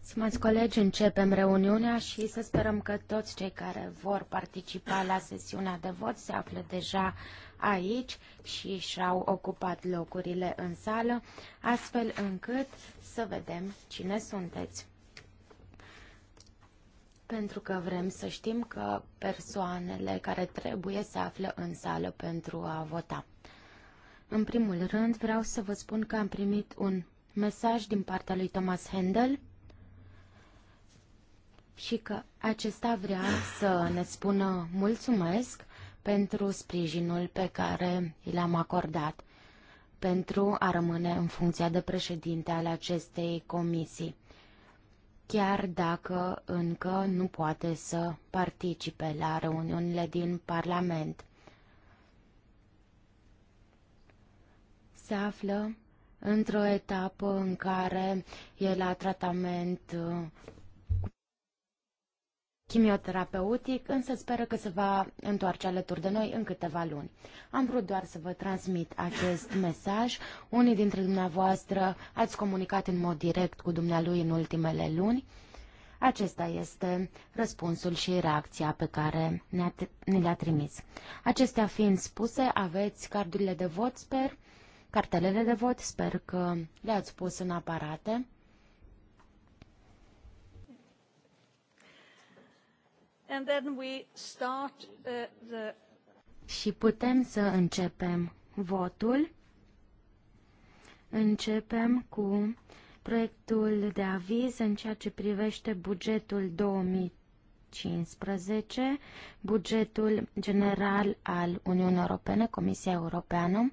Stimați colegi, începem reuniunea și să sperăm că toți cei care vor participa la sesiunea de vot se află deja aici și și-au ocupat locurile în sală, astfel încât să vedem cine sunteți. Pentru că vrem să știm că persoanele care trebuie se află în sală pentru a vota. În primul rând, vreau să vă spun că am primit un mesaj din partea lui Thomas Handel și că acesta vrea să ne spună mulțumesc pentru sprijinul pe care l-am acordat pentru a rămâne în funcția de președinte al acestei comisii, chiar dacă încă nu poate să participe la reuniunile din Parlament. Se află într-o etapă în care e la tratament uh, chimioterapeutic, însă speră că se va întoarce alături de noi în câteva luni. Am vrut doar să vă transmit acest mesaj. Unii dintre dumneavoastră ați comunicat în mod direct cu dumnealui în ultimele luni. Acesta este răspunsul și reacția pe care ne le-a trimis. Acestea fiind spuse, aveți cardurile de vot, sper. Cartelele de vot sper că le-ați pus în aparate. And then we start, uh, the... Și putem să începem votul. Începem cu proiectul de aviz în ceea ce privește bugetul 2015, bugetul general al Uniunii Europene, Comisia Europeană.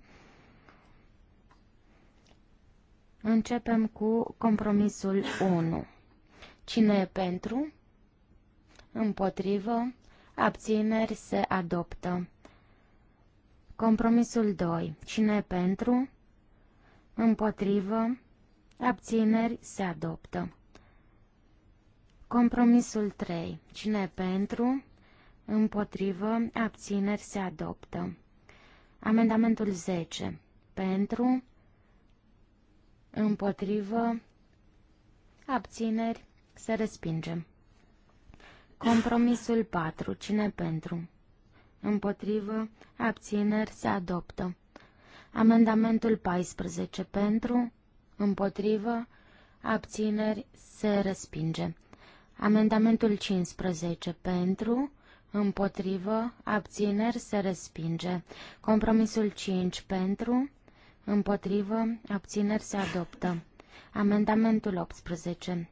Începem cu compromisul 1. Cine e pentru? Împotrivă? Abțineri se adoptă. Compromisul 2. Cine e pentru? Împotrivă? Abțineri se adoptă. Compromisul 3. Cine e pentru? Împotrivă? Abțineri se adoptă. Amendamentul 10. Pentru? împotrivă, abțineri, se respinge. Compromisul 4. Cine pentru? Împotrivă, abțineri, se adoptă. Amendamentul 14. Pentru, împotrivă, abțineri, se respinge. Amendamentul 15. Pentru, împotrivă, abțineri, se respinge. Compromisul 5. Pentru, Împotrivă, abțineri se adoptă. Amendamentul 18.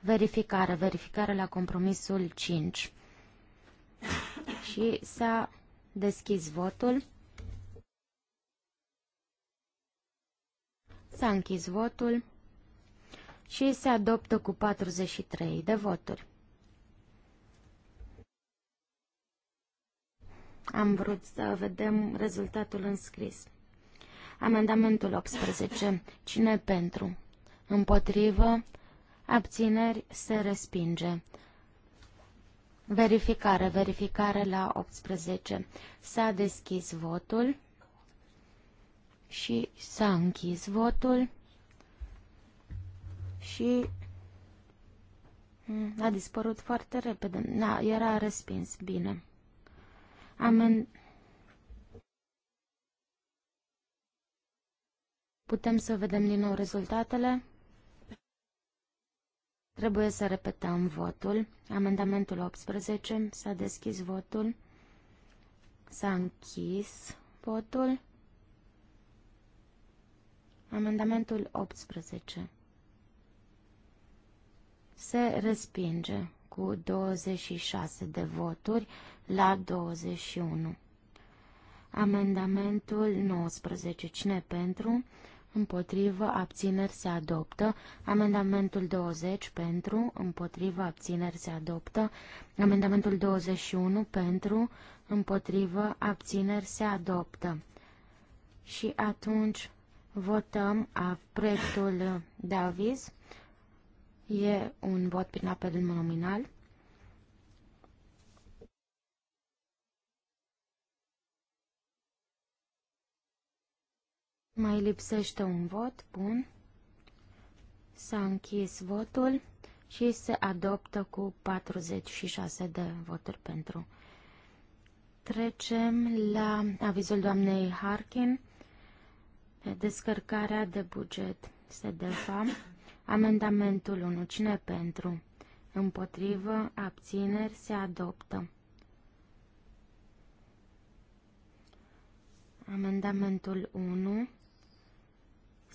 Verificare, verificare la compromisul 5. Și s-a deschis votul. S-a închis votul și se adoptă cu 43 de voturi. Am vrut să vedem rezultatul înscris. Amendamentul 18. Cine pentru? Împotrivă? Abțineri se respinge. Verificare, verificare la 18. S-a deschis votul și s-a închis votul și a dispărut foarte repede. Da, era respins, bine. Amen... Putem să vedem din nou rezultatele? Trebuie să repetăm votul. Amendamentul 18. S-a deschis votul. S-a închis votul. Amendamentul 18. Se respinge cu 26 de voturi la 21. Amendamentul 19. Cine pentru? împotrivă, abțineri se adoptă. Amendamentul 20 pentru, împotrivă, abțineri se adoptă. Amendamentul 21 pentru, împotrivă, abțineri se adoptă. Și atunci votăm a proiectul Davis. E un vot prin apel nominal. Mai lipsește un vot. Bun. S-a închis votul și se adoptă cu 46 de voturi pentru. Trecem la avizul doamnei Harkin descărcarea de buget se defa. Amendamentul 1. Cine pentru? Împotrivă, abțineri, se adoptă. Amendamentul 1.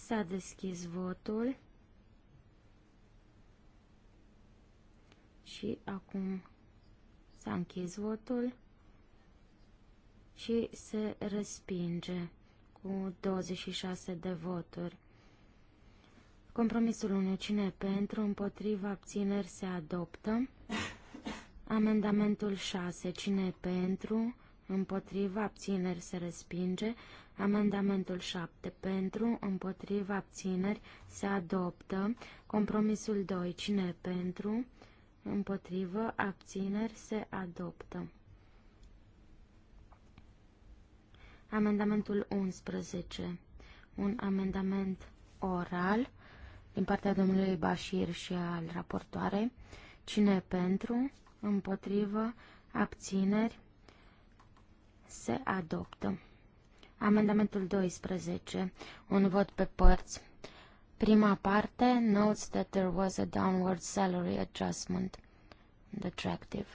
S-a deschis votul. Și acum s-a închis votul și se respinge cu 26 de voturi. Compromisul 1. Cine pentru, împotriva, abțineri se adoptă. Amendamentul 6. Cine pentru, împotriva, abțineri se respinge. Amendamentul 7 pentru, împotriva abțineri se adoptă. Compromisul 2 cine pentru, împotrivă abțineri se adoptă. Amendamentul 11. Un amendament oral din partea domnului Bashir și al raportoarei. Cine pentru, împotrivă, abțineri, se adoptă. Amendamentul 12. Un vot pe părți. Prima parte, notes that there was a downward salary adjustment. Detractive.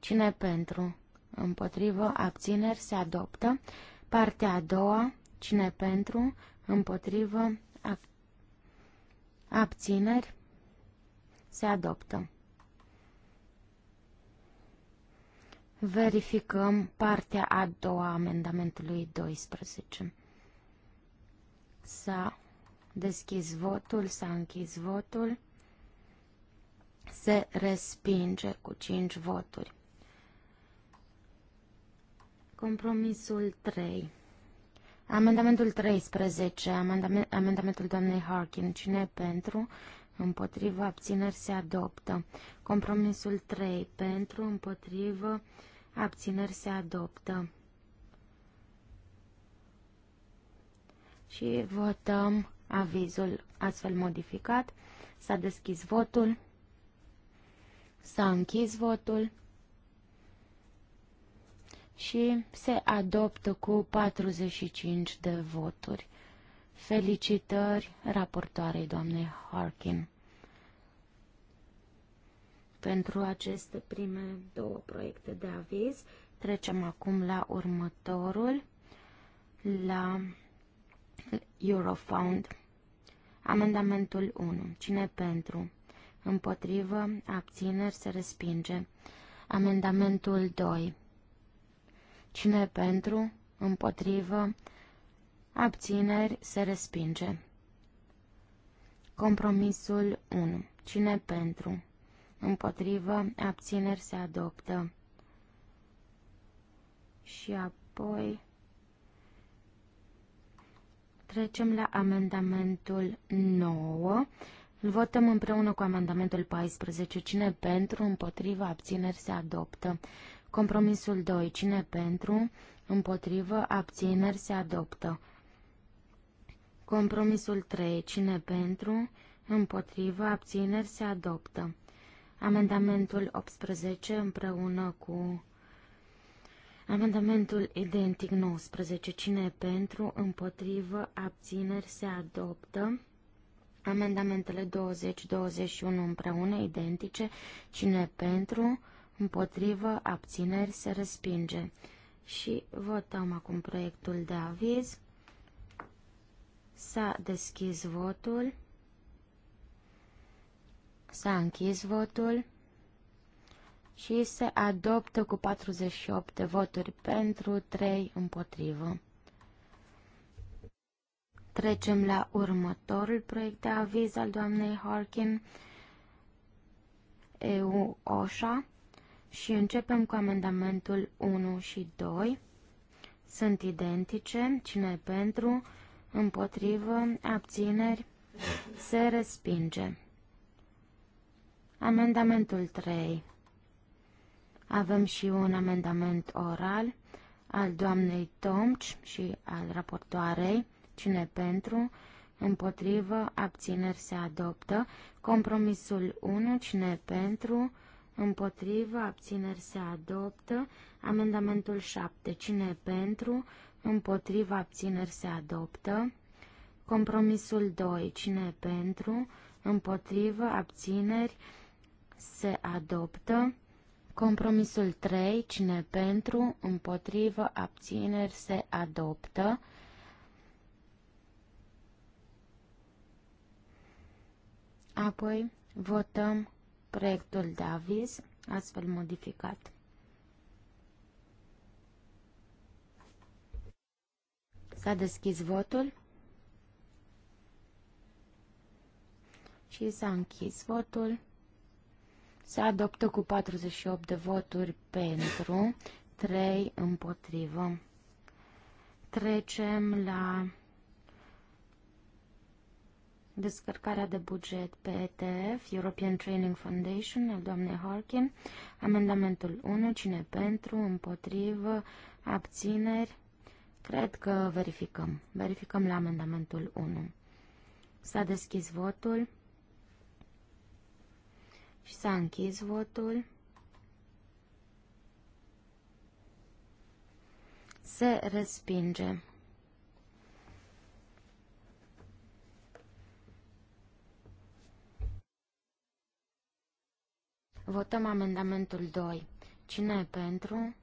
Cine pentru? Împotrivă, abțineri, se adoptă. Partea a doua, cine pentru? Împotrivă, ab abțineri, se adoptă. Verificăm partea a doua amendamentului 12. S-a deschis votul, s-a închis votul, se respinge cu 5 voturi. Compromisul 3. Amendamentul 13, amendament, amendamentul doamnei Harkin, cine pentru, împotrivă, abțineri se adoptă. Compromisul 3, pentru, împotrivă, abțineri se adoptă. Și votăm avizul astfel modificat. S-a deschis votul. S-a închis votul și se adoptă cu 45 de voturi. Felicitări raportoarei doamnei Harkin pentru aceste prime două proiecte de aviz. Trecem acum la următorul, la Eurofound. Amendamentul 1. Cine pentru? Împotrivă, abțineri, se respinge. Amendamentul 2. Cine pentru? Împotrivă, abțineri, se respinge. Compromisul 1. Cine pentru? împotrivă, abțineri se adoptă. Și apoi trecem la amendamentul 9. Îl votăm împreună cu amendamentul 14. Cine pentru, împotrivă, abțineri se adoptă. Compromisul 2. Cine pentru, împotrivă, abțineri se adoptă. Compromisul 3. Cine pentru, împotrivă, abțineri se adoptă. Amendamentul 18 împreună cu amendamentul identic 19. Cine e pentru, împotrivă, abțineri, se adoptă. Amendamentele 20-21 împreună, identice. Cine e pentru, împotrivă, abțineri, se respinge. Și votăm acum proiectul de aviz. S-a deschis votul. S-a închis votul și se adoptă cu 48 de voturi pentru, 3 împotrivă. Trecem la următorul proiect de aviz al doamnei Harkin, EU-OSHA, și începem cu amendamentul 1 și 2. Sunt identice, cine pentru, împotrivă, abțineri, se respinge. Amendamentul 3. Avem și un amendament oral al doamnei Tomci și al raportoarei. Cine pentru? Împotrivă, abțineri se adoptă. Compromisul 1, cine pentru? Împotrivă, abțineri se adoptă. Amendamentul 7, cine pentru? Împotrivă, abțineri se adoptă. Compromisul 2, cine pentru? Împotrivă, abțineri se adoptă se adoptă. Compromisul 3, cine pentru, împotrivă, abțineri, se adoptă. Apoi votăm proiectul de aviz, astfel modificat. S-a deschis votul și s-a închis votul. Se adoptă cu 48 de voturi pentru, 3 împotrivă. Trecem la descărcarea de buget pe ETF, European Training Foundation, al doamnei Harkin, amendamentul 1, cine pentru, împotrivă, abțineri, cred că verificăm, verificăm la amendamentul 1. S-a deschis votul. Și s-a închis votul. Se respinge. Votăm amendamentul 2. Cine e pentru?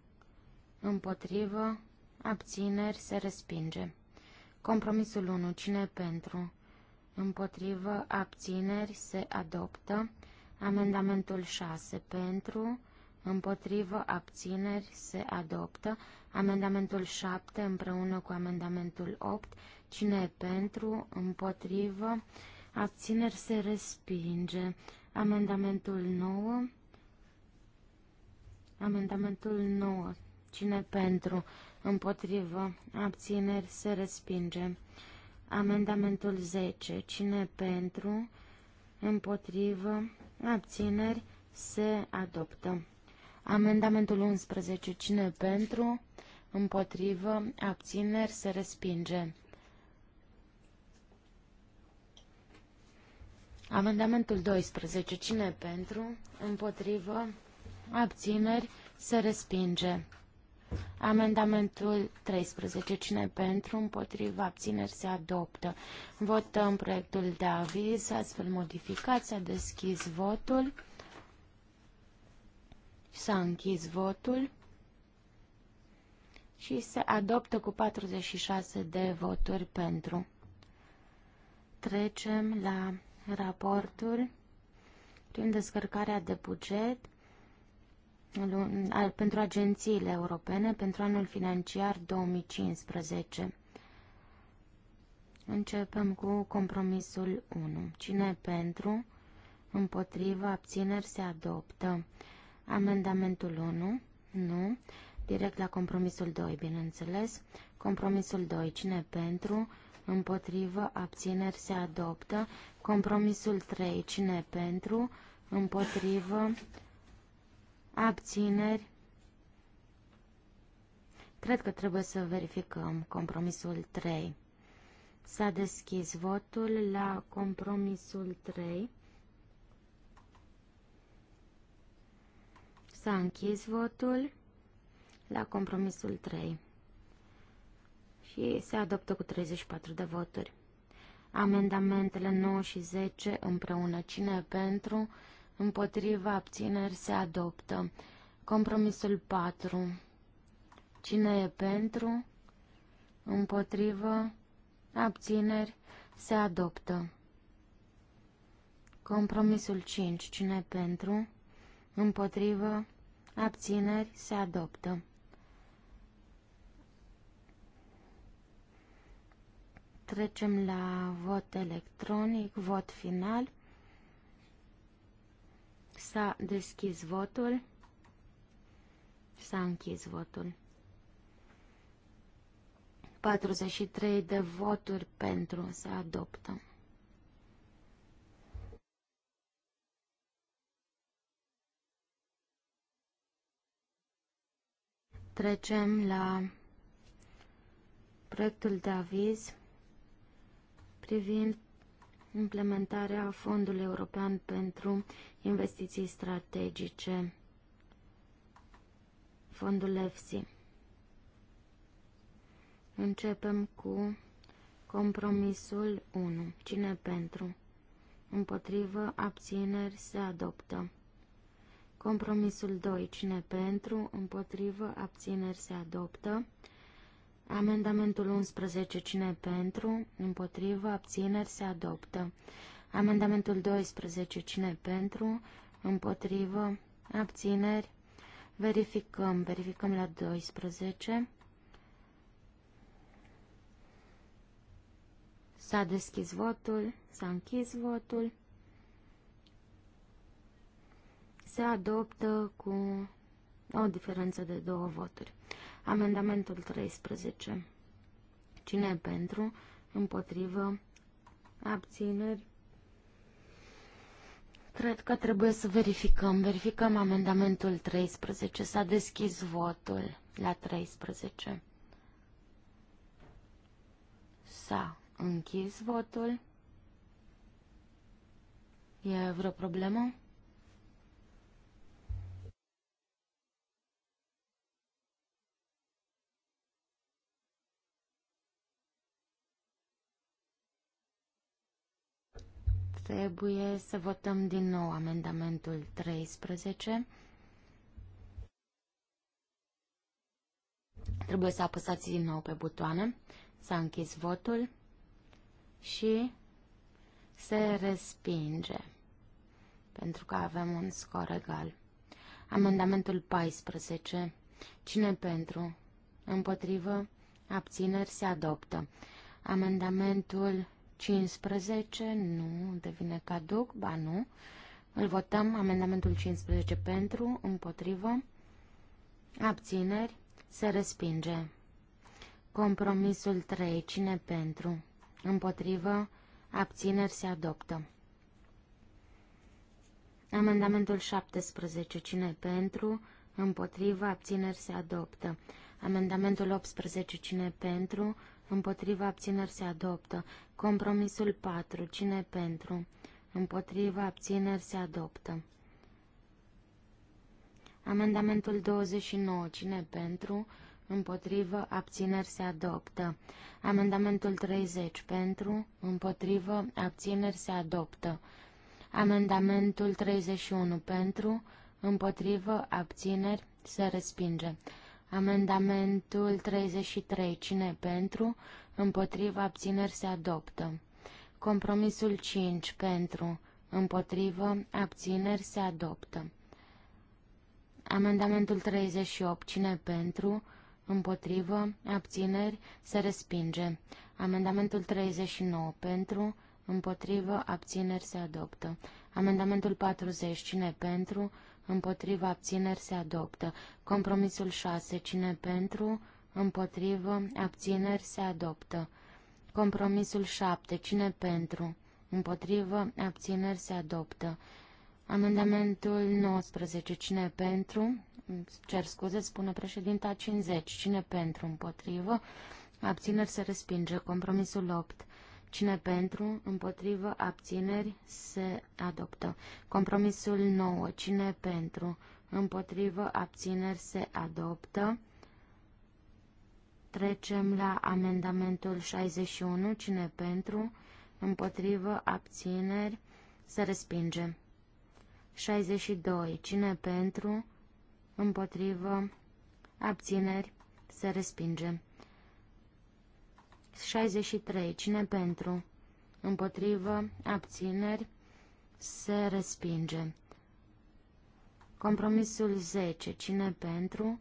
Împotrivă? Abțineri? Se respinge. Compromisul 1. Cine e pentru? Împotrivă? Abțineri? Se adoptă. Amendamentul 6 pentru, împotrivă, abțineri, se adoptă. Amendamentul 7 împreună cu amendamentul 8, cine e pentru, împotrivă, abțineri, se respinge. Amendamentul 9, amendamentul 9, cine e pentru, împotrivă, abțineri, se respinge. Amendamentul 10, cine e pentru, împotrivă, Abțineri. Se adoptă. Amendamentul 11. Cine pentru? Împotrivă. Abțineri. Se respinge. Amendamentul 12. Cine pentru? Împotrivă. Abțineri. Se respinge. Amendamentul 13. Cine pentru, împotriva, abțineri se adoptă. Votăm proiectul de aviz, astfel modificat, s-a deschis votul. S-a închis votul și se adoptă cu 46 de voturi pentru. Trecem la raportul prin descărcarea de buget pentru agențiile europene pentru anul financiar 2015. Începem cu compromisul 1. Cine pentru? Împotriva abțineri se adoptă. Amendamentul 1? Nu. Direct la compromisul 2, bineînțeles. Compromisul 2. Cine pentru? Împotrivă abțineri se adoptă. Compromisul 3. Cine pentru? Împotrivă abțineri. Cred că trebuie să verificăm compromisul 3. S-a deschis votul la compromisul 3. S-a închis votul la compromisul 3 și se adoptă cu 34 de voturi. Amendamentele 9 și 10 împreună. Cine pentru? împotriva abțineri se adoptă. Compromisul 4. Cine e pentru, împotrivă, abțineri se adoptă. Compromisul 5. Cine e pentru, împotrivă, abțineri se adoptă. Trecem la vot electronic, vot final. S-a deschis votul. S-a închis votul. 43 de voturi pentru să adoptăm. Trecem la proiectul de aviz privind implementarea Fondului European pentru Investiții Strategice, fondul EFSI. Începem cu compromisul 1. Cine pentru? Împotrivă, abțineri, se adoptă. Compromisul 2. Cine pentru? Împotrivă, abțineri, se adoptă. Amendamentul 11. Cine pentru? Împotrivă. Abțineri. Se adoptă. Amendamentul 12. Cine pentru? Împotrivă. Abțineri. Verificăm. Verificăm la 12. S-a deschis votul. S-a închis votul. Se adoptă cu o diferență de două voturi. Amendamentul 13. Cine e pentru? Împotrivă? Abțineri? Cred că trebuie să verificăm. Verificăm amendamentul 13. S-a deschis votul la 13. S-a închis votul. E vreo problemă? Trebuie să votăm din nou amendamentul 13. Trebuie să apăsați din nou pe butoane. S-a închis votul și se respinge pentru că avem un scor egal. Amendamentul 14. Cine pentru? Împotrivă? Abțineri se adoptă. Amendamentul 15 nu devine caduc, ba nu. Îl votăm, amendamentul 15 pentru, împotrivă, abțineri, se respinge. Compromisul 3, cine pentru, împotrivă, abțineri, se adoptă. Amendamentul 17, cine pentru, împotrivă, abțineri, se adoptă. Amendamentul 18, cine pentru, Împotriva abțineri se adoptă. Compromisul 4. Cine pentru? Împotriva abțineri se adoptă. Amendamentul 29. Cine pentru? Împotrivă, abțineri se adoptă. Amendamentul 30. Pentru, împotrivă, abțineri se adoptă. Amendamentul 31. Pentru, împotrivă, abțineri se respinge. Amendamentul 33. Cine pentru? Împotriva abțineri se adoptă. Compromisul 5. Pentru. Împotrivă abțineri se adoptă. Amendamentul 38. Cine pentru? Împotrivă abțineri se respinge. Amendamentul 39. Pentru. Împotrivă abțineri se adoptă. Amendamentul 40. Cine pentru? împotriva abțineri se adoptă. Compromisul 6. Cine pentru, împotrivă, abțineri se adoptă. Compromisul 7. Cine pentru, împotrivă, abțineri se adoptă. Amendamentul 19. Cine pentru, cer scuze, spune președinta 50. Cine pentru, împotrivă, abțineri se respinge. Compromisul 8. Cine pentru, împotrivă, abțineri, se adoptă. Compromisul 9. Cine pentru, împotrivă, abțineri, se adoptă. Trecem la amendamentul 61. Cine pentru, împotrivă, abțineri, se respinge. 62. Cine pentru, împotrivă, abțineri, se respinge. 63. Cine pentru? Împotrivă. Abțineri. Se respinge. Compromisul 10. Cine pentru?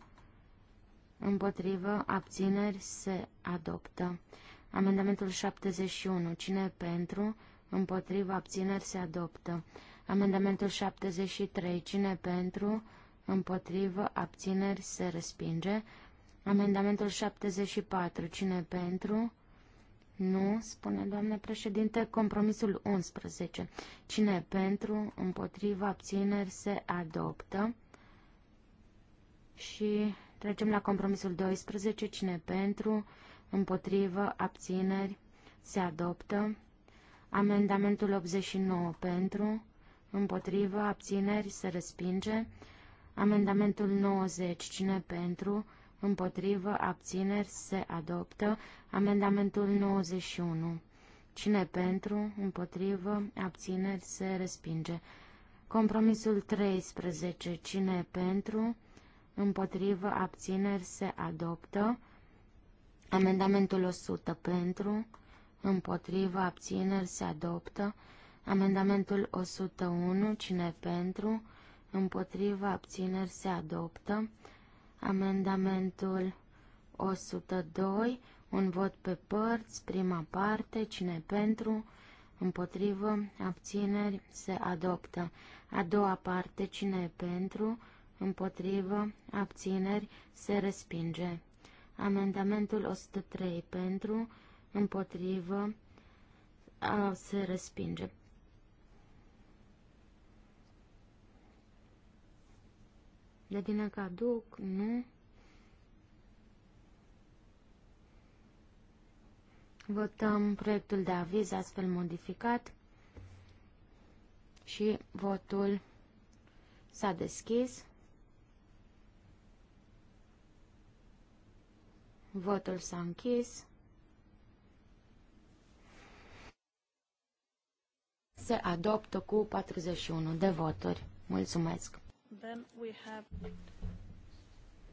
Împotrivă. Abțineri. Se adoptă. Amendamentul 71. Cine pentru? Împotrivă. Abțineri. Se adoptă. Amendamentul 73. Cine pentru? Împotrivă. Abțineri. Se respinge. Amendamentul 74. Cine pentru? Nu, spune doamna președinte, compromisul 11. Cine pentru, împotriva, abțineri, se adoptă. Și trecem la compromisul 12. Cine pentru, împotrivă, abțineri, se adoptă. Amendamentul 89 pentru, împotrivă, abțineri, se respinge. Amendamentul 90. Cine pentru, împotrivă, abțineri, se adoptă. Amendamentul 91. Cine pentru, împotrivă, abțineri, se respinge. Compromisul 13. Cine pentru, împotrivă, abțineri, se adoptă. Amendamentul 100 pentru, împotrivă, abțineri, se adoptă. Amendamentul 101. Cine pentru, împotrivă, abțineri, se adoptă. Amendamentul 102, un vot pe părți, prima parte, cine pentru, împotrivă, abțineri, se adoptă. A doua parte, cine pentru, împotrivă, abțineri, se respinge. Amendamentul 103 pentru, împotrivă, a, se respinge. Devine caduc? Nu. Votăm proiectul de aviz astfel modificat și votul s-a deschis. Votul s-a închis. Se adoptă cu 41 de voturi. Mulțumesc!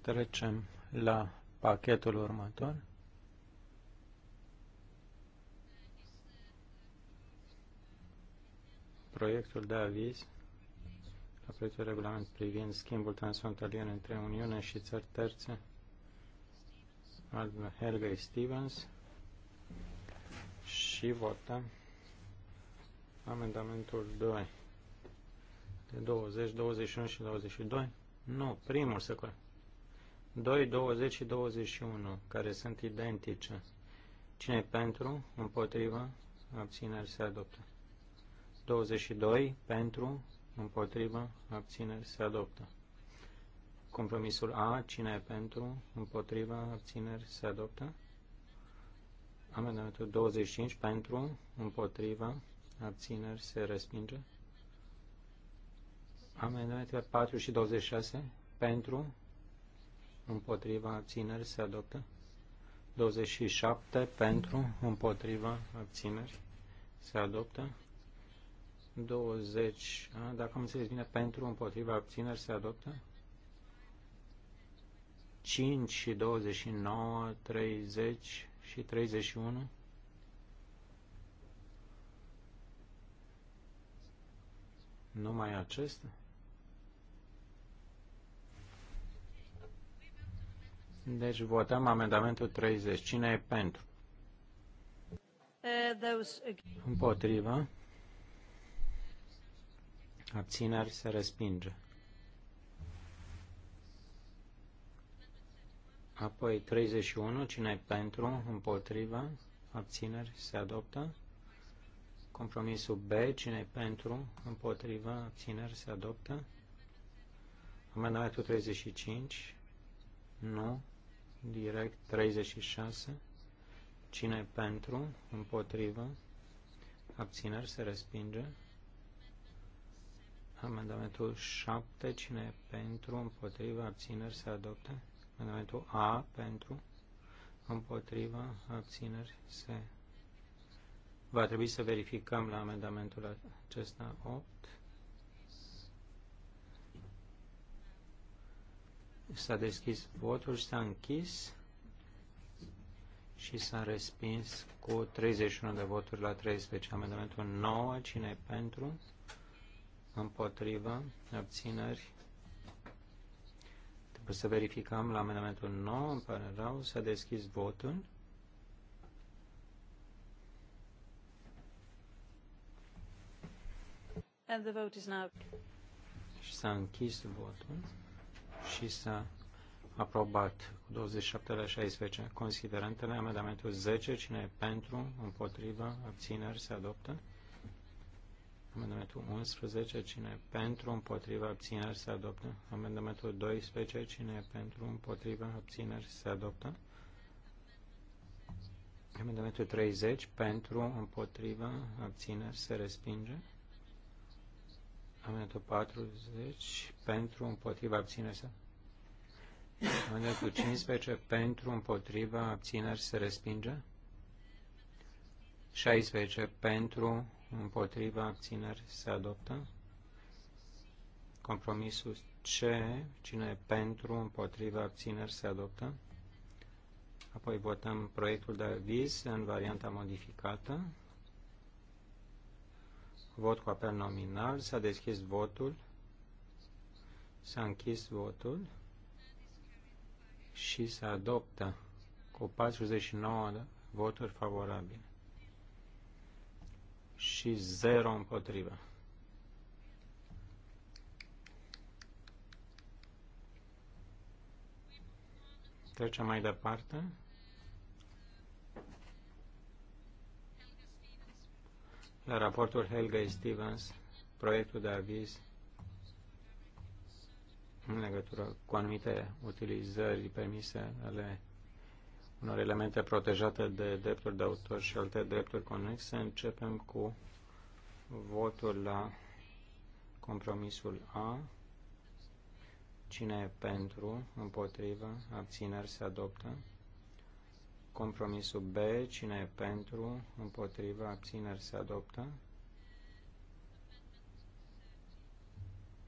Trecem la pachetul următor. Proiectul de aviz la proiectul regulament privind schimbul transfrontalier între Uniune și țări terțe al Helga Stevens și votăm amendamentul 2 de 20, 21 și 22? Nu, primul se coară. 2, 20 și 21, care sunt identice. Cine pentru, împotriva, abțineri se adoptă. 22, pentru, împotriva, abțineri se adoptă. Compromisul A, cine e pentru, împotriva, abțineri se adoptă. Amendamentul 25, pentru, împotriva, abțineri se respinge. Amendamentele 4 și 26 pentru, împotriva abțineri se adoptă. 27 pentru, împotriva abțineri se adoptă. 20, a, dacă am înțeles bine, pentru, împotriva abțineri se adoptă. 5 și 29, 30 și 31. Numai acestea? Deci votăm amendamentul 30. Cine e pentru? Uh, împotrivă. Abțineri se respinge. Apoi 31, cine e pentru, împotrivă, abțineri, se adoptă. Compromisul B, cine e pentru, împotrivă, abțineri, se adoptă. Amendamentul 35, nu, direct 36. Cine pentru, împotrivă, abțineri se respinge. Amendamentul 7. Cine pentru, împotrivă, abțineri se adoptă. Amendamentul A pentru, împotrivă, abțineri se Va trebui să verificăm la amendamentul acesta 8. S-a deschis votul și s-a închis și s-a respins cu 31 de voturi la 13. Amendamentul 9, cine e pentru? Împotrivă, abțineri. Trebuie să verificăm la amendamentul 9, îmi pare rău, s-a deschis votul. And the vote is now. Și s-a închis votul și s-a aprobat cu 27 la 16. Considerentele, amendamentul 10, cine e pentru, împotrivă, abțineri, se adoptă. Amendamentul 11, cine e pentru, împotrivă, abțineri, se adoptă. Amendamentul 12, cine e pentru, împotrivă, abțineri, se adoptă. Amendamentul 30, pentru, împotrivă, abțineri, se respinge. Amendamentul 40 pentru împotriva abțineri se Amendamentul 15 pentru împotriva abțineri se respinge. 16 pentru împotriva abțineri se adoptă. Compromisul C, cine e pentru împotriva abțineri se adoptă. Apoi votăm proiectul de aviz în varianta modificată. Vot cu apel nominal. S-a deschis votul. S-a închis votul și se adoptă cu 49 voturi favorabile și 0 împotriva. Trecem mai departe. la raportul Helga Stevens, proiectul de aviz în legătură cu anumite utilizări permise ale unor elemente protejate de drepturi de autor și alte drepturi conexe. Începem cu votul la compromisul A. Cine e pentru, împotrivă, abțineri se adoptă. Compromisul B, cine e pentru, împotriva, abțineri se adoptă.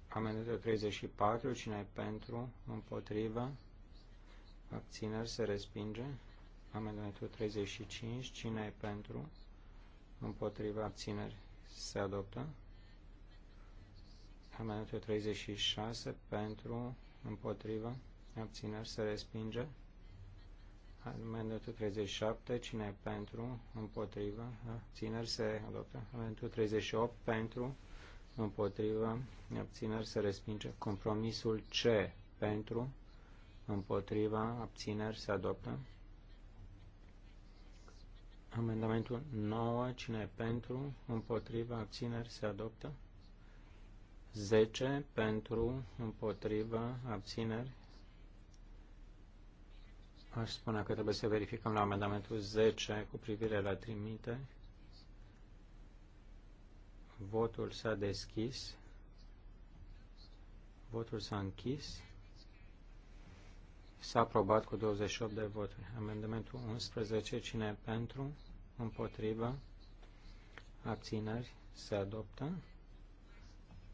Amendamentul 34, cine e pentru, împotriva, abțineri se respinge. Amendamentul 35, cine e pentru, împotriva, abțineri se adoptă. Amendamentul 36, pentru, împotriva, abțineri se respinge. Amendamentul 37, cine e pentru, împotrivă, abțineri se adoptă. Amendamentul 38, pentru, împotrivă, abțineri se respinge. Compromisul C, pentru, împotrivă, abțineri se adoptă. Amendamentul 9, cine e pentru, împotrivă, abțineri se adoptă. 10, pentru, împotrivă, abțineri Aș spune că trebuie să verificăm la amendamentul 10 cu privire la trimite. Votul s-a deschis. Votul s-a închis. S-a aprobat cu 28 de voturi. Amendamentul 11. Cine e pentru? Împotrivă? Abțineri? Se adoptă.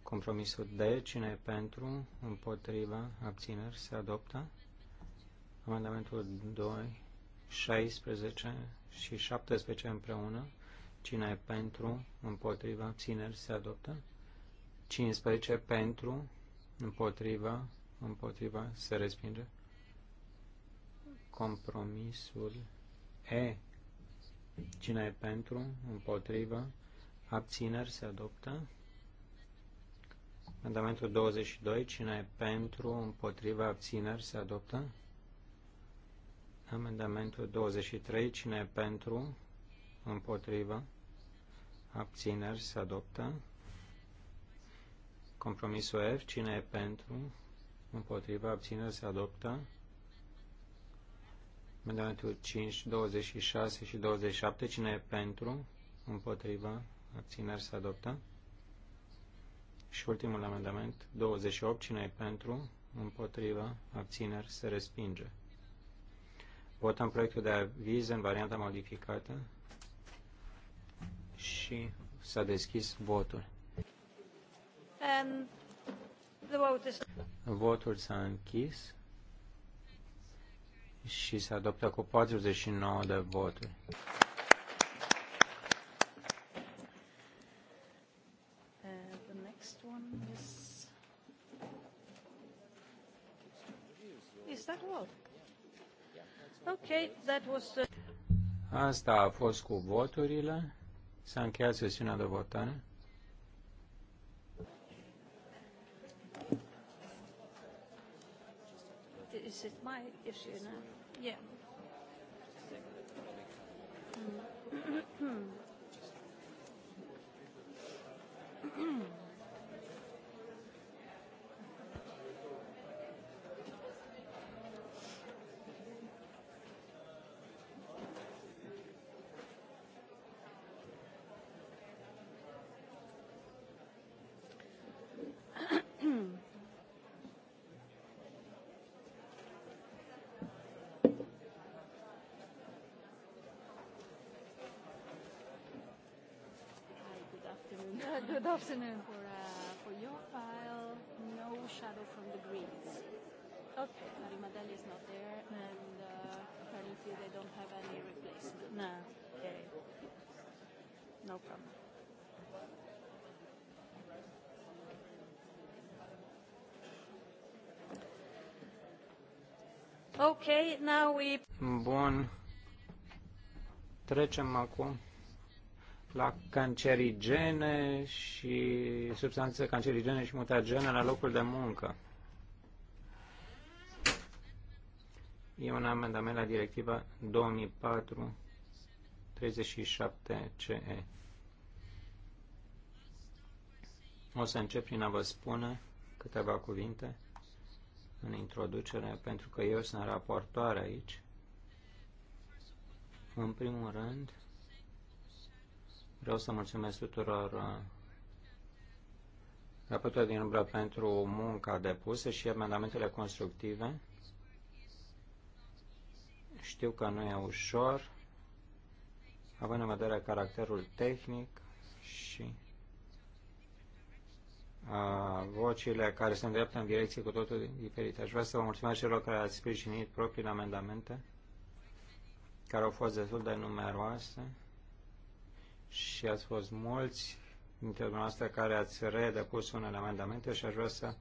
Compromisul D. Cine e pentru? Împotrivă? Abțineri? Se adoptă. Comandamentul 2, 16 și 17 împreună. Cine e pentru, împotriva, țineri se adoptă. 15 pentru, împotriva, împotriva, se respinge. Compromisul E. Cine e pentru, împotriva, abțineri, se adoptă. Amendamentul 22. Cine e pentru, împotriva, abțineri, se adoptă. Amendamentul 23. Cine e pentru? Împotrivă? Abțineri se adoptă. Compromisul F. Cine e pentru? Împotrivă? Abțineri se adoptă. Amendamentul 5, 26 și 27. Cine e pentru? Împotrivă? Abțineri se adoptă. Și ultimul amendament, 28. Cine e pentru? Împotrivă? Abțineri se respinge. Votăm proiectul de aviz în varianta modificată și s-a deschis votul. Um, the vote is... Votul s-a închis și s-a adoptat cu 49 de voturi. Asta a fost cu voturile. S-a încheiat sesiunea de votare. Is it my issue now? Yeah. Mm. Good afternoon. For, uh, for your file, no shadow from the Greens. Okay. Marimadel is not there, and uh, apparently they don't have any replacement. No. Okay. No problem. Okay, now we... Bun. Trecem acum la cancerigene și substanțe cancerigene și mutagene la locul de muncă. E un amendament la directiva 2004-37-CE. O să încep prin a vă spune câteva cuvinte în introducere, pentru că eu sunt raportoare aici. În primul rând, Vreau să mulțumesc tuturor uh, raportul din umbră pentru munca depusă și amendamentele constructive. Știu că nu e ușor, având în vedere caracterul tehnic și a, uh, vocile care se îndreaptă în direcții cu totul diferite. Aș vrea să vă mulțumesc celor care ați sprijinit propriile amendamente, care au fost destul de numeroase și ați fost mulți dintre dumneavoastră care ați redepus unele amendamente și aș vrea să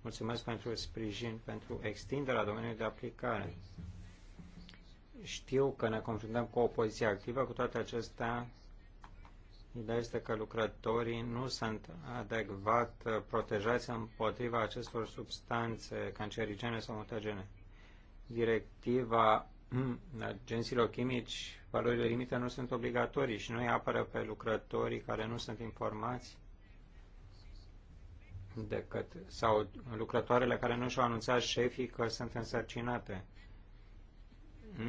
mulțumesc pentru sprijin, pentru extinderea domeniului de aplicare. Știu că ne confruntăm cu o opoziție activă, cu toate acestea, ideea este că lucrătorii nu sunt adecvat protejați împotriva acestor substanțe cancerigene sau mutagene. Directiva Mm, agenților chimici, valorile limite nu sunt obligatorii și nu îi apără pe lucrătorii care nu sunt informați decât, sau lucrătoarele care nu și-au anunțat șefii că sunt însărcinate.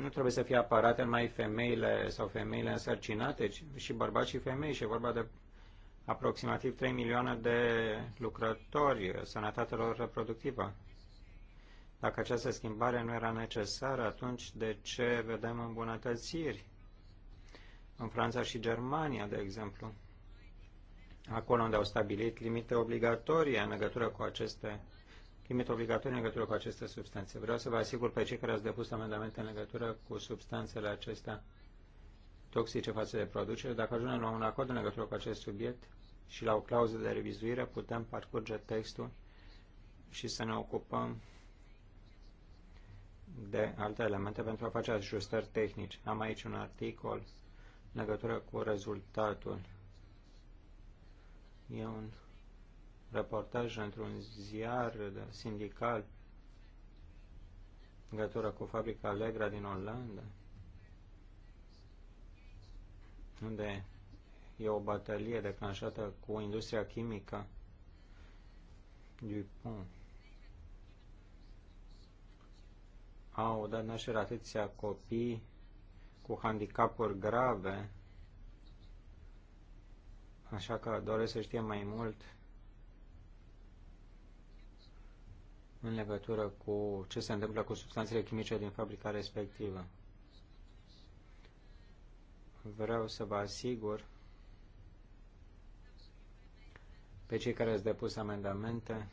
Nu trebuie să fie apărate numai femeile sau femeile însărcinate, ci și bărbați și femei. Și e vorba de aproximativ 3 milioane de lucrători sănătatelor reproductivă. Dacă această schimbare nu era necesară, atunci de ce vedem îmbunătățiri în Franța și Germania, de exemplu? Acolo unde au stabilit limite obligatorii în legătură cu aceste limite obligatorii în legătură cu aceste substanțe. Vreau să vă asigur pe cei care ați depus amendamente în legătură cu substanțele acestea toxice față de producere. Dacă ajungem la un acord în legătură cu acest subiect și la o clauză de revizuire, putem parcurge textul și să ne ocupăm de alte elemente pentru a face ajustări tehnici. Am aici un articol în legătură cu rezultatul. E un reportaj într-un ziar sindical în legătură cu fabrica Allegra din Olanda, unde e o batalie declanșată cu industria chimică Dupont. au dat nașterea atâția copii cu handicapuri grave, așa că doresc să știe mai mult în legătură cu ce se întâmplă cu substanțele chimice din fabrica respectivă. Vreau să vă asigur pe cei care ați depus amendamente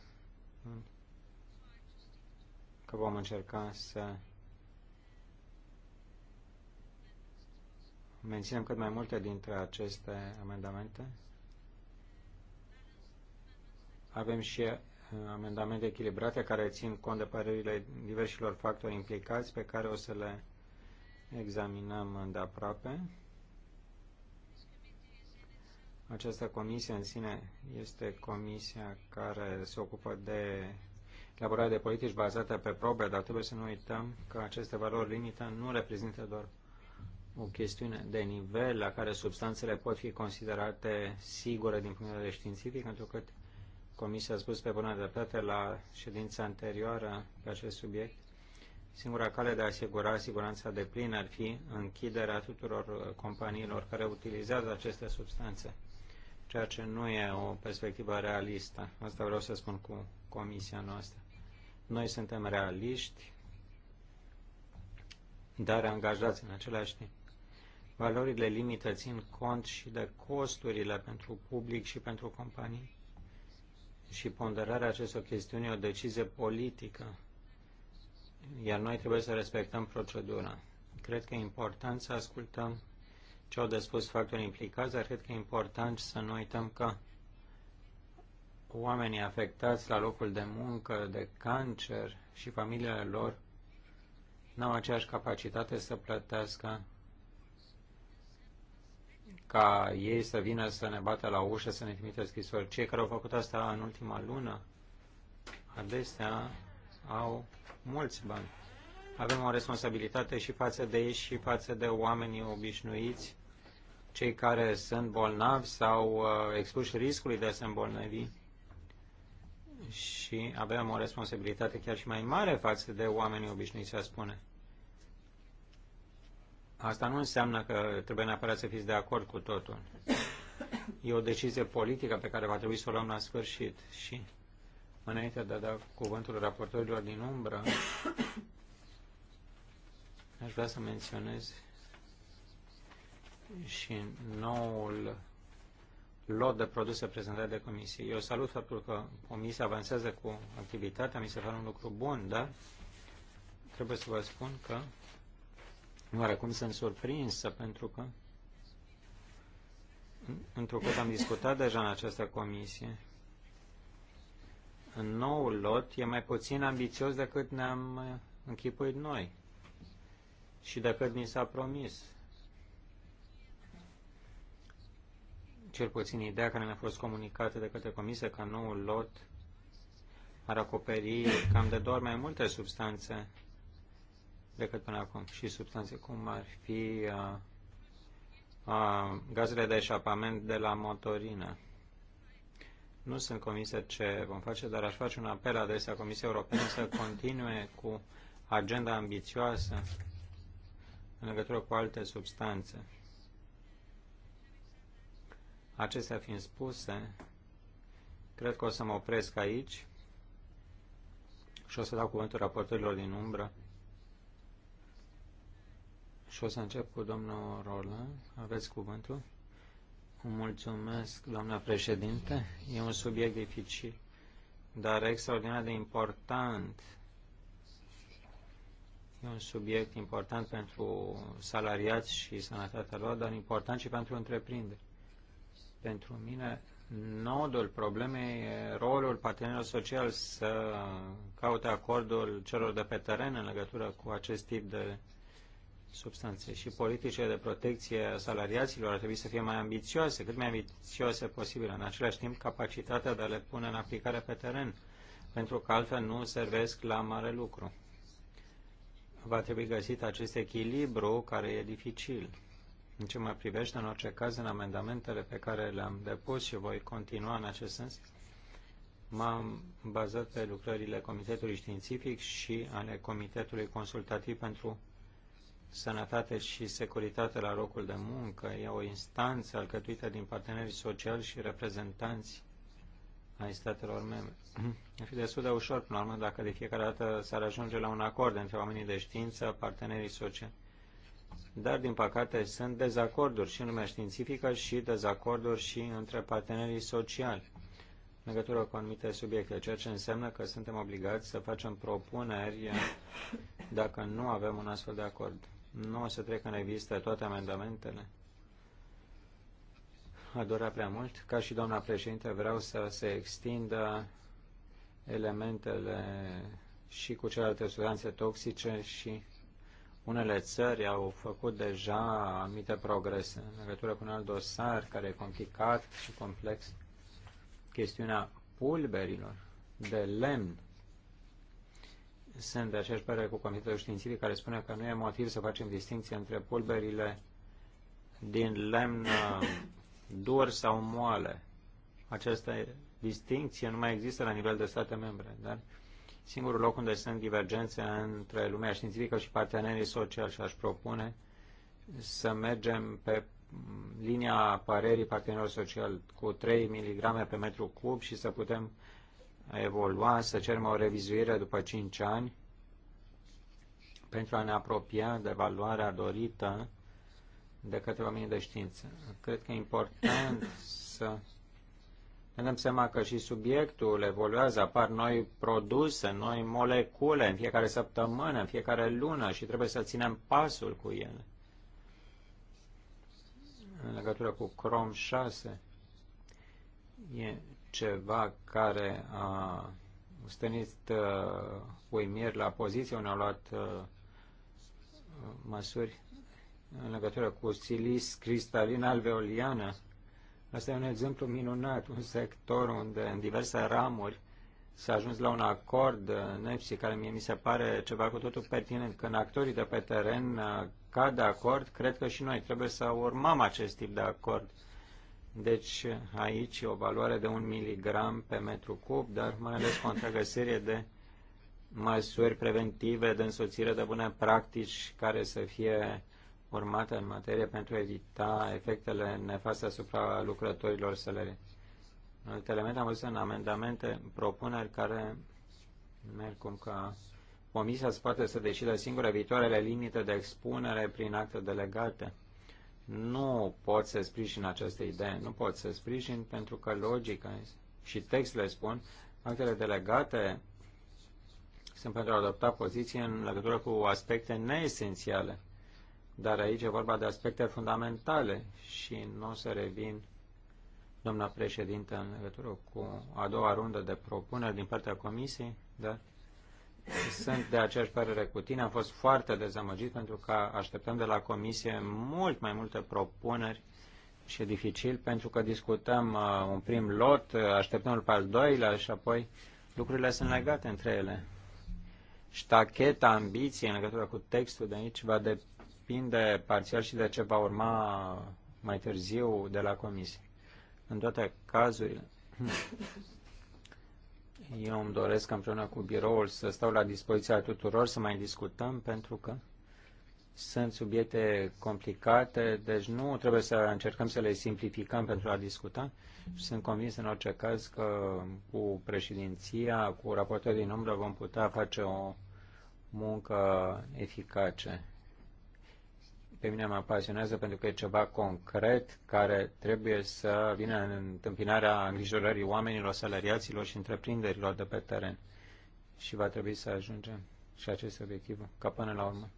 că vom încerca să menținem cât mai multe dintre aceste amendamente. Avem și uh, amendamente echilibrate care țin cont de părerile diversilor factori implicați pe care o să le examinăm îndeaproape. Această comisie în sine este comisia care se ocupă de elaborare de politici bazate pe probe, dar trebuie să nu uităm că aceste valori limită nu reprezintă doar o chestiune de nivel la care substanțele pot fi considerate sigure din punct de vedere științific, pentru că Comisia a spus pe bună dreptate la ședința anterioară pe acest subiect, singura cale de a asigura siguranța de plin ar fi închiderea tuturor companiilor care utilizează aceste substanțe, ceea ce nu e o perspectivă realistă. Asta vreau să spun cu comisia noastră. Noi suntem realiști, dar angajați în același timp. Valorile limită țin cont și de costurile pentru public și pentru companii. Și ponderarea acestor chestiuni e o decizie politică, iar noi trebuie să respectăm procedura. Cred că e important să ascultăm ce au de spus factorii implicați, dar cred că e important să nu uităm că oamenii afectați la locul de muncă de cancer și familiile lor n-au aceeași capacitate să plătească ca ei să vină să ne bată la ușă, să ne trimite scrisori. Cei care au făcut asta în ultima lună, adesea au mulți bani. Avem o responsabilitate și față de ei și față de oamenii obișnuiți, cei care sunt bolnavi sau uh, expuși riscului de a se îmbolnăvi și avem o responsabilitate chiar și mai mare față de oamenii obișnuiți, a spune. Asta nu înseamnă că trebuie neapărat să fiți de acord cu totul. E o decizie politică pe care va trebui să o luăm la sfârșit și înainte de a da cuvântul raportorilor din umbră, aș vrea să menționez și noul lot de produse prezentate de comisie. Eu salut faptul că comisia avansează cu activitatea, mi se pare un lucru bun, dar trebuie să vă spun că nu să-mi surprinsă pentru că întrucât am discutat deja în această comisie, în nou lot e mai puțin ambițios decât ne-am închipuit noi și decât ni s-a promis. cel puțin ideea care mi-a fost comunicată de către comisie că noul lot ar acoperi cam de doar mai multe substanțe decât până acum și substanțe cum ar fi a, a, gazele de eșapament de la motorină. Nu sunt convinsă ce vom face, dar aș face un apel adresa Comisiei Europene să continue cu agenda ambițioasă în legătură cu alte substanțe. Acestea fiind spuse, cred că o să mă opresc aici și o să dau cuvântul raportorilor din umbră. Și o să încep cu domnul Roland. Aveți cuvântul? Mulțumesc, doamna președinte. E un subiect dificil, dar extraordinar de important. E un subiect important pentru salariați și sănătatea lor, dar important și pentru întreprinderi. Pentru mine, nodul problemei e rolul partenerilor social să caute acordul celor de pe teren în legătură cu acest tip de substanțe și politicile de protecție a salariaților ar trebui să fie mai ambițioase, cât mai ambițioase posibil, în același timp capacitatea de a le pune în aplicare pe teren, pentru că altfel nu servesc la mare lucru. Va trebui găsit acest echilibru care e dificil. În ce mă privește, în orice caz, în amendamentele pe care le-am depus și voi continua în acest sens, m-am bazat pe lucrările Comitetului Științific și ale Comitetului Consultativ pentru Sănătate și Securitate la locul de muncă. E o instanță alcătuită din partenerii sociali și reprezentanți ai statelor membre. Ar fi destul de ușor, până la urmă, dacă de fiecare dată s-ar ajunge la un acord între oamenii de știință, partenerii sociali dar din păcate sunt dezacorduri și în lumea științifică și dezacorduri și între partenerii sociali în legătură cu anumite subiecte, ceea ce înseamnă că suntem obligați să facem propuneri dacă nu avem un astfel de acord. Nu o să trec în revistă toate amendamentele. A dorea prea mult. Ca și doamna președinte, vreau să se extindă elementele și cu celelalte substanțe toxice și unele țări au făcut deja anumite progrese în legătură cu un alt dosar care e complicat și complex, chestiunea pulberilor de lemn. Sunt de aceeași părere cu Comitetul Științific care spune că nu e motiv să facem distinție între pulberile din lemn uh, dur sau moale. Această distinție nu mai există la nivel de state membre, dar singurul loc unde sunt divergențe între lumea științifică și partenerii sociali și aș propune să mergem pe linia părerii partenerilor sociali cu 3 mg pe metru cub și să putem evolua, să cerem o revizuire după 5 ani pentru a ne apropia de valoarea dorită de către oamenii de știință. Cred că e important să ne dăm seama că și subiectul evoluează, apar noi produse, noi molecule în fiecare săptămână, în fiecare lună și trebuie să ținem pasul cu ele. În legătură cu Chrome 6, e ceva care a stănit uh, uimiri la poziție, unde au luat uh, măsuri în legătură cu silis cristalin alveoliană, Asta e un exemplu minunat, un sector unde în diverse ramuri s-a ajuns la un acord în care mie mi se pare ceva cu totul pertinent. Când actorii de pe teren cad de acord, cred că și noi trebuie să urmăm acest tip de acord. Deci aici o valoare de un miligram pe metru cub, dar mai ales întreagă serie de măsuri preventive de însoțire de bune practici care să fie urmate în materie pentru a evita efectele nefaste asupra lucrătorilor În alte elemente am văzut în amendamente propuneri care merg cum că comisia îți poate să decide singură viitoarele limite de expunere prin acte delegate. Nu pot să sprijin această idee, nu pot să sprijin pentru că logica și textele spun actele delegate sunt pentru a adopta poziții în legătură cu aspecte neesențiale dar aici e vorba de aspecte fundamentale și nu o să revin, doamna președintă, în legătură cu a doua rundă de propuneri din partea comisiei, dar sunt de aceeași părere cu tine. Am fost foarte dezamăgit pentru că așteptăm de la comisie mult mai multe propuneri și e dificil pentru că discutăm uh, un prim lot, uh, așteptăm pe al doilea și apoi lucrurile sunt legate între ele. Ștacheta ambiției în legătură cu textul de aici va depinde parțial și de ce va urma mai târziu de la comisie. În toate cazurile, eu îmi doresc împreună cu biroul să stau la dispoziția tuturor să mai discutăm pentru că sunt subiecte complicate, deci nu trebuie să încercăm să le simplificăm pentru a discuta și sunt convins în orice caz că cu președinția, cu raportul din umbră vom putea face o muncă eficace pe mine mă pasionează pentru că e ceva concret care trebuie să vină în întâmpinarea îngrijorării oamenilor, salariaților și întreprinderilor de pe teren. Și va trebui să ajungem și acest obiectiv ca până la urmă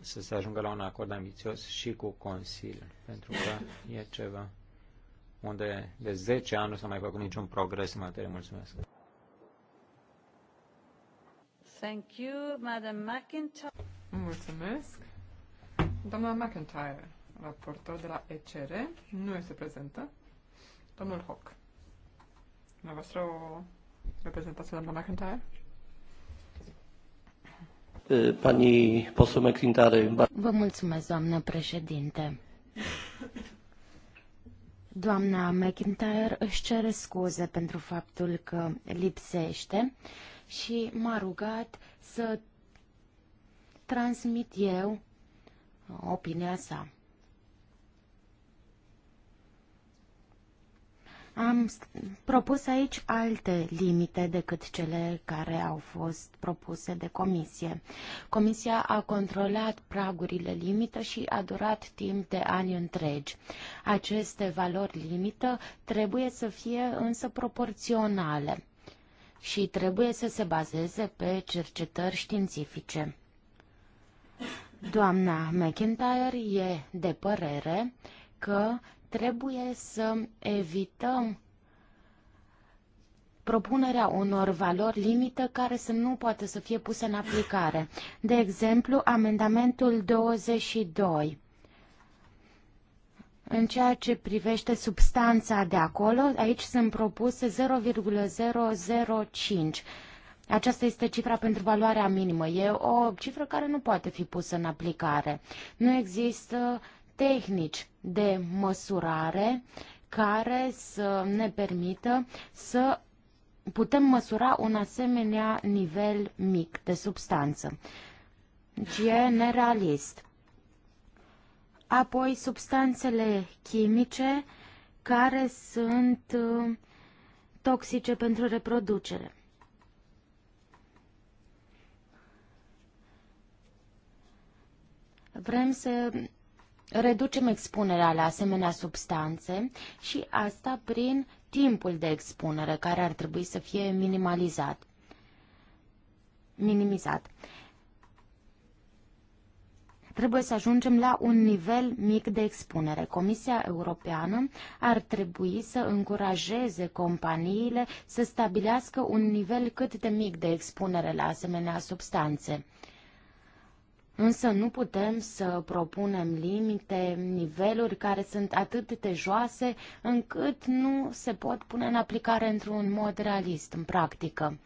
să se ajungă la un acord ambițios și cu Consiliul, pentru că e ceva unde de 10 ani nu s-a mai făcut niciun progres în materie. Mulțumesc! Thank you, Madam McIntyre. Mulțumesc. Doamna McIntyre, raportor de la ECR, nu este prezentă. Domnul Hock. Dumneavoastră o reprezentați doamna McIntyre? Pani poseł McIntyre. Vă mulțumesc, doamnă președinte. Doamna McIntyre își cere scuze pentru faptul că lipsește și m-a rugat să transmit eu opinia sa. Am propus aici alte limite decât cele care au fost propuse de comisie. Comisia a controlat pragurile limită și a durat timp de ani întregi. Aceste valori limită trebuie să fie însă proporționale și trebuie să se bazeze pe cercetări științifice. Doamna McIntyre e de părere că trebuie să evităm propunerea unor valori limită care să nu poată să fie puse în aplicare. De exemplu, amendamentul 22. În ceea ce privește substanța de acolo, aici sunt propuse 0,005 aceasta este cifra pentru valoarea minimă. E o cifră care nu poate fi pusă în aplicare. Nu există tehnici de măsurare care să ne permită să putem măsura un asemenea nivel mic de substanță. Deci e nerealist. Apoi substanțele chimice care sunt uh, toxice pentru reproducere. Vrem să reducem expunerea la asemenea substanțe și asta prin timpul de expunere care ar trebui să fie minimalizat. Minimizat. Trebuie să ajungem la un nivel mic de expunere. Comisia Europeană ar trebui să încurajeze companiile să stabilească un nivel cât de mic de expunere la asemenea substanțe. Însă nu putem să propunem limite, niveluri care sunt atât de joase încât nu se pot pune în aplicare într-un mod realist, în practică.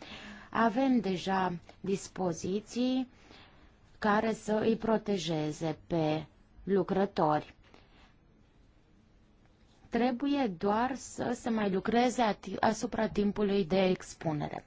Avem deja dispoziții care să îi protejeze pe lucrători. Trebuie doar să se mai lucreze asupra timpului de expunere.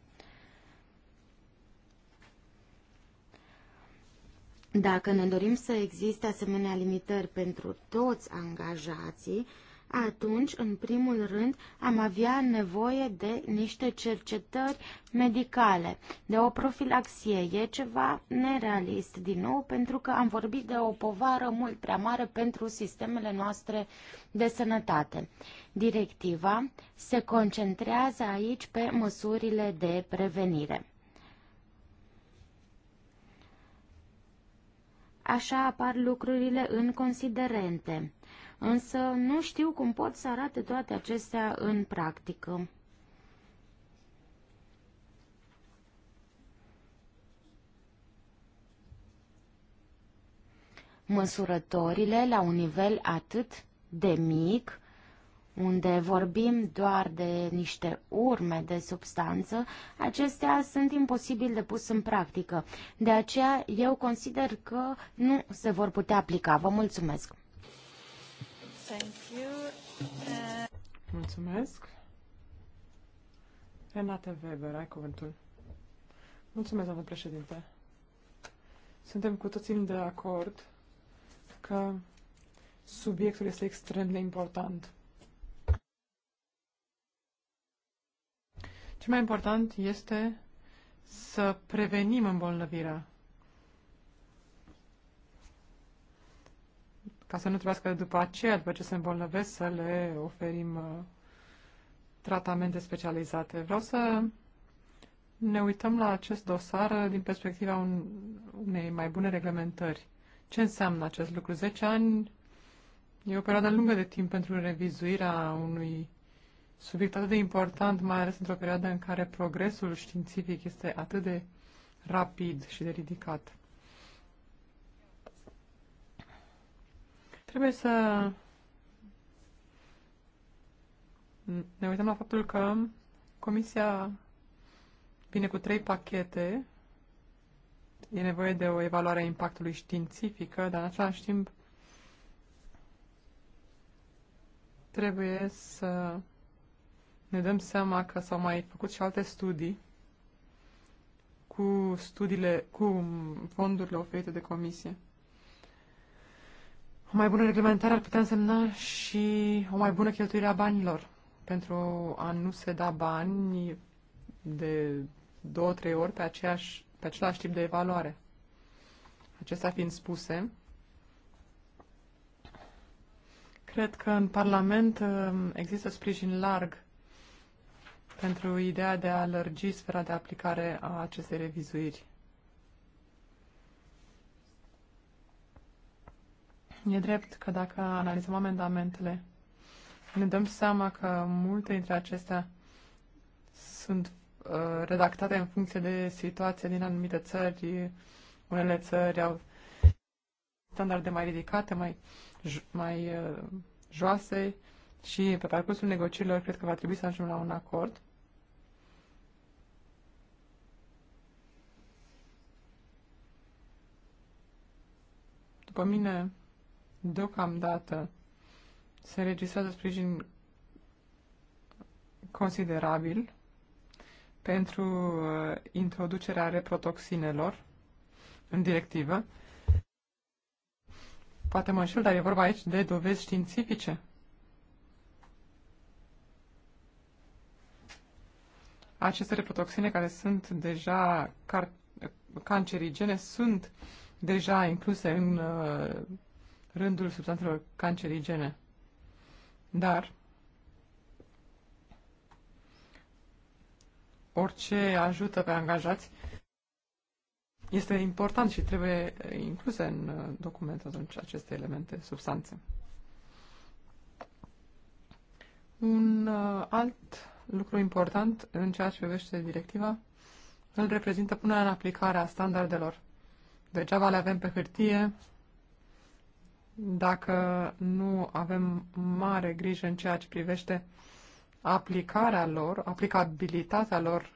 Dacă ne dorim să existe asemenea limitări pentru toți angajații, atunci, în primul rând, am avea nevoie de niște cercetări medicale, de o profilaxie. E ceva nerealist, din nou, pentru că am vorbit de o povară mult prea mare pentru sistemele noastre de sănătate. Directiva se concentrează aici pe măsurile de prevenire. Așa apar lucrurile în considerente. Însă nu știu cum pot să arate toate acestea în practică. Măsurătorile la un nivel atât de mic unde vorbim doar de niște urme de substanță, acestea sunt imposibil de pus în practică. De aceea eu consider că nu se vor putea aplica. Vă mulțumesc! Thank you. Mulțumesc! Renate Weber, ai cuvântul. Mulțumesc, doamnă președinte. Suntem cu toții de acord că subiectul este extrem de important Cel mai important este să prevenim îmbolnăvirea. Ca să nu trebuiască după aceea, după ce se îmbolnăvesc, să le oferim uh, tratamente specializate. Vreau să ne uităm la acest dosar uh, din perspectiva un, unei mai bune reglementări. Ce înseamnă acest lucru? 10 ani e o perioadă lungă de timp pentru revizuirea unui subiect atât de important, mai ales într-o perioadă în care progresul științific este atât de rapid și de ridicat. Trebuie să ne uităm la faptul că Comisia vine cu trei pachete. E nevoie de o evaluare a impactului științifică, dar în același timp trebuie să ne dăm seama că s-au mai făcut și alte studii cu studiile, cu fondurile oferite de comisie. O mai bună reglementare ar putea însemna și o mai bună cheltuire a banilor. Pentru a nu se da bani de două, trei ori pe, aceeași, pe același tip de evaluare. Acestea fiind spuse, cred că în Parlament uh, există sprijin larg pentru ideea de a lărgi sfera de aplicare a acestei revizuiri. E drept că dacă analizăm amendamentele, ne dăm seama că multe dintre acestea sunt uh, redactate în funcție de situația din anumite țări. Unele țări au standarde mai ridicate, mai, mai uh, joase și pe parcursul negocierilor cred că va trebui să ajungem la un acord. După mine, deocamdată, se registrează sprijin considerabil pentru uh, introducerea reprotoxinelor în directivă. Poate mă înșel, dar e vorba aici de dovezi științifice. Aceste reprotoxine care sunt deja car- cancerigene sunt uh, deja incluse în uh, rândul substanțelor cancerigene. Dar orice ajută pe angajați este important și trebuie incluse în uh, document atunci aceste elemente, substanțe. Un uh, alt lucru important în ceea ce privește directiva îl reprezintă punerea în aplicare a standardelor Degeaba le avem pe hârtie dacă nu avem mare grijă în ceea ce privește aplicarea lor, aplicabilitatea lor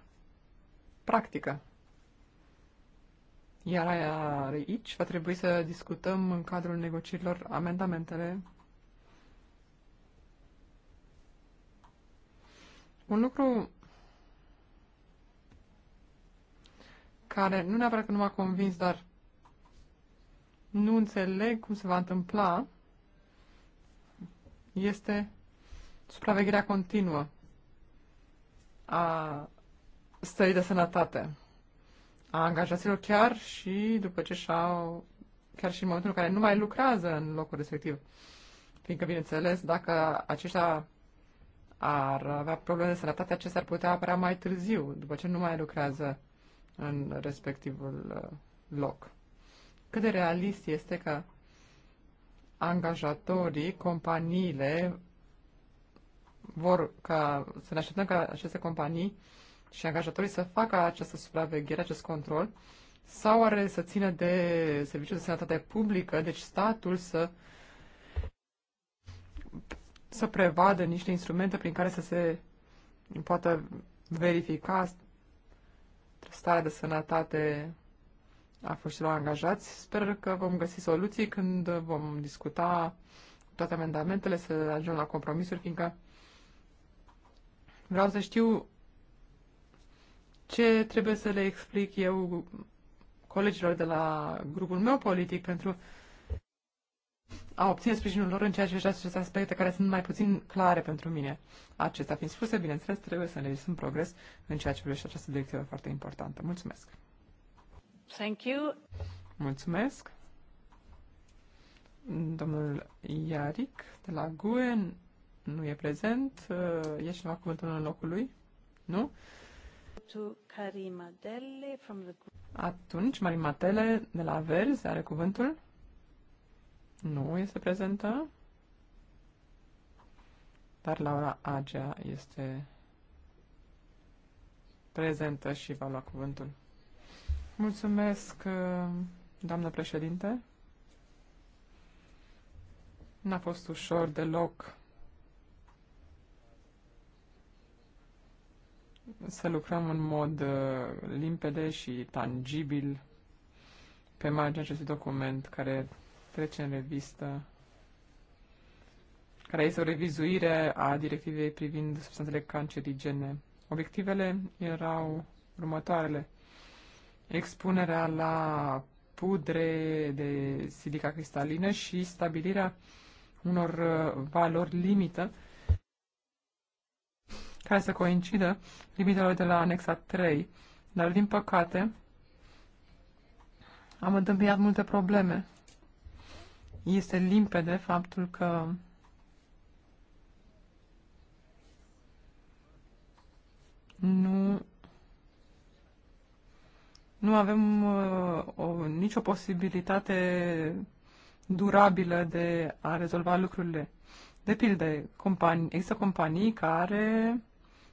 practică. Iar aici va trebui să discutăm în cadrul negocierilor amendamentele. Un lucru care nu neapărat că nu m-a convins, dar nu înțeleg cum se va întâmpla este supravegherea continuă a stării de sănătate a angajaților chiar și după ce și-au chiar și în momentul în care nu mai lucrează în locul respectiv. Fiindcă, bineînțeles, dacă aceștia ar avea probleme de sănătate, acestea ar putea apărea mai târziu, după ce nu mai lucrează în respectivul uh, loc cât de realist este că angajatorii, companiile vor ca să ne așteptăm ca aceste companii și angajatorii să facă această supraveghere, acest control, sau are să țină de serviciul de sănătate publică, deci statul să să prevadă niște instrumente prin care să se poată verifica starea de sănătate a foștilor angajați. Sper că vom găsi soluții când vom discuta toate amendamentele, să ajungem la compromisuri, fiindcă vreau să știu ce trebuie să le explic eu colegilor de la grupul meu politic pentru a obține sprijinul lor în ceea ce privește aceste aspecte care sunt mai puțin clare pentru mine. Acestea fiind spuse, bineînțeles, trebuie să înregistrăm progres în ceea ce privește această directivă foarte importantă. Mulțumesc! Thank you. Mulțumesc. Domnul Iaric de la GUE nu e prezent. Ești la cuvântul în locul lui? Nu? Atunci, Marimatele de la Verzi are cuvântul? Nu este prezentă. Dar Laura Agea este prezentă și va lua cuvântul. Mulțumesc, uh, doamnă președinte. N-a fost ușor deloc să lucrăm în mod uh, limpede și tangibil pe marginea acestui document care trece în revistă, care este o revizuire a directivei privind substanțele cancerigene. Obiectivele erau următoarele expunerea la pudre de silica cristalină și stabilirea unor uh, valori limită care să coincidă limitelor de la anexa 3. Dar, din păcate, am întâmpinat multe probleme. Este limpede faptul că nu nu avem uh, o, nicio posibilitate durabilă de a rezolva lucrurile. De pildă, companii, există companii care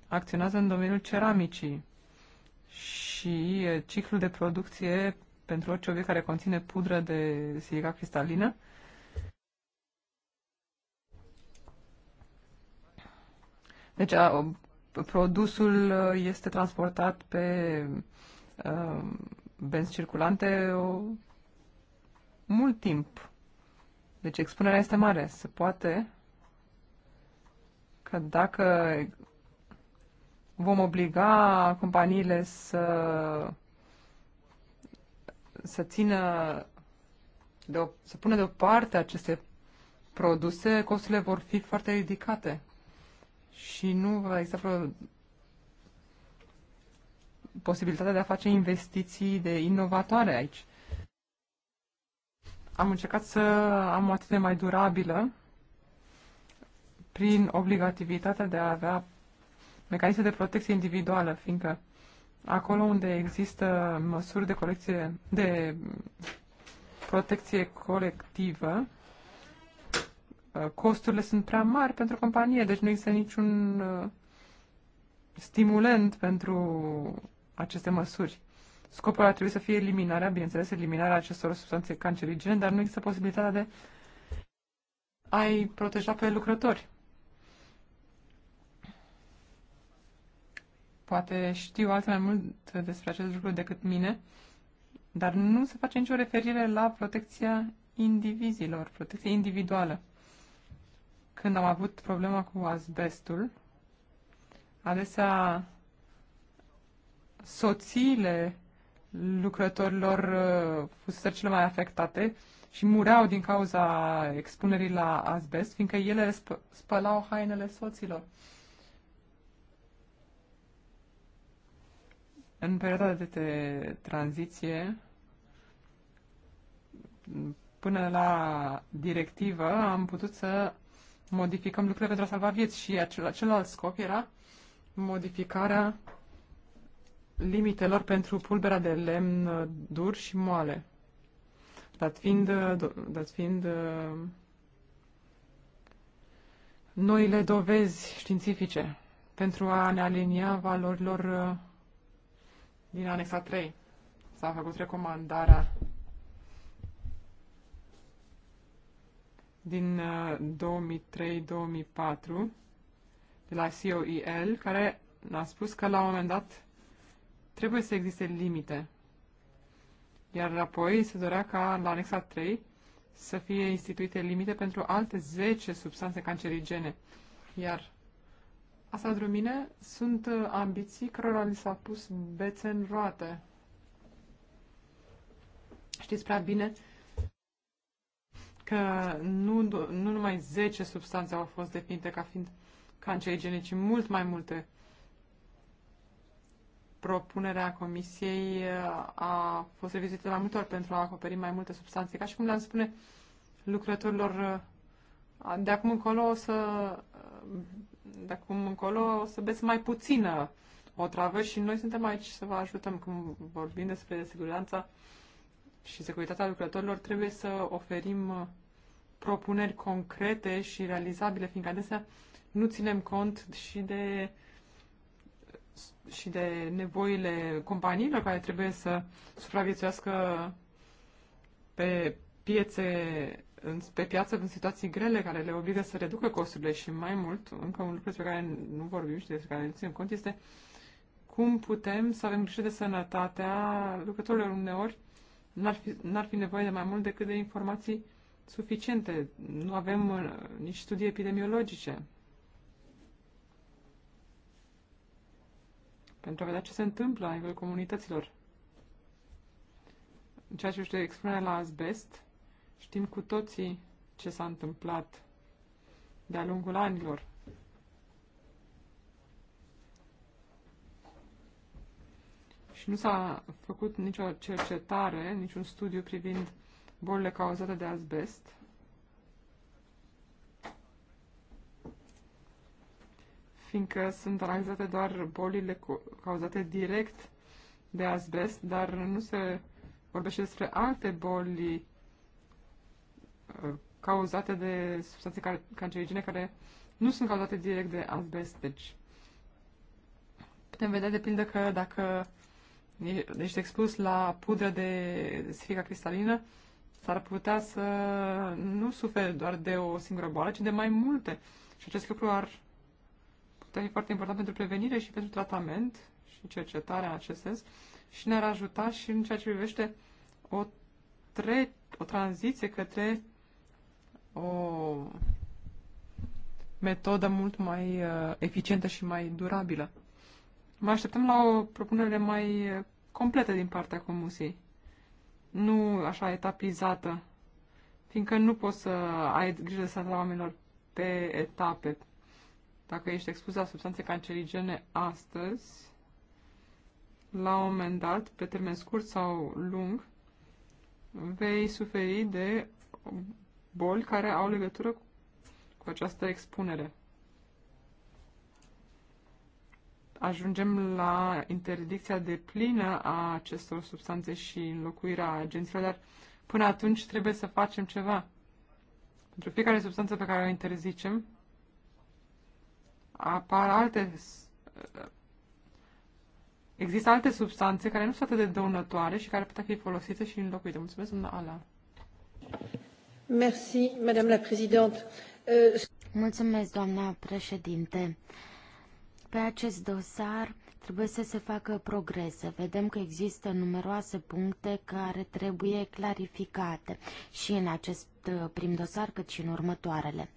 acționează în domeniul ceramicii și uh, ciclul de producție pentru orice obiect care conține pudră de silica cristalină Deci a, produsul uh, este transportat pe Um, benzi circulante o, mult timp. Deci expunerea este mare. Se poate că dacă vom obliga companiile să să țină de o, să pună deoparte aceste produse, costurile vor fi foarte ridicate și nu va exista posibilitatea de a face investiții de inovatoare aici. Am încercat să am o atitudine mai durabilă prin obligativitatea de a avea mecanisme de protecție individuală, fiindcă acolo unde există măsuri de colecție, de protecție colectivă, costurile sunt prea mari pentru companie, deci nu există niciun uh, stimulent pentru aceste măsuri. Scopul ar trebui să fie eliminarea, bineînțeles, eliminarea acestor substanțe cancerigene, dar nu există posibilitatea de a-i proteja pe lucrători. Poate știu alții mai mult despre acest lucru decât mine, dar nu se face nicio referire la protecția indivizilor, protecția individuală. Când am avut problema cu asbestul, adesea soțiile lucrătorilor uh, fusese cele mai afectate și mureau din cauza expunerii la asbest, fiindcă ele sp- spălau hainele soților. În perioada de tranziție, până la directivă, am putut să modificăm lucrurile pentru a salva vieți și acel, celălalt scop era modificarea limitelor pentru pulbera de lemn dur și moale. Dat fiind, dat fiind uh, noile dovezi științifice pentru a ne alinia valorilor uh, din anexa 3. S-a făcut recomandarea din 2003-2004 uh, de la COEL, care ne-a spus că la un moment dat Trebuie să existe limite. Iar apoi se dorea ca la anexa 3 să fie instituite limite pentru alte 10 substanțe cancerigene. Iar asta, pentru mine, sunt uh, ambiții cărora li s-a pus bețe în roate. Știți prea bine că nu, nu numai 10 substanțe au fost definite ca fiind cancerigene, ci mult mai multe propunerea comisiei uh, a fost revizuită la multe ori pentru a acoperi mai multe substanțe, ca și cum le-am spune lucrătorilor uh, de acum încolo o să uh, de acum încolo o să beți mai puțină otravă și noi suntem aici să vă ajutăm când vorbim despre siguranța și securitatea lucrătorilor, trebuie să oferim propuneri concrete și realizabile, fiindcă adesea nu ținem cont și de și de nevoile companiilor care trebuie să supraviețuiască pe piețe pe piață în situații grele care le obligă să reducă costurile și mai mult, încă un lucru despre care nu vorbim și despre care nu ținem cont este cum putem să avem grijă de sănătatea lucrătorilor uneori n-ar fi, n-ar fi nevoie de mai mult decât de informații suficiente. Nu avem uh, nici studii epidemiologice. pentru a vedea ce se întâmplă la nivelul comunităților. În ceea ce știu expunerea la asbest, știm cu toții ce s-a întâmplat de-a lungul anilor. Și nu s-a făcut nicio cercetare, niciun studiu privind bolile cauzate de asbest. fiindcă sunt analizate doar bolile cauzate direct de asbest, dar nu se vorbește despre alte boli uh, cauzate de substanțe cancerigene care nu sunt cauzate direct de asbest. Deci putem vedea de pildă că dacă ești expus la pudră de silica cristalină, s-ar putea să nu suferi doar de o singură boală, ci de mai multe. Și acest lucru ar e foarte important pentru prevenire și pentru tratament și cercetarea în acest sens și ne-ar ajuta și în ceea ce privește o, tre- o tranziție către o metodă mult mai uh, eficientă și mai durabilă. Mă așteptăm la o propunere mai completă din partea Comusiei, nu așa etapizată, fiindcă nu poți să ai grijă de sănătatea oamenilor pe etape, dacă ești expus la substanțe cancerigene astăzi, la un moment dat, pe termen scurt sau lung, vei suferi de boli care au legătură cu, această expunere. Ajungem la interdicția de plină a acestor substanțe și înlocuirea agenților, dar până atunci trebuie să facem ceva. Pentru fiecare substanță pe care o interzicem, apar alte Există alte substanțe care nu sunt atât de dăunătoare și care putea fi folosite și înlocuite. Mulțumesc, doamna Ala. Merci, madame la présidente. Euh, Mulțumesc, doamna președinte. Pe acest dosar Trebuie să se facă progrese. Vedem că există numeroase puncte care trebuie clarificate și în acest uh, prim dosar cât și în următoarele.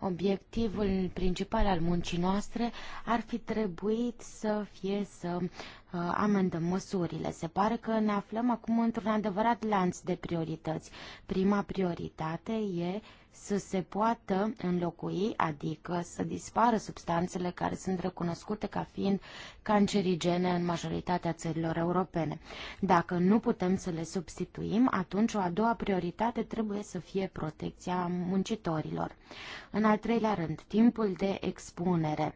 Obiectivul principal al muncii noastre ar fi trebuit să fie să uh, amendăm măsurile. Se pare că ne aflăm acum într-un adevărat lanț de priorități. Prima prioritate e să se poată înlocui, adică să dispară substanțele care sunt recunoscute ca fiind cancerigene în majoritatea țărilor europene. Dacă nu putem să le substituim, atunci o a doua prioritate trebuie să fie protecția muncitorilor. În al treilea rând, timpul de expunere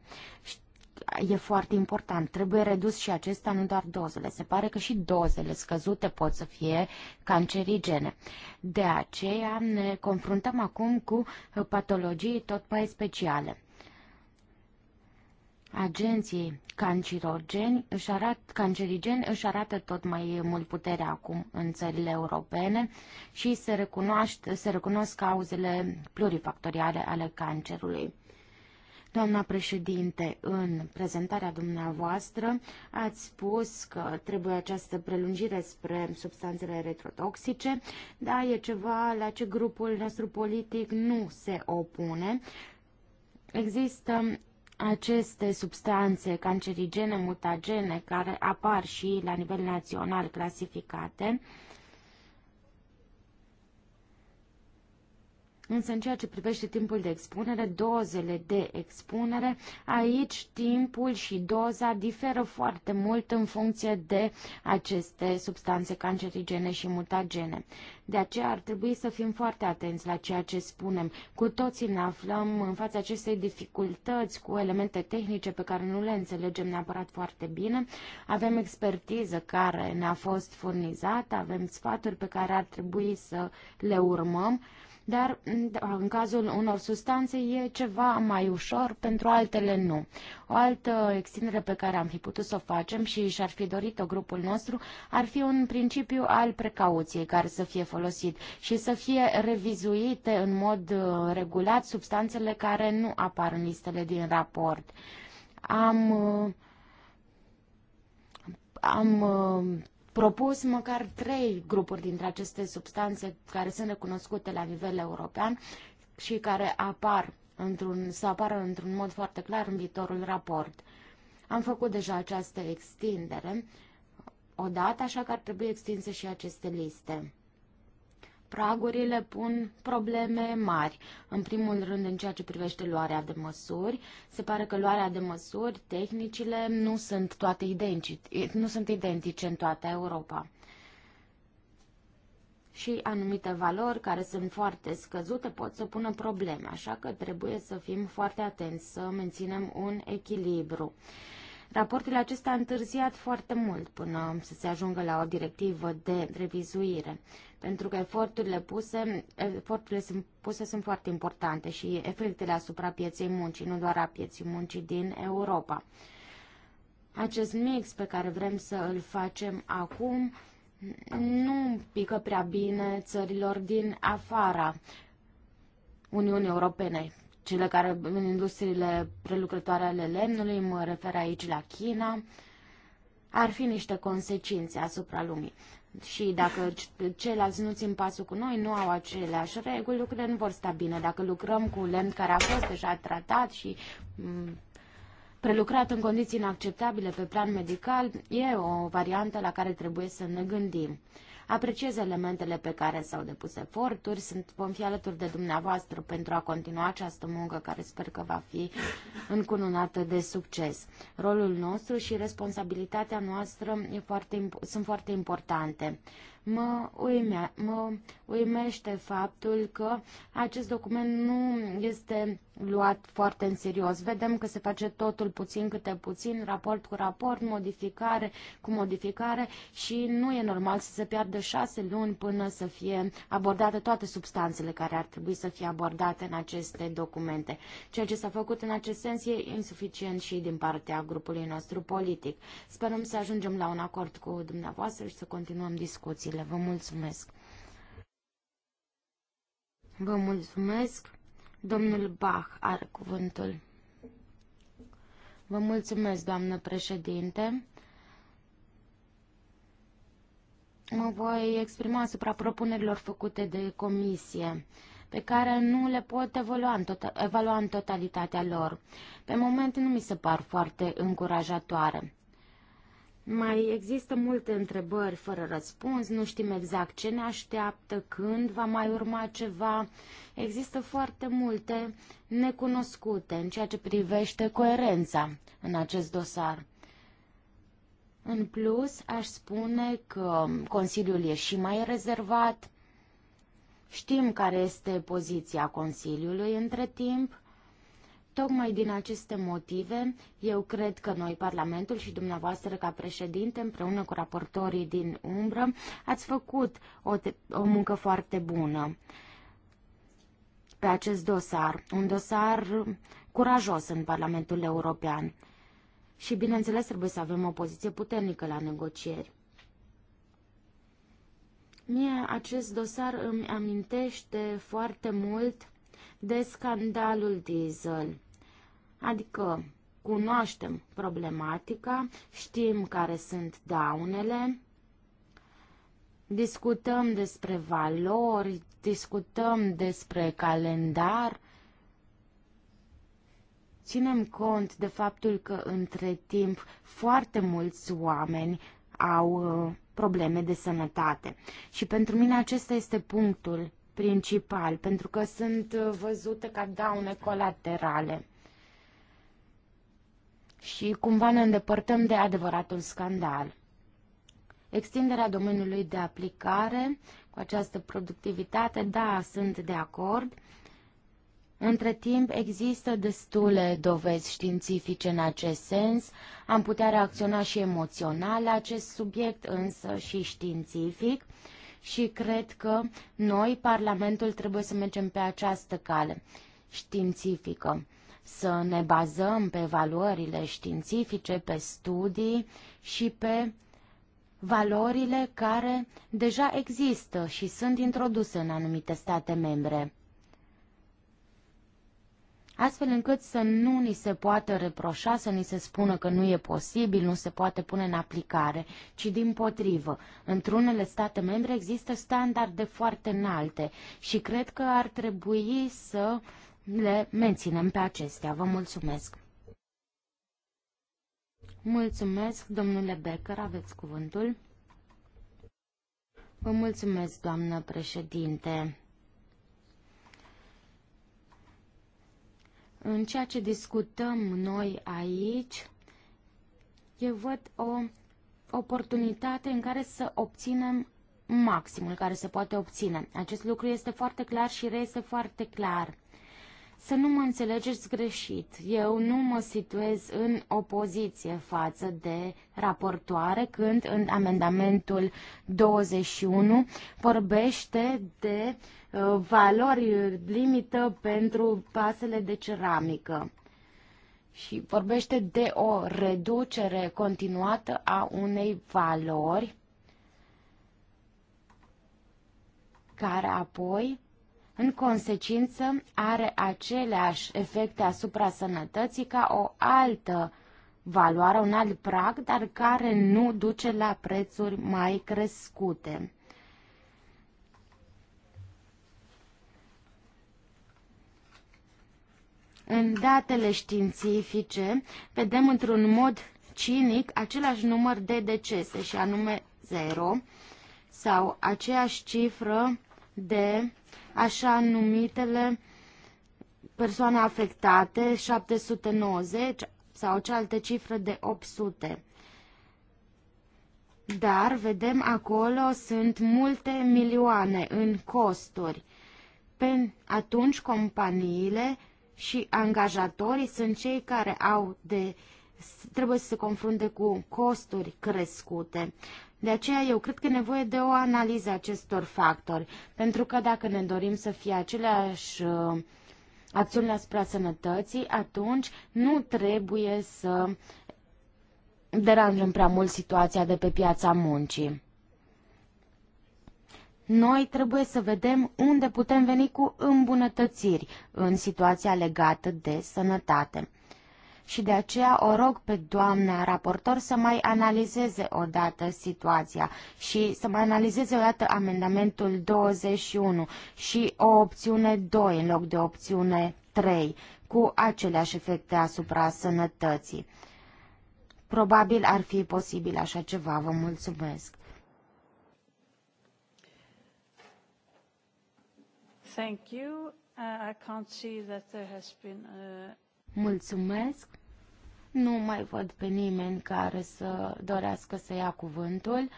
e foarte important. Trebuie redus și acesta, nu doar dozele. Se pare că și dozele scăzute pot să fie cancerigene. De aceea ne confruntăm acum cu patologii tot mai speciale. Agenții cancerogeni își arat, cancerigeni își arată tot mai mult putere acum în țările europene și se, recunoaște, se recunosc cauzele plurifactoriale ale cancerului. Doamna președinte, în prezentarea dumneavoastră ați spus că trebuie această prelungire spre substanțele retrotoxice, dar e ceva la ce grupul nostru politic nu se opune. Există aceste substanțe cancerigene, mutagene, care apar și la nivel național clasificate, Însă în ceea ce privește timpul de expunere, dozele de expunere, aici timpul și doza diferă foarte mult în funcție de aceste substanțe cancerigene și mutagene. De aceea ar trebui să fim foarte atenți la ceea ce spunem. Cu toții ne aflăm în fața acestei dificultăți cu elemente tehnice pe care nu le înțelegem neapărat foarte bine. Avem expertiză care ne-a fost furnizată, avem sfaturi pe care ar trebui să le urmăm dar mm, da, în cazul unor substanțe e ceva mai ușor, pentru altele nu. O altă extindere pe care am fi putut să o facem și și-ar fi dorit-o grupul nostru ar fi un principiu al precauției care să fie folosit și să fie revizuite în mod uh, regulat substanțele care nu apar în listele din raport. Am uh, am uh, propus măcar trei grupuri dintre aceste substanțe care sunt recunoscute la nivel european și care apar într-un, să apară într-un mod foarte clar în viitorul raport. Am făcut deja această extindere odată, așa că ar trebui extinse și aceste liste pragurile pun probleme mari. În primul rând, în ceea ce privește luarea de măsuri, se pare că luarea de măsuri, tehnicile, nu sunt, toate identice, nu sunt identice în toată Europa și anumite valori care sunt foarte scăzute pot să pună probleme, așa că trebuie să fim foarte atenți să menținem un echilibru. Raportul acesta a întârziat foarte mult până să se ajungă la o directivă de revizuire, pentru că eforturile puse, eforturile sunt, puse sunt foarte importante și efectele asupra pieței muncii, nu doar a pieței muncii din Europa. Acest mix pe care vrem să îl facem acum nu pică prea bine țărilor din afara Uniunii Europene, cele care, în industriile prelucrătoare ale lemnului, mă refer aici la China, ar fi niște consecințe asupra lumii. Și dacă ceilalți nu țin pasul cu noi, nu au aceleași reguli, lucrurile nu vor sta bine. Dacă lucrăm cu lemn care a fost deja tratat și mm, prelucrat în condiții inacceptabile pe plan medical, e o variantă la care trebuie să ne gândim. Apreciez elementele pe care s-au depus eforturi, sunt, vom fi alături de dumneavoastră pentru a continua această muncă care sper că va fi încununată de succes. Rolul nostru și responsabilitatea noastră e foarte, sunt foarte importante. Mă, uime, mă uimește faptul că acest document nu este luat foarte în serios. Vedem că se face totul puțin câte puțin, raport cu raport, modificare cu modificare și nu e normal să se piardă șase luni până să fie abordate toate substanțele care ar trebui să fie abordate în aceste documente. Ceea ce s-a făcut în acest sens e insuficient și din partea grupului nostru politic. Sperăm să ajungem la un acord cu dumneavoastră și să continuăm discuțiile. Vă mulțumesc! Vă mulțumesc! Domnul Bach are cuvântul. Vă mulțumesc, doamnă președinte. Mă voi exprima asupra propunerilor făcute de comisie pe care nu le pot evalua în, tot, evalua în totalitatea lor. Pe moment nu mi se par foarte încurajatoare. Mai există multe întrebări fără răspuns, nu știm exact ce ne așteaptă, când va mai urma ceva. Există foarte multe necunoscute în ceea ce privește coerența în acest dosar. În plus, aș spune că Consiliul e și mai rezervat. Știm care este poziția Consiliului între timp. Tocmai din aceste motive, eu cred că noi, Parlamentul și dumneavoastră ca președinte, împreună cu raportorii din umbră, ați făcut o, o muncă foarte bună pe acest dosar, un dosar curajos în Parlamentul European. Și, bineînțeles, trebuie să avem o poziție puternică la negocieri. Mie acest dosar îmi amintește foarte mult de scandalul diesel. Adică cunoaștem problematica, știm care sunt daunele, discutăm despre valori, discutăm despre calendar, ținem cont de faptul că între timp foarte mulți oameni au uh, probleme de sănătate. Și pentru mine acesta este punctul principal, pentru că sunt uh, văzute ca daune colaterale și cumva ne îndepărtăm de adevăratul scandal. Extinderea domeniului de aplicare cu această productivitate, da, sunt de acord. Între timp, există destule dovezi științifice în acest sens. Am putea reacționa și emoțional la acest subiect, însă și științific. Și cred că noi, Parlamentul, trebuie să mergem pe această cale științifică să ne bazăm pe valorile științifice, pe studii și pe valorile care deja există și sunt introduse în anumite state membre. Astfel încât să nu ni se poată reproșa, să ni se spună că nu e posibil, nu se poate pune în aplicare, ci din potrivă. Într-unele state membre există standarde foarte înalte și cred că ar trebui să le menținem pe acestea. Vă mulțumesc! Mulțumesc, domnule Becker, aveți cuvântul. Vă mulțumesc, doamnă președinte. În ceea ce discutăm noi aici, eu văd o oportunitate în care să obținem maximul care se poate obține. Acest lucru este foarte clar și reiese foarte clar să nu mă înțelegeți greșit, eu nu mă situez în opoziție față de raportoare când în amendamentul 21 vorbește de uh, valori uh, limită pentru pasele de ceramică și vorbește de o reducere continuată a unei valori care apoi în consecință, are aceleași efecte asupra sănătății ca o altă valoare, un alt prag, dar care nu duce la prețuri mai crescute. În datele științifice vedem într-un mod cinic același număr de decese și anume 0 sau aceeași cifră de așa numitele persoane afectate, 790 sau cealaltă cifră de 800. Dar, vedem, acolo sunt multe milioane în costuri. Pe atunci companiile și angajatorii sunt cei care au de trebuie să se confrunte cu costuri crescute. De aceea eu cred că e nevoie de o analiză acestor factori, pentru că dacă ne dorim să fie aceleași uh, acțiuni asupra sănătății, atunci nu trebuie să deranjăm prea mult situația de pe piața muncii. Noi trebuie să vedem unde putem veni cu îmbunătățiri în situația legată de sănătate și de aceea o rog pe doamna raportor să mai analizeze odată situația și să mai analizeze odată amendamentul 21 și o opțiune 2 în loc de opțiune 3 cu aceleași efecte asupra sănătății. Probabil ar fi posibil așa ceva, vă mulțumesc. Thank you. Uh, I can't see that there has been uh, Mulțumesc. Nu mai văd pe nimeni care să dorească să ia cuvântul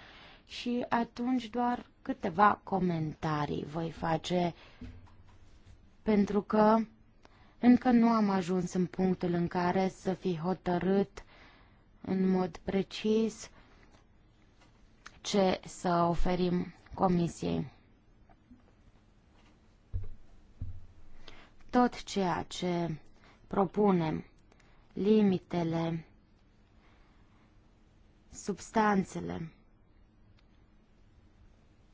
și atunci doar câteva comentarii voi face pentru că încă nu am ajuns în punctul în care să fi hotărât în mod precis ce să oferim comisiei. Tot ceea ce propunem limitele, substanțele,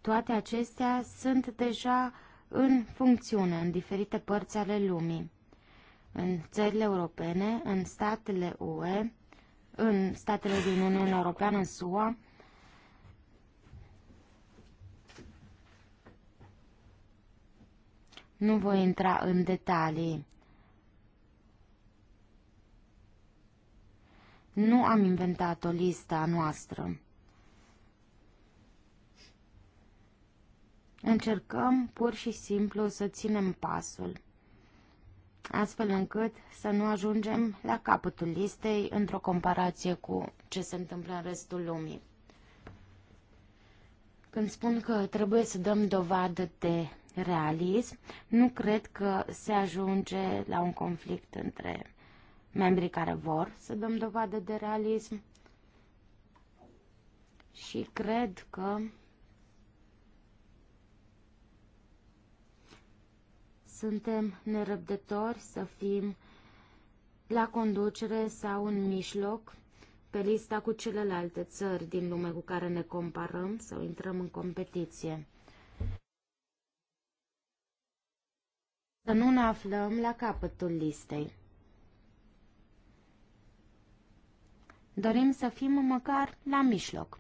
toate acestea sunt deja în funcțiune în diferite părți ale lumii. În țările europene, în statele UE, în statele din Uniunea Europeană, în SUA, Nu voi intra în detalii Nu am inventat o lista noastră. Încercăm pur și simplu să ținem pasul, astfel încât să nu ajungem la capătul listei într-o comparație cu ce se întâmplă în restul lumii. Când spun că trebuie să dăm dovadă de realism, nu cred că se ajunge la un conflict între membrii care vor să dăm dovadă de realism și cred că suntem nerăbdători să fim la conducere sau în mijloc pe lista cu celelalte țări din lume cu care ne comparăm sau intrăm în competiție. Să nu ne aflăm la capătul listei. Dorim să fim măcar la mijloc,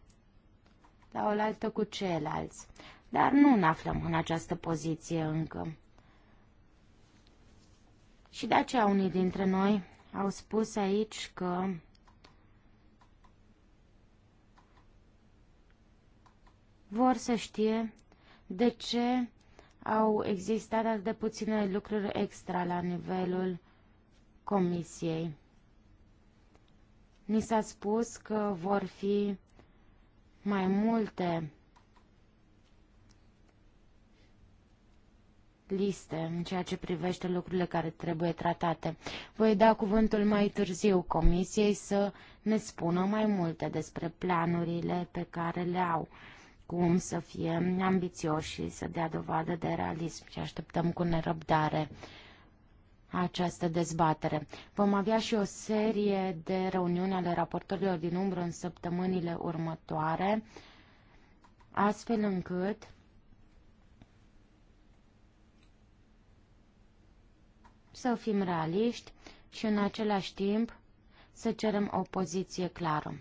la oaltă cu ceilalți, dar nu ne aflăm în această poziție încă. Și de aceea unii dintre noi au spus aici că vor să știe de ce au existat atât de puține lucruri extra la nivelul comisiei. Ni s-a spus că vor fi mai multe liste în ceea ce privește lucrurile care trebuie tratate. Voi da cuvântul mai târziu comisiei să ne spună mai multe despre planurile pe care le au, cum să fie ambițioși și să dea dovadă de realism și așteptăm cu nerăbdare această dezbatere. Vom avea și o serie de reuniuni ale raportorilor din umbră în săptămânile următoare, astfel încât să fim realiști și în același timp să cerem o poziție clară.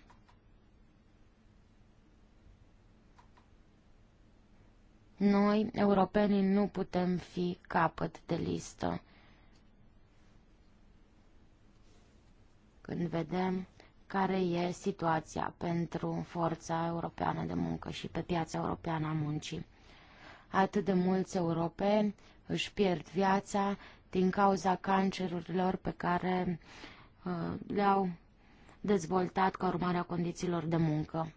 Noi, europenii, nu putem fi capăt de listă. când vedem care e situația pentru forța europeană de muncă și pe piața europeană a muncii. Atât de mulți europeni își pierd viața din cauza cancerurilor pe care uh, le-au dezvoltat ca urmare a condițiilor de muncă.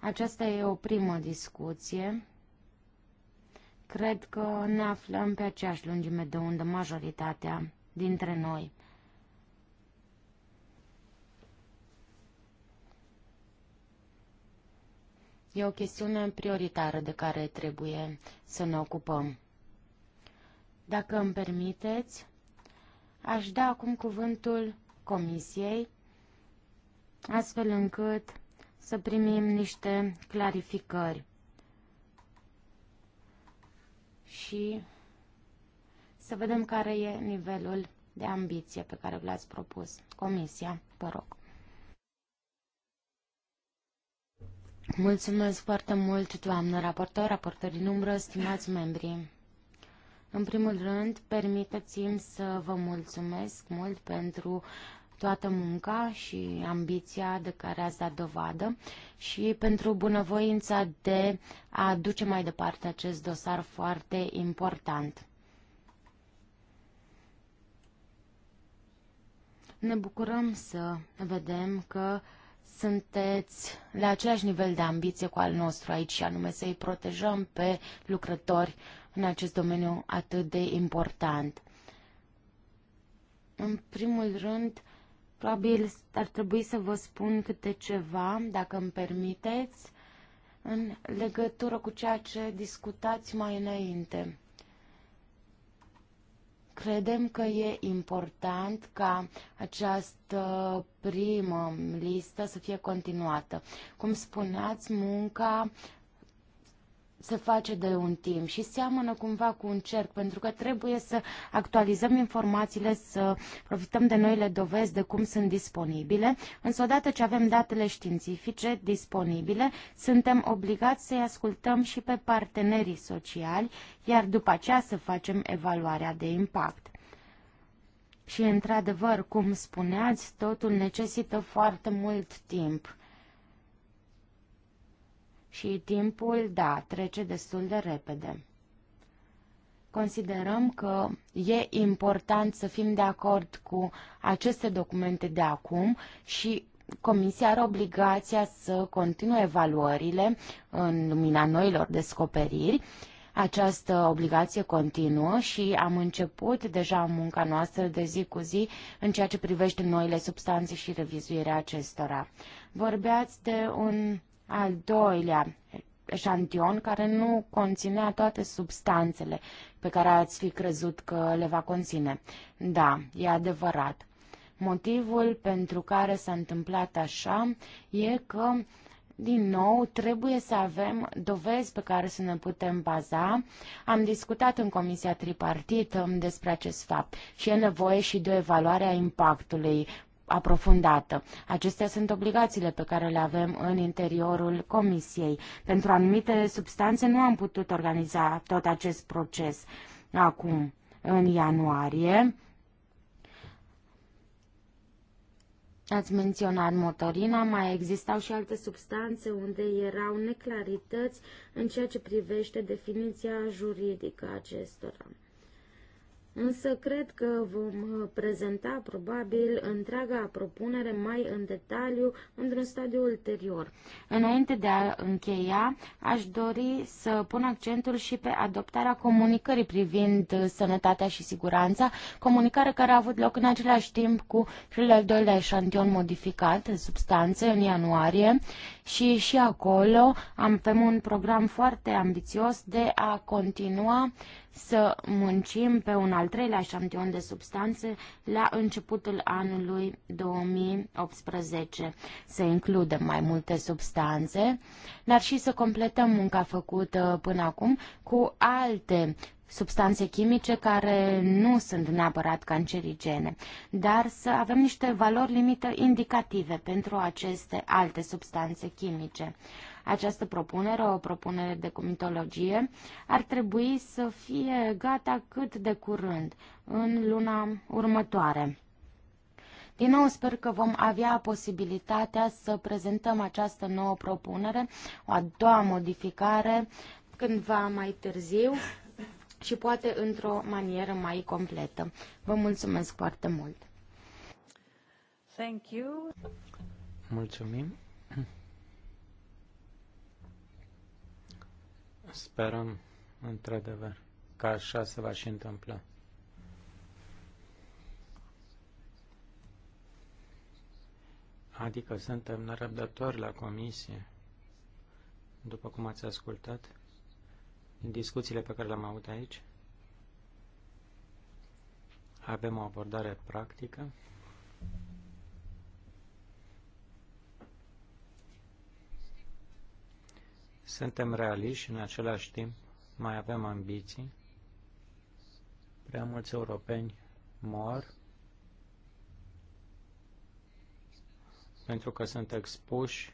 Aceasta e o primă discuție. Cred că ne aflăm pe aceeași lungime de undă majoritatea dintre noi. E o chestiune prioritară de care trebuie să ne ocupăm. Dacă îmi permiteți, aș da acum cuvântul Comisiei, astfel încât să primim niște clarificări și să vedem care e nivelul de ambiție pe care v l-ați propus. Comisia, vă rog. Mulțumesc foarte mult, doamnă raportor, raportor din umbră, stimați membri. În primul rând, permiteți-mi să vă mulțumesc mult pentru toată munca și ambiția de care ați dat dovadă și pentru bunăvoința de a duce mai departe acest dosar foarte important. Ne bucurăm să vedem că sunteți la același nivel de ambiție cu al nostru aici, și anume să-i protejăm pe lucrători în acest domeniu atât de important. În primul rând, probabil ar trebui să vă spun câte ceva, dacă îmi permiteți, în legătură cu ceea ce discutați mai înainte. Credem că e important ca această primă listă să fie continuată. Cum spuneați, munca se face de un timp și seamănă cumva cu un cerc, pentru că trebuie să actualizăm informațiile, să profităm de noile dovezi de cum sunt disponibile, însă odată ce avem datele științifice disponibile, suntem obligați să-i ascultăm și pe partenerii sociali, iar după aceea să facem evaluarea de impact. Și, într-adevăr, cum spuneați, totul necesită foarte mult timp și timpul, da, trece destul de repede. Considerăm că e important să fim de acord cu aceste documente de acum și Comisia are obligația să continue evaluările în lumina noilor descoperiri. Această obligație continuă și am început deja munca noastră de zi cu zi în ceea ce privește noile substanțe și revizuirea acestora. Vorbeați de un al doilea eșantion care nu conținea toate substanțele pe care ați fi crezut că le va conține. Da, e adevărat. Motivul pentru care s-a întâmplat așa e că, din nou, trebuie să avem dovezi pe care să ne putem baza. Am discutat în Comisia Tripartită despre acest fapt și e nevoie și de o evaluare a impactului aprofundată. Acestea sunt obligațiile pe care le avem în interiorul Comisiei. Pentru anumite substanțe nu am putut organiza tot acest proces acum, în ianuarie. Ați menționat motorina, mai existau și alte substanțe unde erau neclarități în ceea ce privește definiția juridică a acestora însă cred că vom uh, prezenta probabil întreaga propunere mai în detaliu într-un stadiu ulterior. Înainte de a încheia, aș dori să pun accentul și pe adoptarea comunicării privind uh, sănătatea și siguranța, comunicare care a avut loc în același timp cu cel al doilea eșantion modificat, substanțe, în ianuarie, și și acolo avem un program foarte ambițios de a continua să muncim pe un al treilea șantion de substanțe la începutul anului 2018, să includem mai multe substanțe, dar și să completăm munca făcută până acum cu alte substanțe chimice care nu sunt neapărat cancerigene, dar să avem niște valori limită indicative pentru aceste alte substanțe chimice. Această propunere, o propunere de comitologie, ar trebui să fie gata cât de curând, în luna următoare. Din nou sper că vom avea posibilitatea să prezentăm această nouă propunere, o a doua modificare, cândva mai târziu, și poate într-o manieră mai completă. Vă mulțumesc foarte mult! Thank you. Mulțumim! Sperăm, într-adevăr, că așa se va și întâmpla. Adică suntem nerăbdători la comisie, după cum ați ascultat. În discuțiile pe care le-am avut aici, avem o abordare practică. Suntem realiști și în același timp mai avem ambiții. Prea mulți europeni mor pentru că sunt expuși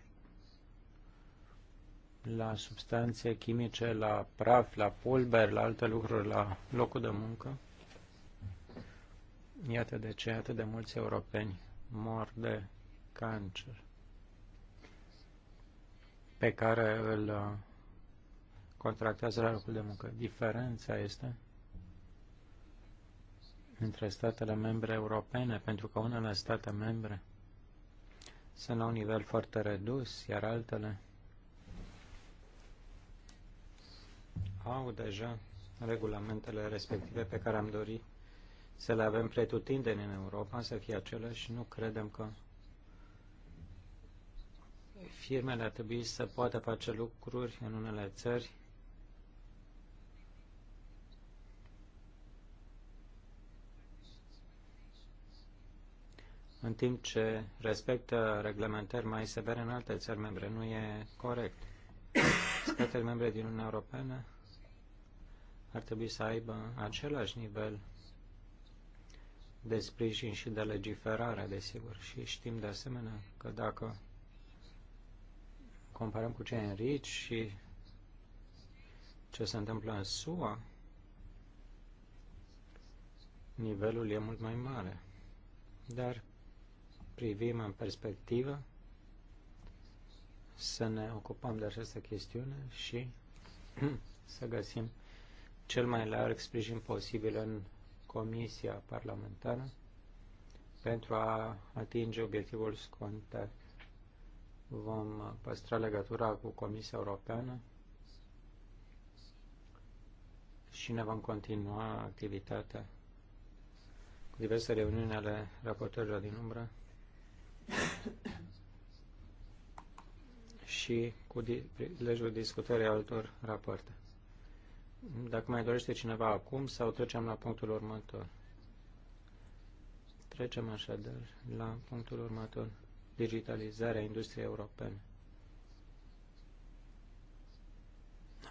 la substanțe chimice, la praf, la pulber, la alte lucruri, la locul de muncă. Iată de ce atât de mulți europeni mor de cancer pe care îl uh, contractează la locul de muncă. Diferența este între statele membre europene, pentru că unele state membre sunt la un nivel foarte redus, iar altele au deja regulamentele respective pe care am dorit să le avem pretutindeni în Europa, să fie acele și nu credem că firmele ar trebui să poată face lucruri în unele țări în timp ce respectă reglementări mai severe în alte țări membre. Nu e corect. Statele membre din Uniunea Europeană ar trebui să aibă același nivel de sprijin și de legiferare, desigur. Și știm de asemenea că dacă comparăm cu cei înrici și ce se întâmplă în SUA, nivelul e mult mai mare. Dar privim în perspectivă să ne ocupăm de această chestiune și să găsim cel mai larg sprijin posibil în Comisia Parlamentară pentru a atinge obiectivul scontat. Vom păstra legătura cu Comisia Europeană și ne vom continua activitatea cu diverse reuniuni ale raportărilor din umbră și cu legiul discutării altor rapoarte. Dacă mai dorește cineva acum sau trecem la punctul următor. Trecem așadar la punctul următor. Digitalizarea industriei europene.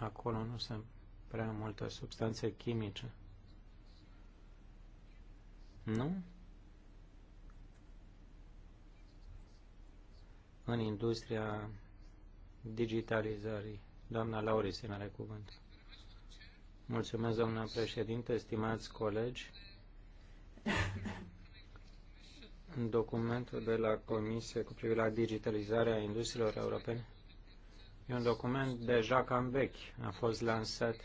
Acolo nu sunt prea multe substanțe chimice. Nu? În industria digitalizării. Doamna Laurie se are cuvântul. Mulțumesc, doamna președinte, stimați colegi. Documentul de la Comisie cu privire la digitalizarea industriilor europene e un document deja cam vechi. A fost lansat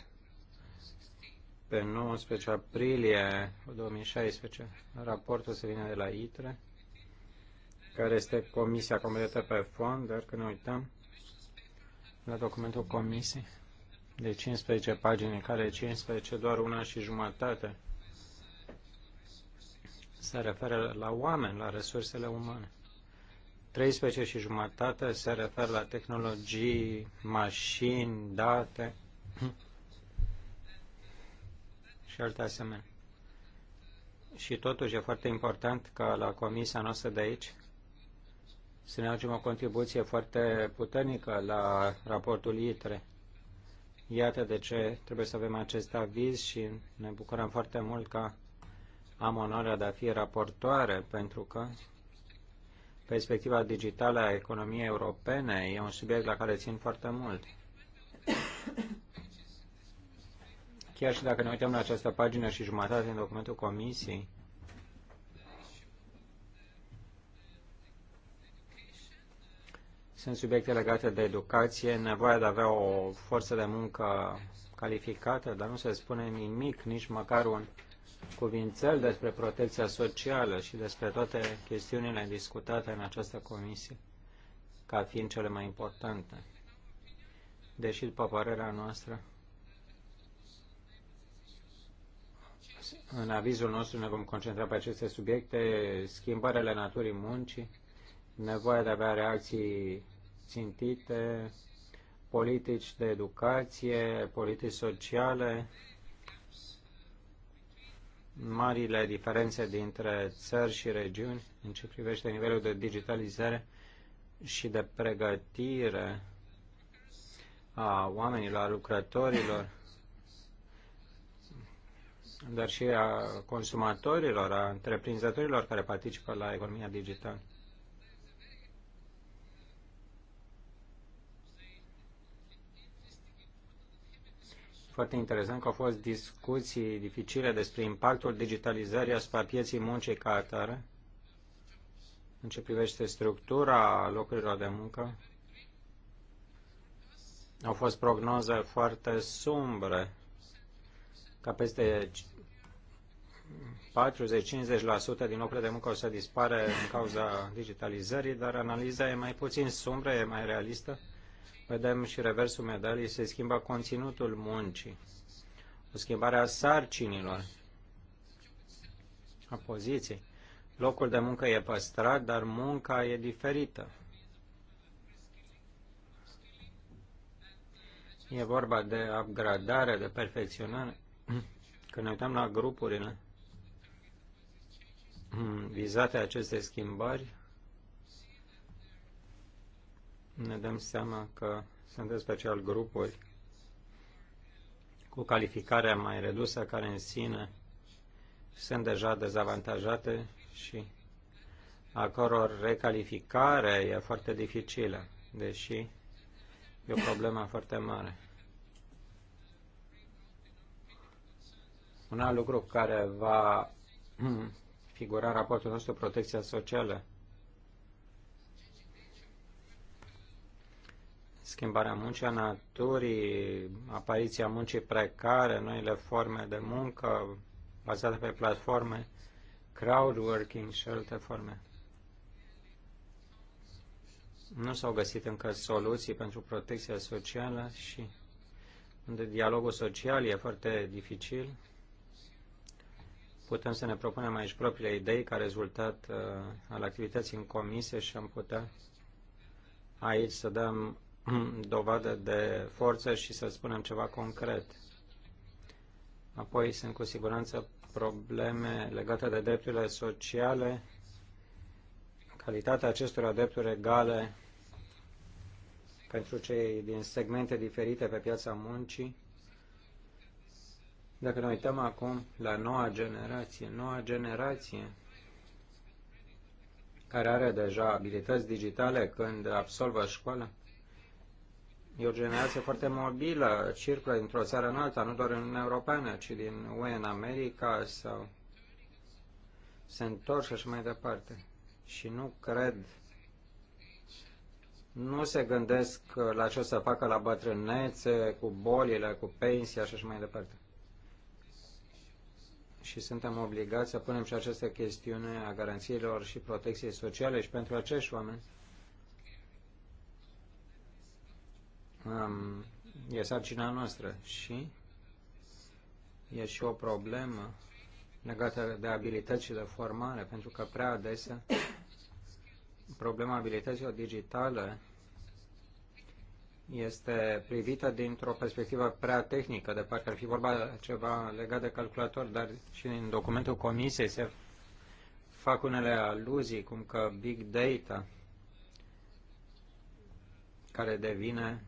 pe 19 aprilie 2016. Raportul se vine de la ITRE, care este comisia completă pe fond, dar când ne uităm la documentul comisiei, de 15 pagini, care 15, doar una și jumătate, se referă la oameni, la resursele umane. 13 și jumătate se referă la tehnologii, mașini, date și alte asemenea. Și totuși e foarte important ca la comisia noastră de aici să ne aducem o contribuție foarte puternică la raportul ITRE Iată de ce trebuie să avem acest aviz și ne bucurăm foarte mult că am onoarea de a fi raportoare, pentru că perspectiva digitală a economiei europene e un subiect la care țin foarte mult. Chiar și dacă ne uităm la această pagină și jumătate din documentul Comisiei, Sunt subiecte legate de educație, nevoia de a avea o forță de muncă calificată, dar nu se spune nimic, nici măcar un cuvințel despre protecția socială și despre toate chestiunile discutate în această comisie, ca fiind cele mai importante. Deși, după părerea noastră, în avizul nostru ne vom concentra pe aceste subiecte, schimbările naturii muncii, nevoie de a avea reacții țintite, politici de educație, politici sociale, marile diferențe dintre țări și regiuni în ce privește nivelul de digitalizare și de pregătire a oamenilor, a lucrătorilor, dar și a consumatorilor, a întreprinzătorilor care participă la economia digitală. foarte interesant că au fost discuții dificile despre impactul digitalizării asupra pieții muncii ca atare, în ce privește structura locurilor de muncă. Au fost prognoze foarte sumbre, ca peste 40-50% din locurile de muncă o să dispare în cauza digitalizării, dar analiza e mai puțin sumbră, e mai realistă vedem și reversul medalii, se schimbă conținutul muncii, o schimbare a sarcinilor, a poziției. Locul de muncă e păstrat, dar munca e diferită. E vorba de upgradare, de perfecționare. Când ne uităm la grupurile vizate aceste schimbări, ne dăm seama că sunt în special grupuri cu calificarea mai redusă, care în sine sunt deja dezavantajate și a căror recalificare e foarte dificilă, deși e o problemă foarte mare. Un alt lucru care va figura raportul nostru protecția socială schimbarea muncii a naturii, apariția muncii precare, noile forme de muncă bazate pe platforme, crowdworking și alte forme. Nu s-au găsit încă soluții pentru protecția socială și unde dialogul social e foarte dificil, putem să ne propunem aici propriile idei ca rezultat uh, al activității în comisie și am putea aici să dăm dovadă de forță și să spunem ceva concret. Apoi sunt cu siguranță probleme legate de drepturile sociale, calitatea acestor drepturi egale pentru cei din segmente diferite pe piața muncii. Dacă ne uităm acum la noua generație, noua generație care are deja abilități digitale când absolvă școala, E o generație foarte mobilă, circulă dintr-o țară în alta, nu doar în Uniunea Europeană, ci din UE în America sau se întorc și așa mai departe. Și nu cred, nu se gândesc la ce o să facă la bătrânețe, cu bolile, cu pensia și așa mai departe. Și suntem obligați să punem și aceste chestiune a garanțiilor și protecției sociale și pentru acești oameni Um, e sarcina noastră și e și o problemă legată de abilități și de formare, pentru că prea adesea problema abilităților digitale este privită dintr-o perspectivă prea tehnică, de parcă ar fi vorba ceva legat de calculator, dar și în documentul comisiei se fac unele aluzii, cum că big data, care devine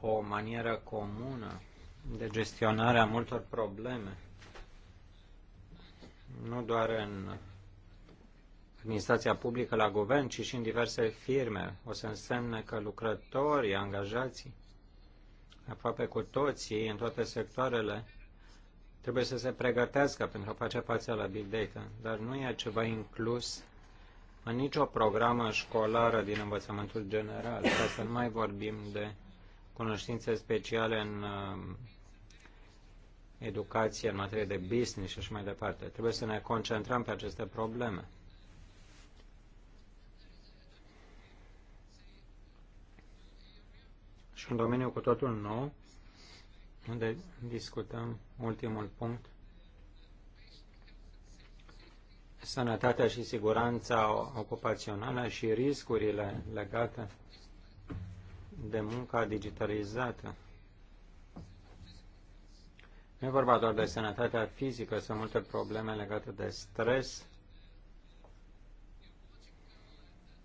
o manieră comună de gestionare a multor probleme, nu doar în administrația publică la guvern, ci și în diverse firme. O să însemne că lucrătorii, angajații, aproape cu toții, în toate sectoarele, trebuie să se pregătească pentru a face față la Big Data, dar nu e ceva inclus în nicio programă școlară din învățământul general, ca să nu mai vorbim de cunoștințe speciale în uh, educație, în materie de business și așa mai departe. Trebuie să ne concentrăm pe aceste probleme. Și un domeniu cu totul nou, unde discutăm ultimul punct, sănătatea și siguranța ocupațională și riscurile legate de munca digitalizată. Nu e vorba doar de sănătatea fizică, sunt multe probleme legate de stres,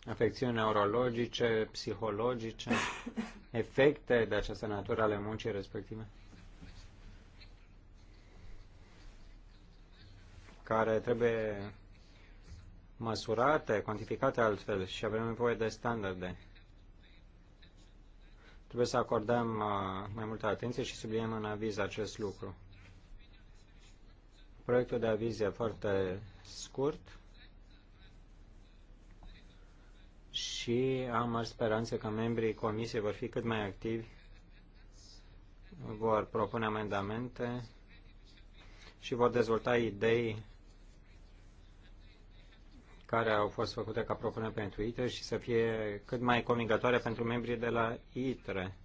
afecțiuni neurologice, psihologice, efecte de această natură ale muncii respective, care trebuie măsurate, cuantificate altfel și avem nevoie de standarde. Trebuie să acordăm uh, mai multă atenție și subliniem în aviz acest lucru. Proiectul de aviz e foarte scurt și am mari speranțe că membrii comisiei vor fi cât mai activi, vor propune amendamente și vor dezvolta idei care au fost făcute ca propuneri pentru ITRE și să fie cât mai convingătoare pentru membrii de la ITRE.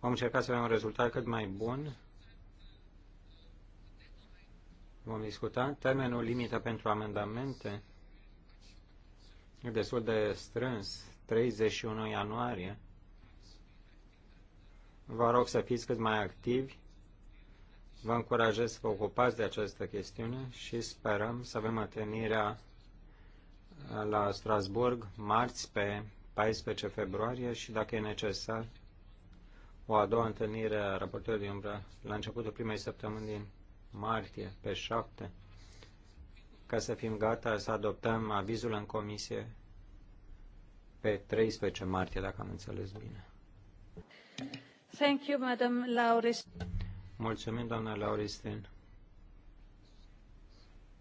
Vom încerca să avem un rezultat cât mai bun. Vom discuta. Termenul limită pentru amendamente e destul de strâns, 31 ianuarie. Vă rog să fiți cât mai activi Vă încurajez să vă ocupați de această chestiune și sperăm să avem întâlnirea uh, la Strasburg marți pe 14 februarie și, dacă e necesar, o a doua întâlnire a raportorului umbră la începutul primei săptămâni din martie, pe 7, ca să fim gata să adoptăm avizul în comisie pe 13 martie, dacă am înțeles bine. Thank you, Madam Laurie. Mulțumim, doamna Lauristin.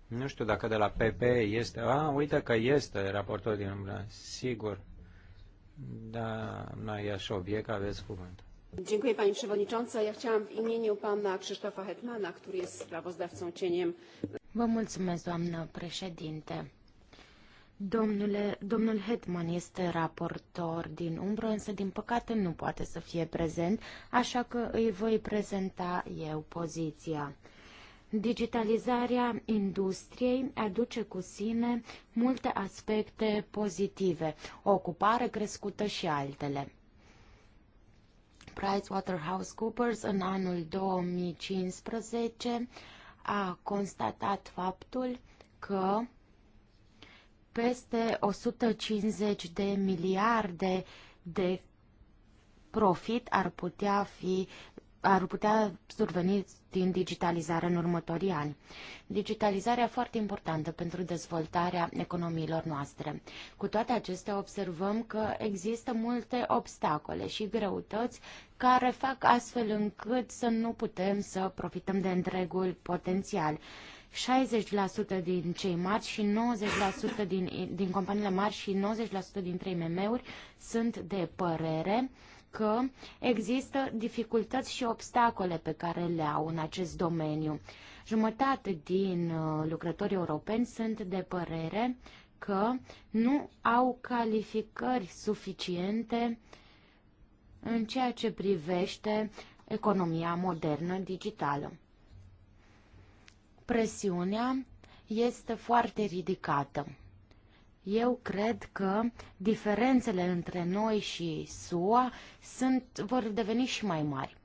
Nu știu dacă de la PP este... A, uite că este raportor din umbră. Sigur. Da, e așa obiect, aveți cuvânt. Dziękuję Pani Przewodnicząca. Ja chciałam w imieniu Pana Krzysztofa Hetmana, który jest sprawozdawcą cieniem... Vă mulțumesc, doamnă președinte. Domnule, domnul Hetman este raportor din umbră, însă din păcate nu poate să fie prezent, așa că îi voi prezenta eu poziția. Digitalizarea industriei aduce cu sine multe aspecte pozitive, o ocupare crescută și altele. PricewaterhouseCoopers în anul 2015 a constatat faptul că peste 150 de miliarde de profit ar putea fi ar putea surveni din digitalizare în următorii ani. Digitalizarea foarte importantă pentru dezvoltarea economiilor noastre. Cu toate acestea observăm că există multe obstacole și greutăți care fac astfel încât să nu putem să profităm de întregul potențial. 60% din cei mari și 90% din, din companiile mari și 90% dintre IMM-uri sunt de părere că există dificultăți și obstacole pe care le au în acest domeniu. Jumătate din uh, lucrătorii europeni sunt de părere că nu au calificări suficiente în ceea ce privește economia modernă digitală presiunea este foarte ridicată. Eu cred că diferențele între noi și SUA sunt, vor deveni și mai mari.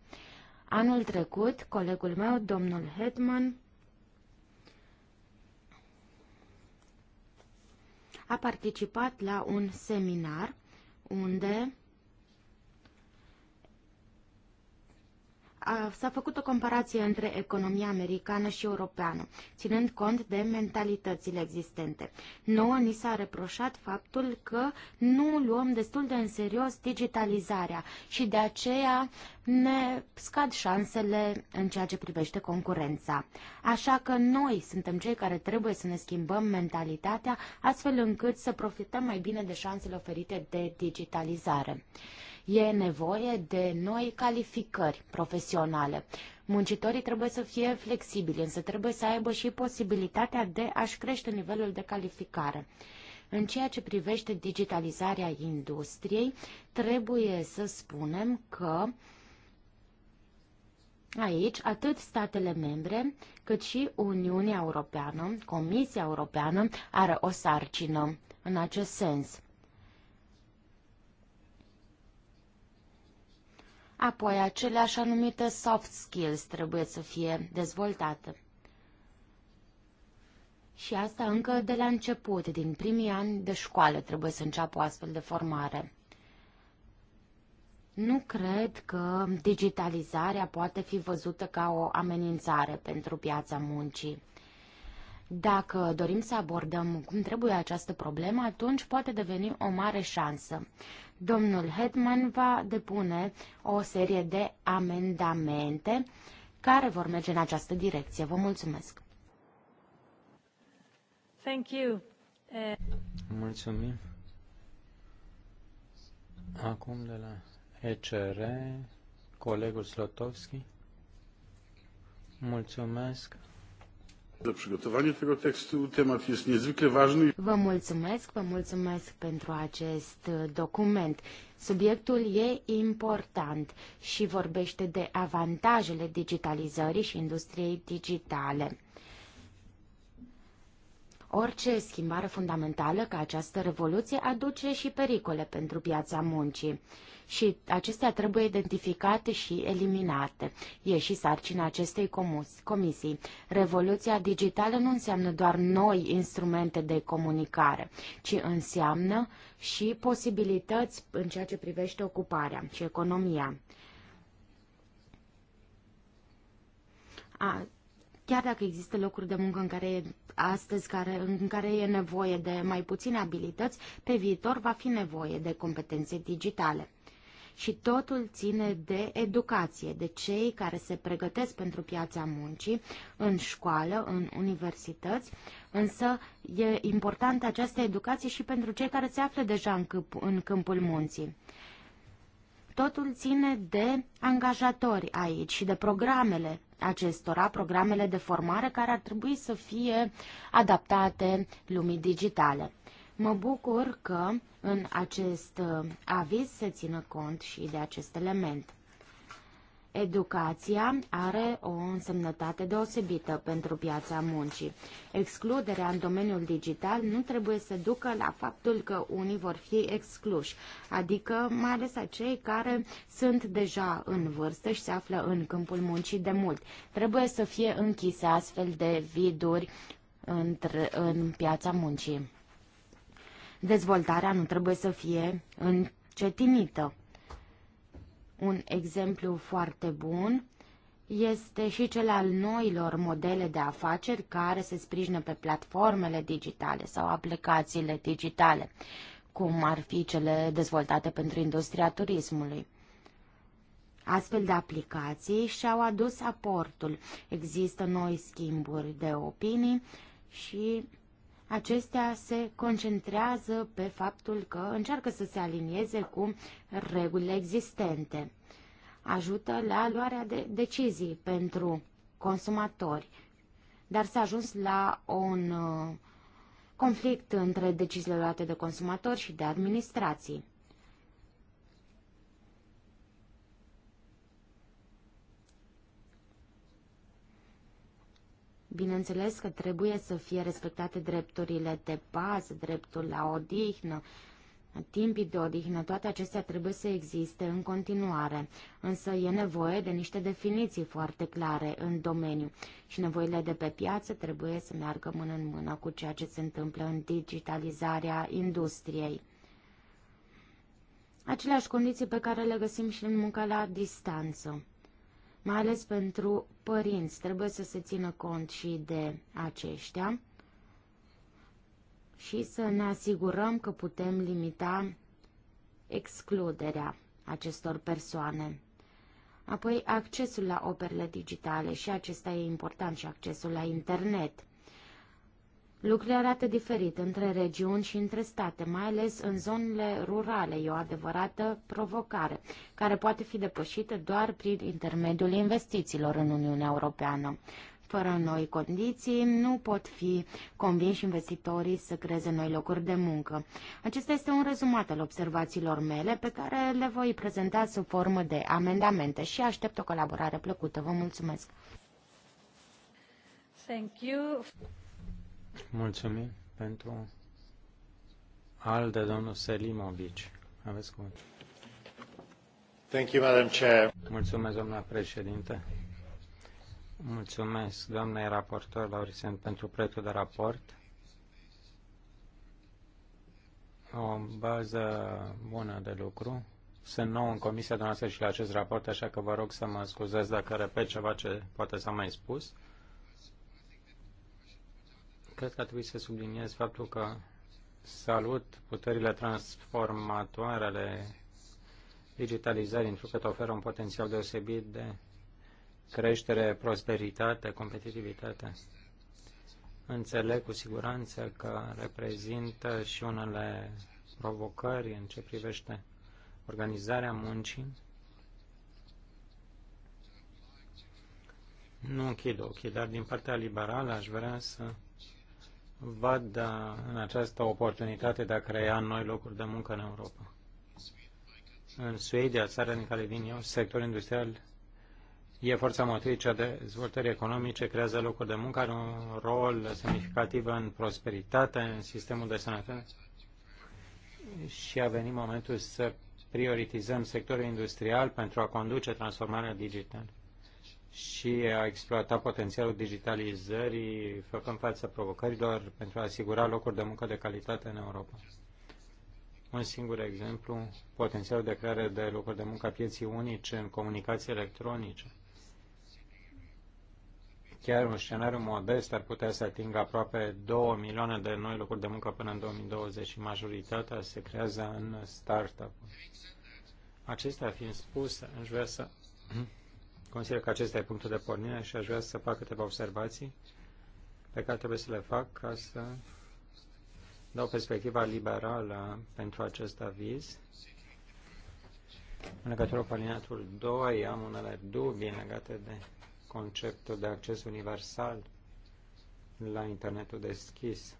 Anul trecut, colegul meu, domnul Hetman, a participat la un seminar unde s-a făcut o comparație între economia americană și europeană, ținând cont de mentalitățile existente. Nouă ni s-a reproșat faptul că nu luăm destul de în serios digitalizarea și de aceea ne scad șansele în ceea ce privește concurența. Așa că noi suntem cei care trebuie să ne schimbăm mentalitatea astfel încât să profităm mai bine de șansele oferite de digitalizare. E nevoie de noi calificări profesionale. Muncitorii trebuie să fie flexibili, însă trebuie să aibă și posibilitatea de a-și crește nivelul de calificare. În ceea ce privește digitalizarea industriei, trebuie să spunem că Aici, atât statele membre, cât și Uniunea Europeană, Comisia Europeană, are o sarcină în acest sens. Apoi, acele așa numite soft skills trebuie să fie dezvoltate. Și asta încă de la început, din primii ani de școală trebuie să înceapă o astfel de formare. Nu cred că digitalizarea poate fi văzută ca o amenințare pentru piața muncii. Dacă dorim să abordăm cum trebuie această problemă, atunci poate deveni o mare șansă. Domnul Hetman va depune o serie de amendamente care vor merge în această direcție. Vă mulțumesc! Thank you. Eh. Mulțumim! Acum de la ECR, colegul Slotovski. Mulțumesc. De Vă mulțumesc, vă mulțumesc pentru acest uh, document. Subiectul e important și vorbește de avantajele digitalizării și industriei digitale. Orice schimbare fundamentală ca această revoluție aduce și pericole pentru piața muncii și acestea trebuie identificate și eliminate. E și sarcina acestei comisii. Revoluția digitală nu înseamnă doar noi instrumente de comunicare, ci înseamnă și posibilități în ceea ce privește ocuparea și economia. A, chiar dacă există locuri de muncă în care astăzi care, în care e nevoie de mai puține abilități, pe viitor va fi nevoie de competențe digitale și totul ține de educație, de cei care se pregătesc pentru piața muncii în școală, în universități, însă e importantă această educație și pentru cei care se află deja în, câmp, în câmpul munții. Totul ține de angajatori aici și de programele acestora, programele de formare care ar trebui să fie adaptate lumii digitale. Mă bucur că în acest uh, aviz se țină cont și de acest element. Educația are o însemnătate deosebită pentru piața muncii. Excluderea în domeniul digital nu trebuie să ducă la faptul că unii vor fi excluși, adică mai ales acei care sunt deja în vârstă și se află în câmpul muncii de mult. Trebuie să fie închise astfel de viduri în piața muncii dezvoltarea nu trebuie să fie încetinită. Un exemplu foarte bun este și cel al noilor modele de afaceri care se sprijină pe platformele digitale sau aplicațiile digitale, cum ar fi cele dezvoltate pentru industria turismului. Astfel de aplicații și-au adus aportul. Există noi schimburi de opinii și acestea se concentrează pe faptul că încearcă să se alinieze cu regulile existente. Ajută la luarea de decizii pentru consumatori, dar s-a ajuns la un uh, conflict între deciziile luate de consumatori și de administrații. Bineînțeles că trebuie să fie respectate drepturile de bază, dreptul la odihnă, timpii de odihnă, toate acestea trebuie să existe în continuare, însă e nevoie de niște definiții foarte clare în domeniu și nevoile de pe piață trebuie să meargă mână în mână cu ceea ce se întâmplă în digitalizarea industriei. Aceleași condiții pe care le găsim și în munca la distanță mai ales pentru părinți. Trebuie să se țină cont și de aceștia și să ne asigurăm că putem limita excluderea acestor persoane. Apoi accesul la operele digitale și acesta e important și accesul la internet. Lucrurile arată diferit între regiuni și între state, mai ales în zonele rurale. E o adevărată provocare, care poate fi depășită doar prin intermediul investițiilor în Uniunea Europeană. Fără noi condiții, nu pot fi convinși investitorii să creeze noi locuri de muncă. Acesta este un rezumat al observațiilor mele, pe care le voi prezenta sub formă de amendamente și aștept o colaborare plăcută. Vă mulțumesc! Thank you. Mulțumim pentru al de domnul Selimovic. Aveți cuvânt. Thank you, Madam Chair. Mulțumesc, domnule președinte. Mulțumesc, doamnei raportor Laurisen, pentru proiectul de raport. O bază bună de lucru. Sunt nou în comisia dumneavoastră și la acest raport, așa că vă rog să mă scuzați dacă repet ceva ce poate s-a mai spus. Cred că trebuie să subliniez faptul că salut puterile transformatoare ale digitalizării, pentru că oferă un potențial deosebit de creștere, prosperitate, competitivitate. Înțeleg cu siguranță că reprezintă și unele provocări în ce privește organizarea muncii. Nu închid ochii, dar din partea liberală aș vrea să văd da, în această oportunitate de a crea noi locuri de muncă în Europa. În Suedia, țara din care vin eu, sectorul industrial e forța motrice a dezvoltării economice, creează locuri de muncă, are un rol semnificativ în prosperitate, în sistemul de sănătate și a venit momentul să prioritizăm sectorul industrial pentru a conduce transformarea digitală și a exploata potențialul digitalizării, făcând față provocărilor pentru a asigura locuri de muncă de calitate în Europa. Un singur exemplu, potențialul de creare de locuri de muncă a pieții unice în comunicații electronice. Chiar un scenariu modest ar putea să atingă aproape 2 milioane de noi locuri de muncă până în 2020 și majoritatea se creează în startup-uri. Acestea fiind spuse, aș vrea să Consider că acesta e punctul de pornire și aș vrea să fac câteva observații pe care trebuie să le fac ca să dau perspectiva liberală pentru acest aviz. În legătură cu alineatul 2 am unele dubii legate de conceptul de acces universal la internetul deschis.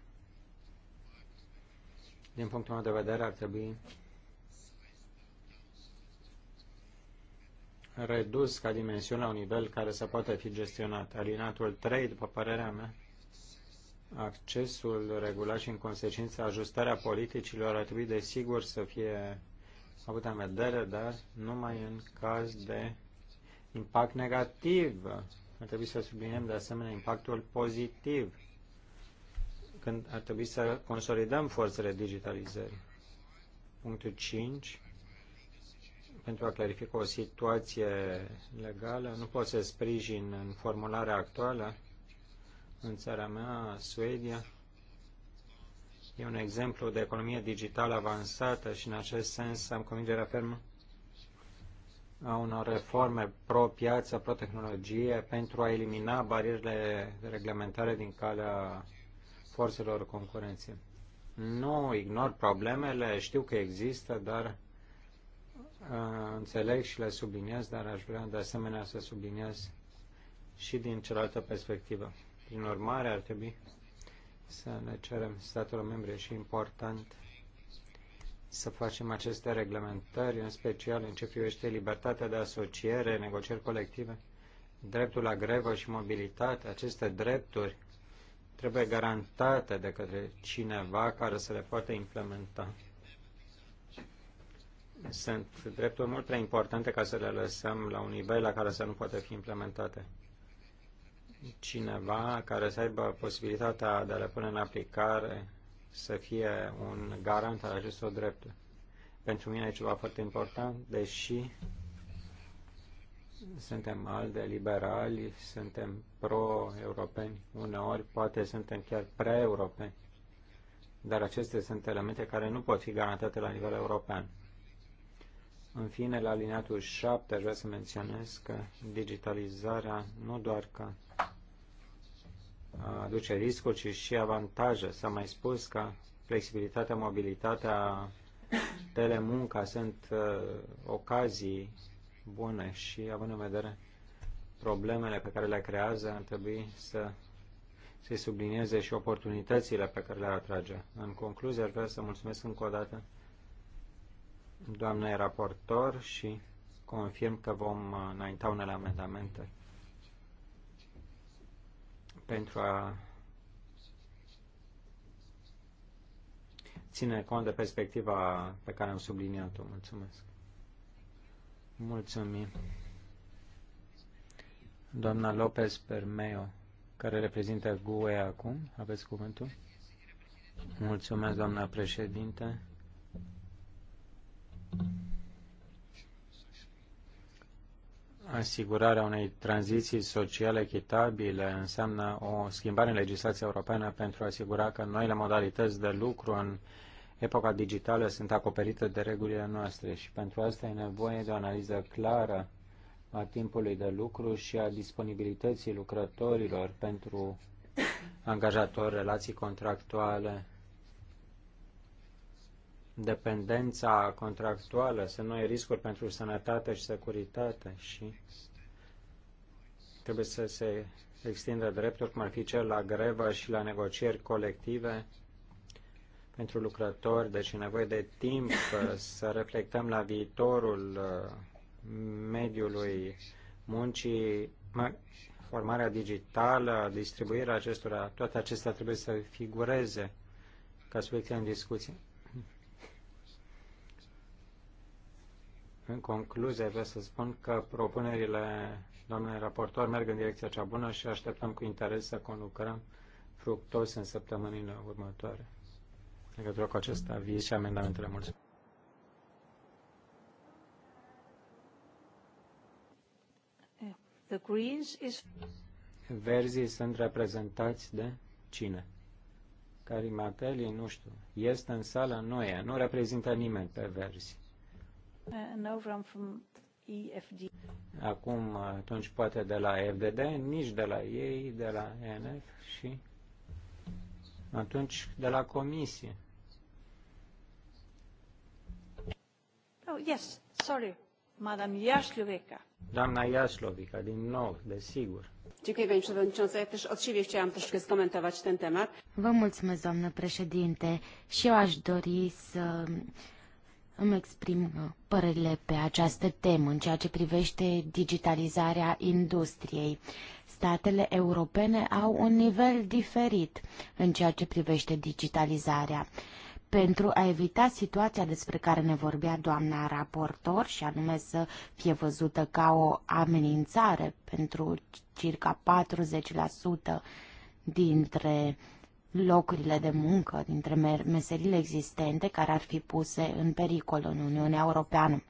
Din punctul meu de vedere ar trebui redus ca dimensiune la un nivel care să poată fi gestionat. Alinatul 3, după părerea mea, accesul regulat și în consecință ajustarea politicilor ar trebui de sigur să fie avut în vedere, dar numai în caz de impact negativ. Ar trebui să subliniem de asemenea impactul pozitiv când ar trebui să consolidăm forțele digitalizării. Punctul 5 pentru a clarifica o situație legală. Nu pot să sprijin în formularea actuală în țara mea, Suedia. E un exemplu de economie digitală avansată și în acest sens am convingerea fermă a unor reforme pro-piață, pro-tehnologie pentru a elimina barierele de reglementare din calea forțelor concurenței. Nu ignor problemele, știu că există, dar înțeleg și le subliniez, dar aș vrea de asemenea să subliniez și din cealaltă perspectivă. Prin urmare, ar trebui să ne cerem statelor membre și important să facem aceste reglementări, în special în ce privește libertatea de asociere, negocieri colective, dreptul la grevă și mobilitate. Aceste drepturi trebuie garantate de către cineva care să le poată implementa sunt drepturi mult prea importante ca să le lăsăm la un nivel la care să nu poate fi implementate. Cineva care să aibă posibilitatea de a le pune în aplicare să fie un garant al acestor drepturi. Pentru mine e ceva foarte important, deși suntem alde liberali, suntem pro-europeni, uneori poate suntem chiar pre-europeni, dar acestea sunt elemente care nu pot fi garantate la nivel european. În fine, la alineatul 7 aș vrea să menționez că digitalizarea nu doar că aduce riscuri, ci și avantaje. S-a mai spus că flexibilitatea, mobilitatea, telemunca sunt uh, ocazii bune și având în vedere problemele pe care le creează, ar trebui să se sublinieze și oportunitățile pe care le atrage. În concluzie, aș vrea să mulțumesc încă o dată doamne raportor și confirm că vom înainta unele amendamente pentru a ține cont de perspectiva pe care am subliniat-o. Mulțumesc. Mulțumim. Doamna Lopez Permeo, care reprezintă GUE acum, aveți cuvântul? Mulțumesc, doamna președinte. asigurarea unei tranziții sociale echitabile înseamnă o schimbare în legislația europeană pentru a asigura că noile modalități de lucru în epoca digitală sunt acoperite de regulile noastre și pentru asta e nevoie de o analiză clară a timpului de lucru și a disponibilității lucrătorilor pentru angajatori, relații contractuale, dependența contractuală, să nu ai riscuri pentru sănătate și securitate și trebuie să se extindă drepturi, cum ar fi cel la grevă și la negocieri colective pentru lucrători, deci e nevoie de timp uh, să reflectăm la viitorul uh, mediului muncii, formarea digitală, distribuirea acestora, toate acestea trebuie să figureze ca subiecte în discuție. În concluzie, vreau să spun că propunerile doamnei raportor merg în direcția cea bună și așteptăm cu interes să conlucrăm fructos în săptămânile următoare. Legătură cu acest aviz și amendamentele. Mulțumesc! The Greens is... Verzii sunt reprezentați de cine? Carimatelli, nu știu, este în sală, nu e, nu reprezintă nimeni pe verzi. Eh, Acum, eh, atunci, poate de la FDD, nici de la ei, de la NF și atunci de la comisie. Oh, yes, sorry, Madame Jaslovica. Doamna Jaslovica, din nou, desigur. Vă mulțumesc, doamnă președinte, și eu aș dori să îmi exprim uh, părerile pe această temă în ceea ce privește digitalizarea industriei. Statele europene au un nivel diferit în ceea ce privește digitalizarea. Pentru a evita situația despre care ne vorbea doamna raportor, și anume să fie văzută ca o amenințare pentru circa 40% dintre uh, locurile de muncă, dintre meserile existente care ar fi puse în pericol în Uniunea Europeană.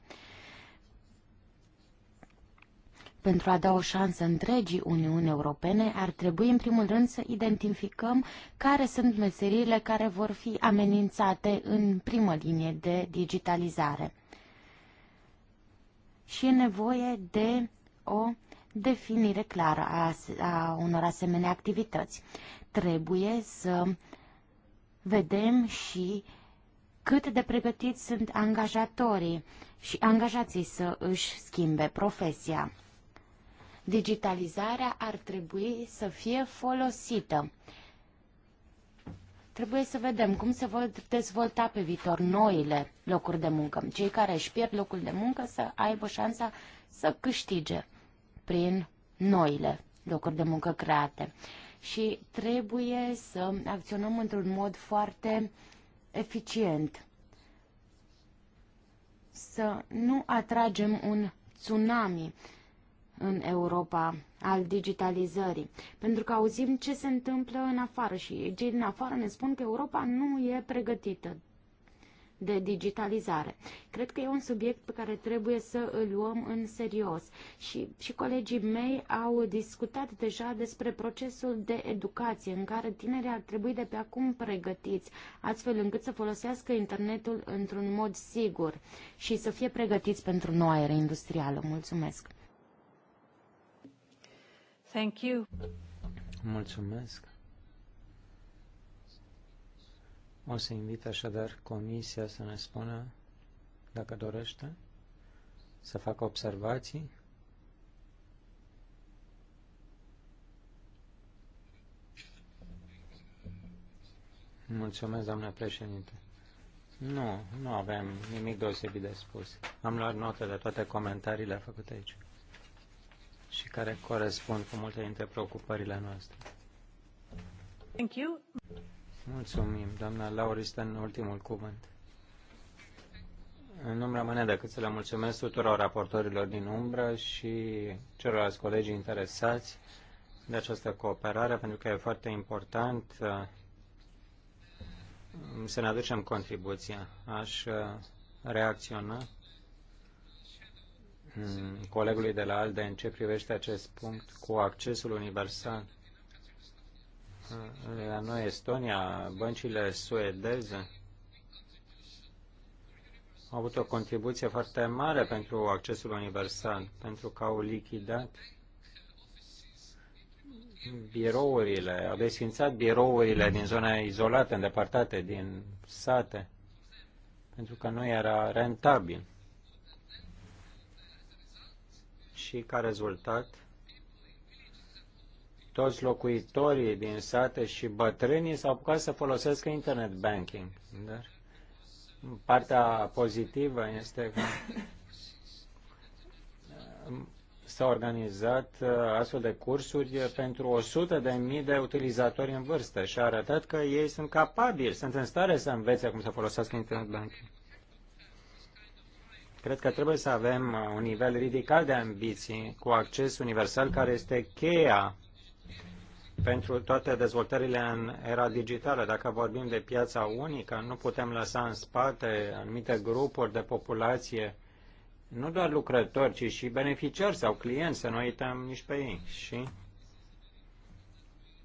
Pentru a da o șansă întregii Uniuni Europene, ar trebui în primul rând să identificăm care sunt meserile care vor fi amenințate în primă linie de digitalizare. Și e nevoie de o definire clară a, a unor asemenea activități trebuie să vedem și cât de pregătiți sunt angajatorii și angajații să își schimbe profesia. Digitalizarea ar trebui să fie folosită. Trebuie să vedem cum se vor dezvolta pe viitor noile locuri de muncă. Cei care își pierd locul de muncă să aibă șansa să câștige prin noile locuri de muncă create și trebuie să acționăm într-un mod foarte eficient. Să nu atragem un tsunami în Europa al digitalizării. Pentru că auzim ce se întâmplă în afară și cei din afară ne spun că Europa nu e pregătită de digitalizare. Cred că e un subiect pe care trebuie să îl luăm în serios și, și colegii mei au discutat deja despre procesul de educație în care tinerii ar trebui de pe acum pregătiți, astfel încât să folosească internetul într-un mod sigur și să fie pregătiți pentru noua era industrială. Mulțumesc! Thank you. Mulțumesc. O să invit așadar comisia să ne spună, dacă dorește, să facă observații. Mulțumesc, doamnă președinte. Nu, nu avem nimic deosebit de spus. Am luat note de toate comentariile făcute aici și care corespund cu multe dintre preocupările noastre. Thank you. Mulțumim, doamna Lauristan, ultimul cuvânt. Nu-mi rămâne decât să le mulțumesc tuturor raportorilor din umbră și celorlalți colegi interesați de această cooperare, pentru că e foarte important uh, să ne aducem contribuția. Aș uh, reacționa mm, colegului de la ALDE în ce privește acest punct cu accesul universal la noi, Estonia, băncile suedeze au avut o contribuție foarte mare pentru accesul universal, pentru că au lichidat birourile, au desfințat birourile din zone izolate, îndepărtate, din sate, pentru că nu era rentabil. Și ca rezultat, toți locuitorii din sate și bătrânii s-au apucat să folosească internet banking. Dar partea pozitivă este că uh, s-au organizat uh, astfel de cursuri pentru 100 de mii de utilizatori în vârstă și a arătat că ei sunt capabili, sunt în stare să învețe cum să folosească internet banking. Cred că trebuie să avem uh, un nivel ridicat de ambiții cu acces universal care este cheia pentru toate dezvoltările în era digitală. Dacă vorbim de piața unică, nu putem lăsa în spate anumite grupuri de populație, nu doar lucrători, ci și beneficiari sau clienți, să nu uităm nici pe ei. Și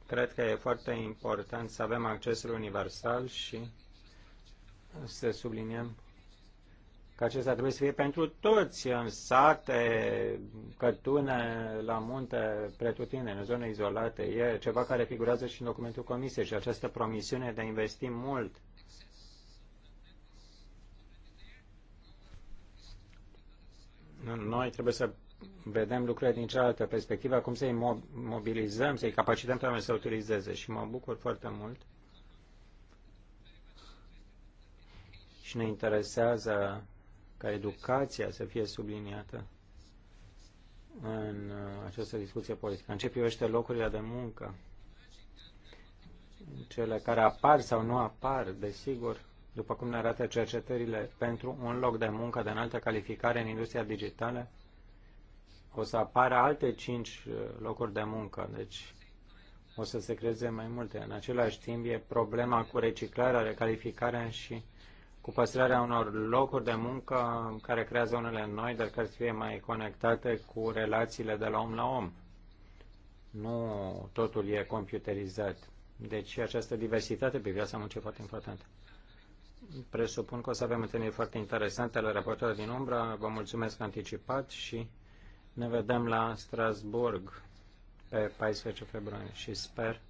cred că e foarte important să avem accesul universal și să subliniem că acesta trebuie să fie pentru toți, în sate, cătune, la munte, pretutine, în zone izolate. E ceva care figurează și în documentul Comisiei și această promisiune de a investi mult Noi trebuie să vedem lucrurile din cealaltă perspectivă, cum să-i mobilizăm, să-i capacităm pe oameni să utilizeze și mă bucur foarte mult. Și ne interesează ca educația să fie subliniată în uh, această discuție politică. În ce privește locurile de muncă, cele care apar sau nu apar, desigur, după cum ne arată cercetările, pentru un loc de muncă de înaltă calificare în industria digitală, o să apară alte cinci uh, locuri de muncă, deci o să se creeze mai multe. În același timp, e problema cu reciclarea, recalificarea și cu păstrarea unor locuri de muncă care creează unele noi, dar care să fie mai conectate cu relațiile de la om la om. Nu totul e computerizat. Deci această diversitate pe viața muncii e foarte importantă. Presupun că o să avem întâlniri foarte interesante la raportul din umbră. Vă mulțumesc anticipat și ne vedem la Strasburg pe 14 februarie și sper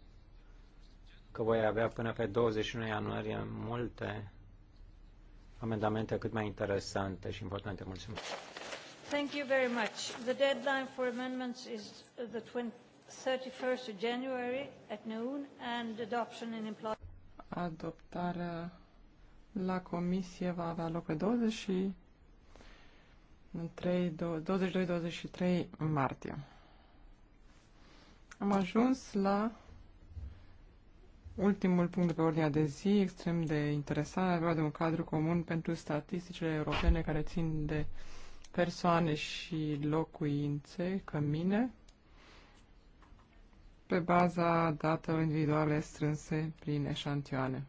că voi avea până pe 21 ianuarie multe amendamente cât mai interesante și importante. Mulțumesc. Thank you very much. The deadline for amendments is the 31st of January at noon and adoption in employment. Adoptarea la comisie va avea loc pe 20 și 22-23 martie. Am ajuns la Ultimul punct de pe ordinea de zi, extrem de interesant, avea de un cadru comun pentru statisticile europene care țin de persoane și locuințe, cămine, pe baza datelor individuale strânse prin eșantioane.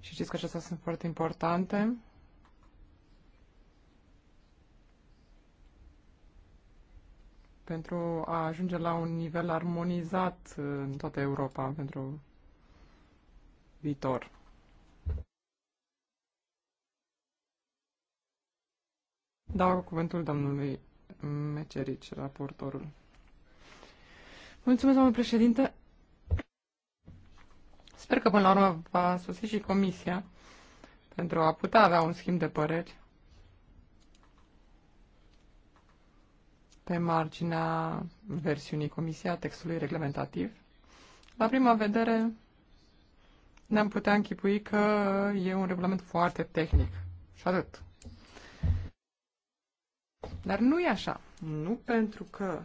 și știți că acestea sunt foarte importante. pentru a ajunge la un nivel armonizat uh, în toată Europa pentru viitor. Dau cuvântul domnului Mecerici, raportorul. Mulțumesc, domnul președinte. Sper că până la urmă va sosi și comisia pentru a putea avea un schimb de păreri pe marginea versiunii comisia textului reglementativ. La prima vedere ne-am putea închipui că e un regulament foarte tehnic și atât. Dar nu e așa. Nu pentru că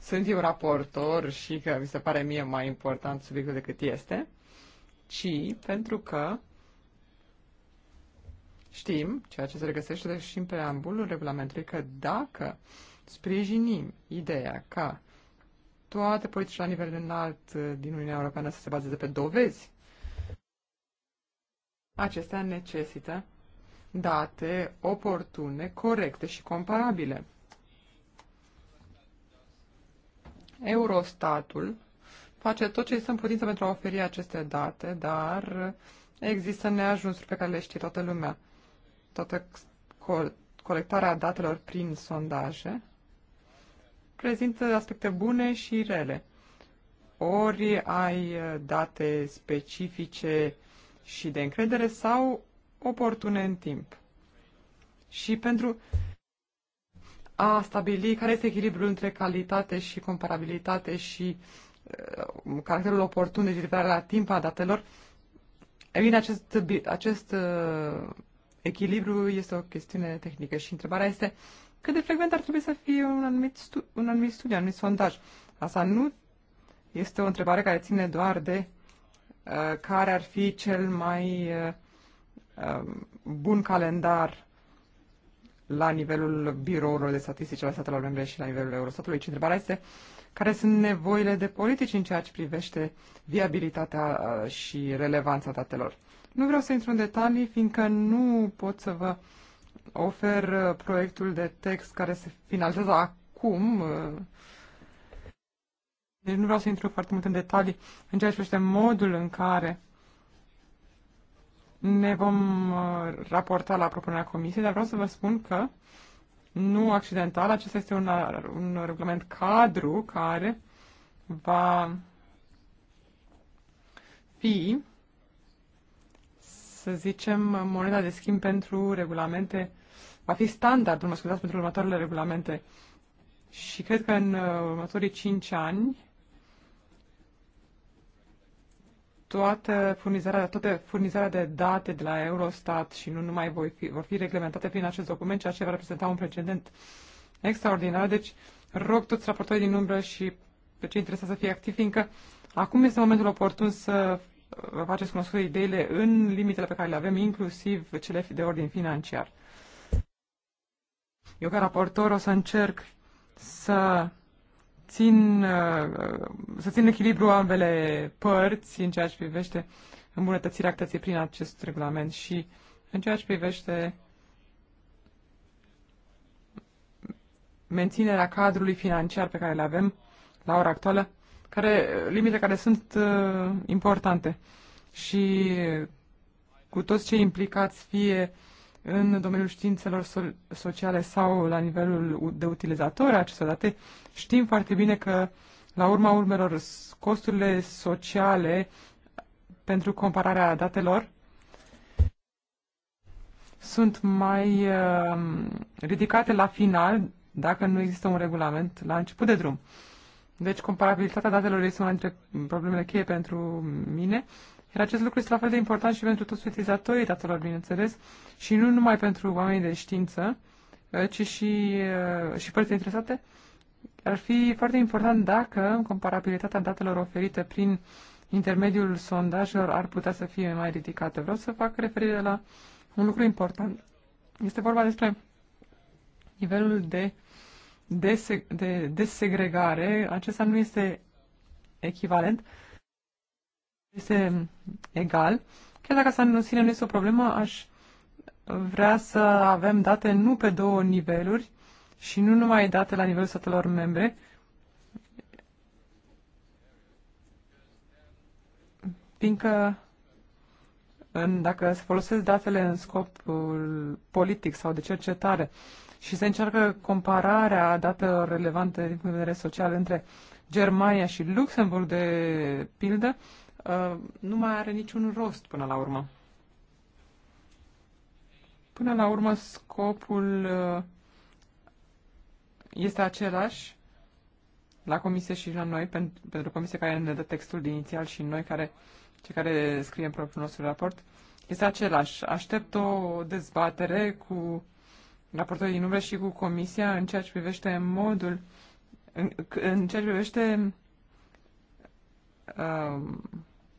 sunt eu raportor și că mi se pare mie mai important subiectul decât este, ci pentru că știm, ceea ce se regăsește și în preambulul regulamentului, că dacă sprijinim ideea ca toate politicile la nivel înalt din Uniunea Europeană să se bazeze pe dovezi, acestea necesită date oportune, corecte și comparabile. Eurostatul face tot ce este în putință pentru a oferi aceste date, dar există neajunsuri pe care le știe toată lumea. Toată co colectarea datelor prin sondaje prezintă aspecte bune și rele. Ori ai date specifice și de încredere sau oportune în timp. Și pentru a stabili care este echilibrul între calitate și comparabilitate și uh, caracterul oportun de livrare la timp a datelor, e bine, acest, acest uh, echilibru este o chestiune tehnică și întrebarea este cât de frecvent ar trebui să fie un anumit, stu- un anumit studiu, un anumit sondaj. Asta nu este o întrebare care ține doar de uh, care ar fi cel mai uh, um, bun calendar la nivelul Biroului de statistici la statelor membre și la nivelul Eurostatului, ci întrebarea este care sunt nevoile de politici în ceea ce privește viabilitatea uh, și relevanța datelor. Nu vreau să intru în detalii, fiindcă nu pot să vă ofer uh, proiectul de text care se finalizează acum. Uh. Deci nu vreau să intru foarte mult în detalii în ceea ce privește modul în care ne vom uh, raporta la propunerea comisiei, dar vreau să vă spun că nu accidental, acesta este un, un regulament cadru care va fi, să zicem, moneda de schimb pentru regulamente, va fi standardul, mă scuzați, pentru următoarele regulamente. Și cred că în uh, următorii 5 ani toată furnizarea, toate furnizarea de date de la Eurostat și nu numai voi fi, vor fi reglementate prin acest document, ceea ce va reprezenta un precedent extraordinar. Deci, rog toți raportorii din umbră și pe cei interesați să fie activi, fiindcă acum este momentul oportun să vă faceți cunoscute ideile în limitele pe care le avem, inclusiv cele de ordin financiar. Eu, ca raportor, o să încerc să țin, uh, să țin echilibru ambele părți în ceea ce privește îmbunătățirea actății prin acest regulament și în ceea ce privește menținerea cadrului financiar pe care le avem la ora actuală, care, limite care sunt uh, importante. Și cu toți cei implicați, fie uh, în domeniul științelor sociale sau la nivelul de utilizator a acestor date, știm foarte bine că, la urma urmelor, costurile sociale pentru compararea datelor sunt mai um, ridicate la final dacă nu există un regulament la început de drum. Deci comparabilitatea datelor este una dintre problemele cheie pentru mine dar acest lucru este la fel de important și pentru toți utilizatorii datelor, bineînțeles, și nu numai pentru oamenii de știință, eh, ci și, eh, și părți interesate. Ar fi foarte important dacă comparabilitatea datelor oferite prin intermediul sondajelor ar putea să fie mai ridicată. Vreau să fac referire la un lucru important. Este vorba despre nivelul de, de, de desegregare. Acesta nu este echivalent este egal. Chiar dacă asta în sine nu este o problemă, aș vrea să avem date nu pe două niveluri și nu numai date la nivelul statelor membre, fiindcă în, dacă se folosesc datele în scopul politic sau de cercetare și se încearcă compararea datelor relevante din punct de vedere social între Germania și Luxemburg, de pildă, Uh, nu mai are niciun rost până la urmă. Până la urmă, scopul uh, este același la comisie și la noi, pentru, comisie care ne dă textul de inițial și noi care, cei care scriem propriul nostru raport, este același. Aștept o dezbatere cu raportorii din umbră și cu comisia în ceea ce privește modul, în, în ceea ce privește um,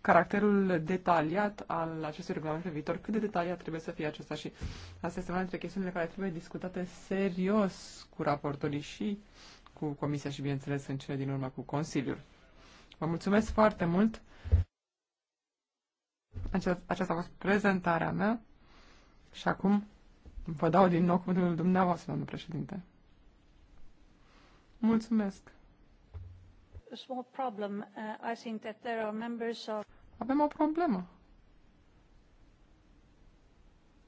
caracterul detaliat al acestui regulament pe viitor, cât de detaliat trebuie să fie acesta și asta este una dintre chestiunile care trebuie discutate serios cu raportorii și cu Comisia și, bineînțeles, în cele din urmă cu Consiliul. Vă mulțumesc foarte mult! Aceasta a fost prezentarea mea și acum vă dau din nou cuvântul dumneavoastră, domnul președinte. Mulțumesc! small problem. Uh, I think that there are members of... Avem o problemă.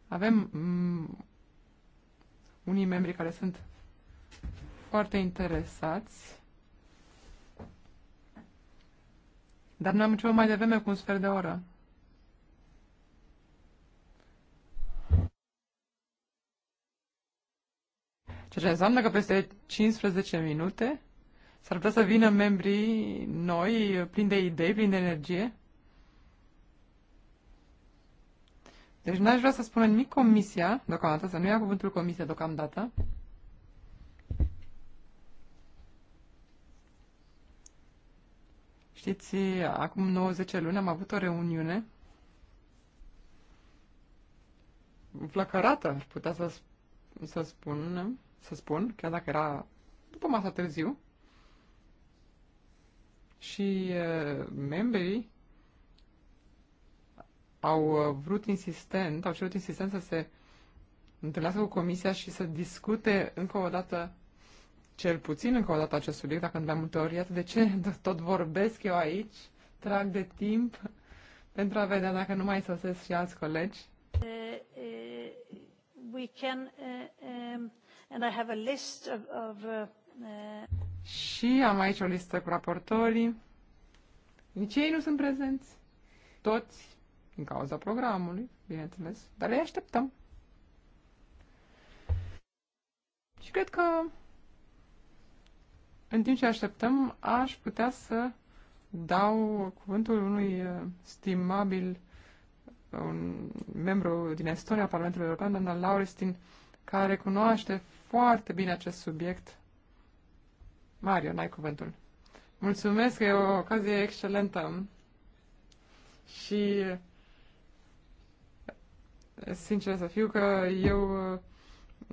Avem mm, unii membri care sunt foarte interesați, dar noi am început mai devreme cu un sfert de oră. Ceea ce înseamnă că peste 15 minute S-ar putea să vină membrii noi, plini de idei, plini de energie? Deci n-aș vrea să spună nimic comisia, deocamdată, să nu ia cuvântul comisia deocamdată. Știți, acum 90 luni am avut o reuniune flăcărată, aș putea să, să spun, să spun, chiar dacă era după masa târziu, și uh, membrii au uh, vrut insistent, au cerut insistent să se întâlnească cu comisia și să discute încă o dată, cel puțin încă o dată acest subiect, dacă nu mai multe ori, iată de ce tot vorbesc eu aici, trag de timp pentru a vedea dacă nu mai sosesc și alți colegi. Uh, uh, we can, uh, um, and I have a list of, of uh, și am aici o listă cu raportorii. Nici ei nu sunt prezenți. Toți, din cauza programului, bineînțeles. Dar le așteptăm. Și cred că în timp ce așteptăm, aș putea să dau cuvântul unui uh, stimabil uh, un membru din Estonia, Parlamentului European, doamna Laurestin, care cunoaște foarte bine acest subiect Mario, n-ai cuvântul. Mulțumesc, e o ocazie excelentă. Și sincer să fiu că eu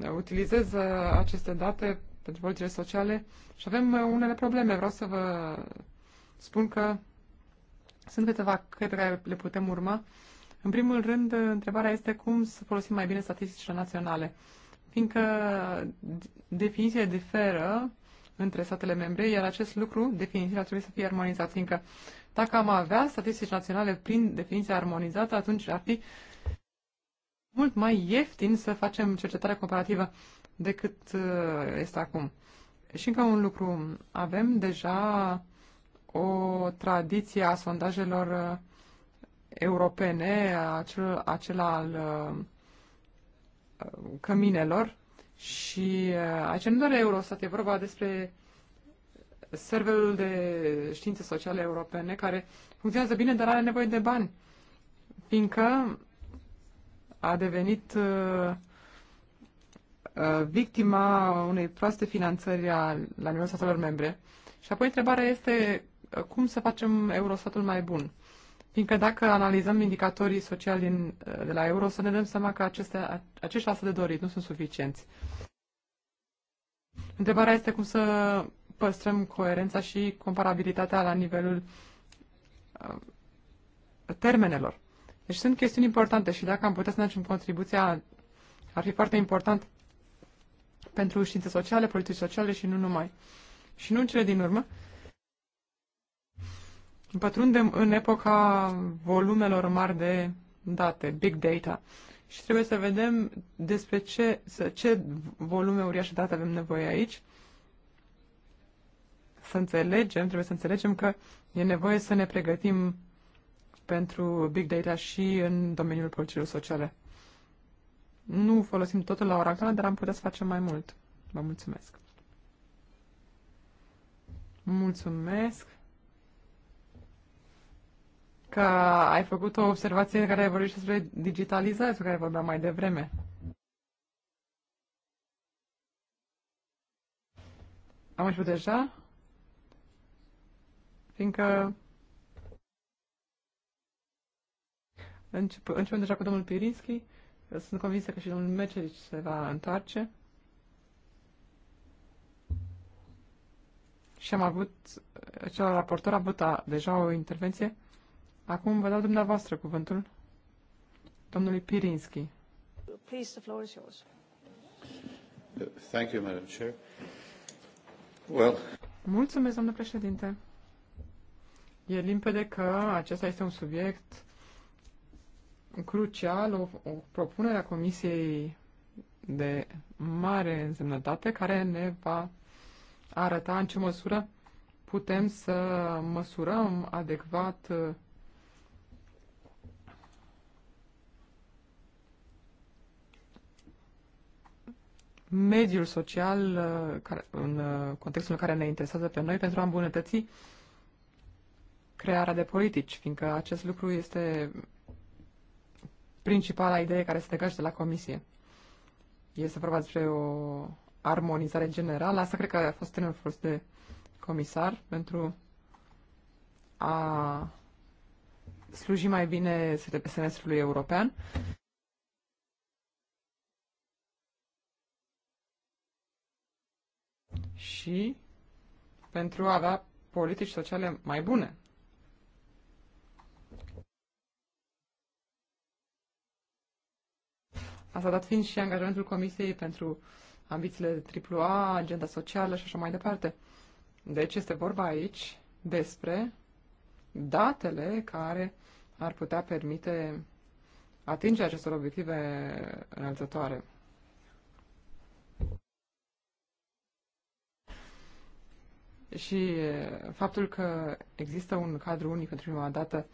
uh, utilizez uh, aceste date pentru politicile sociale și avem uh, unele probleme. Vreau să vă spun că sunt câteva căi pe care le putem urma. În primul rând, întrebarea este cum să folosim mai bine statisticile naționale, fiindcă definițiile diferă între statele membre, iar acest lucru, definitiv, ar trebui să fie armonizat, fiindcă dacă am avea statistici naționale prin definiția armonizată, atunci ar fi mult mai ieftin să facem cercetare comparativă decât uh, este acum. Și încă un lucru, avem deja o tradiție a sondajelor uh, europene, acel, acela al uh, căminelor, și uh, aici nu doar Eurostat, e vorba despre serverul de științe sociale europene care funcționează bine, dar are nevoie de bani, fiindcă a devenit uh, uh, victima unei proaste finanțări a, la nivelul statelor membre. Și apoi întrebarea este uh, cum să facem Eurostatul mai bun. Fiindcă dacă analizăm indicatorii sociali din, eh, de la euro, să ne dăm seama că acestea, acești lasă de dorit, nu sunt suficienți. Întrebarea este cum să păstrăm coerența și comparabilitatea la nivelul eh, termenelor. Deci sunt chestiuni importante și dacă am putea să ne în contribuția, ar fi foarte important pentru științe sociale, politici sociale și nu numai. Și nu în cele din urmă, pătrundem în epoca volumelor mari de date, big data, și trebuie să vedem despre ce, să, ce volume uriașe date avem nevoie aici. Să înțelegem, trebuie să înțelegem că e nevoie să ne pregătim pentru big data și în domeniul politicilor sociale. Nu folosim totul la ora actuală, dar am putea să facem mai mult. Vă mulțumesc! Mulțumesc! că ai făcut o observație care vorbit despre digitalizare, despre care vorbeam mai devreme. Am început deja? Fiindcă Încep, începem deja cu domnul Pirinski. Sunt convinsă că și domnul Mecerici se va întoarce. Și am avut, acela raportor a avut a, deja o intervenție. Acum vă dau dumneavoastră cuvântul. Domnului Pirinski. Please, the floor is yours. Thank you, Madam Chair. Well... Mulțumesc, domnule președinte. E limpede că acesta este un subiect crucial, o, o propunere a Comisiei de mare însemnătate care ne va arăta în ce măsură putem să măsurăm adecvat mediul social uh, care, în uh, contextul în care ne interesează pe noi pentru a îmbunătăți crearea de politici, fiindcă acest lucru este principala idee care se degajă la comisie. Este vorba despre o armonizare generală. Asta cred că a fost termenul folosit de comisar pentru a sluji mai bine semestrului european. și pentru a avea politici sociale mai bune. Asta dat fiind și angajamentul Comisiei pentru ambițiile AAA, agenda socială și așa mai departe. Deci este vorba aici despre datele care ar putea permite atingerea acestor obiective înălțătoare. și faptul că există un cadru unic pentru prima dată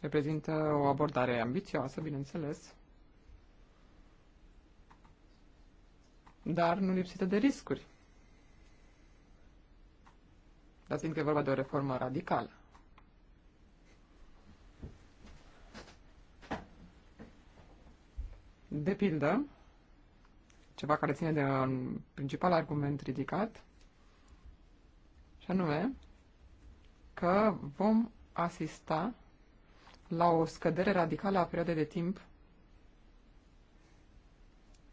reprezintă o abordare ambițioasă, bineînțeles, dar nu lipsită de riscuri. Dar fiindcă e vorba de o reformă radicală. De pildă, ceva care ține de un principal argument ridicat, și anume că vom asista la o scădere radicală a perioadei de timp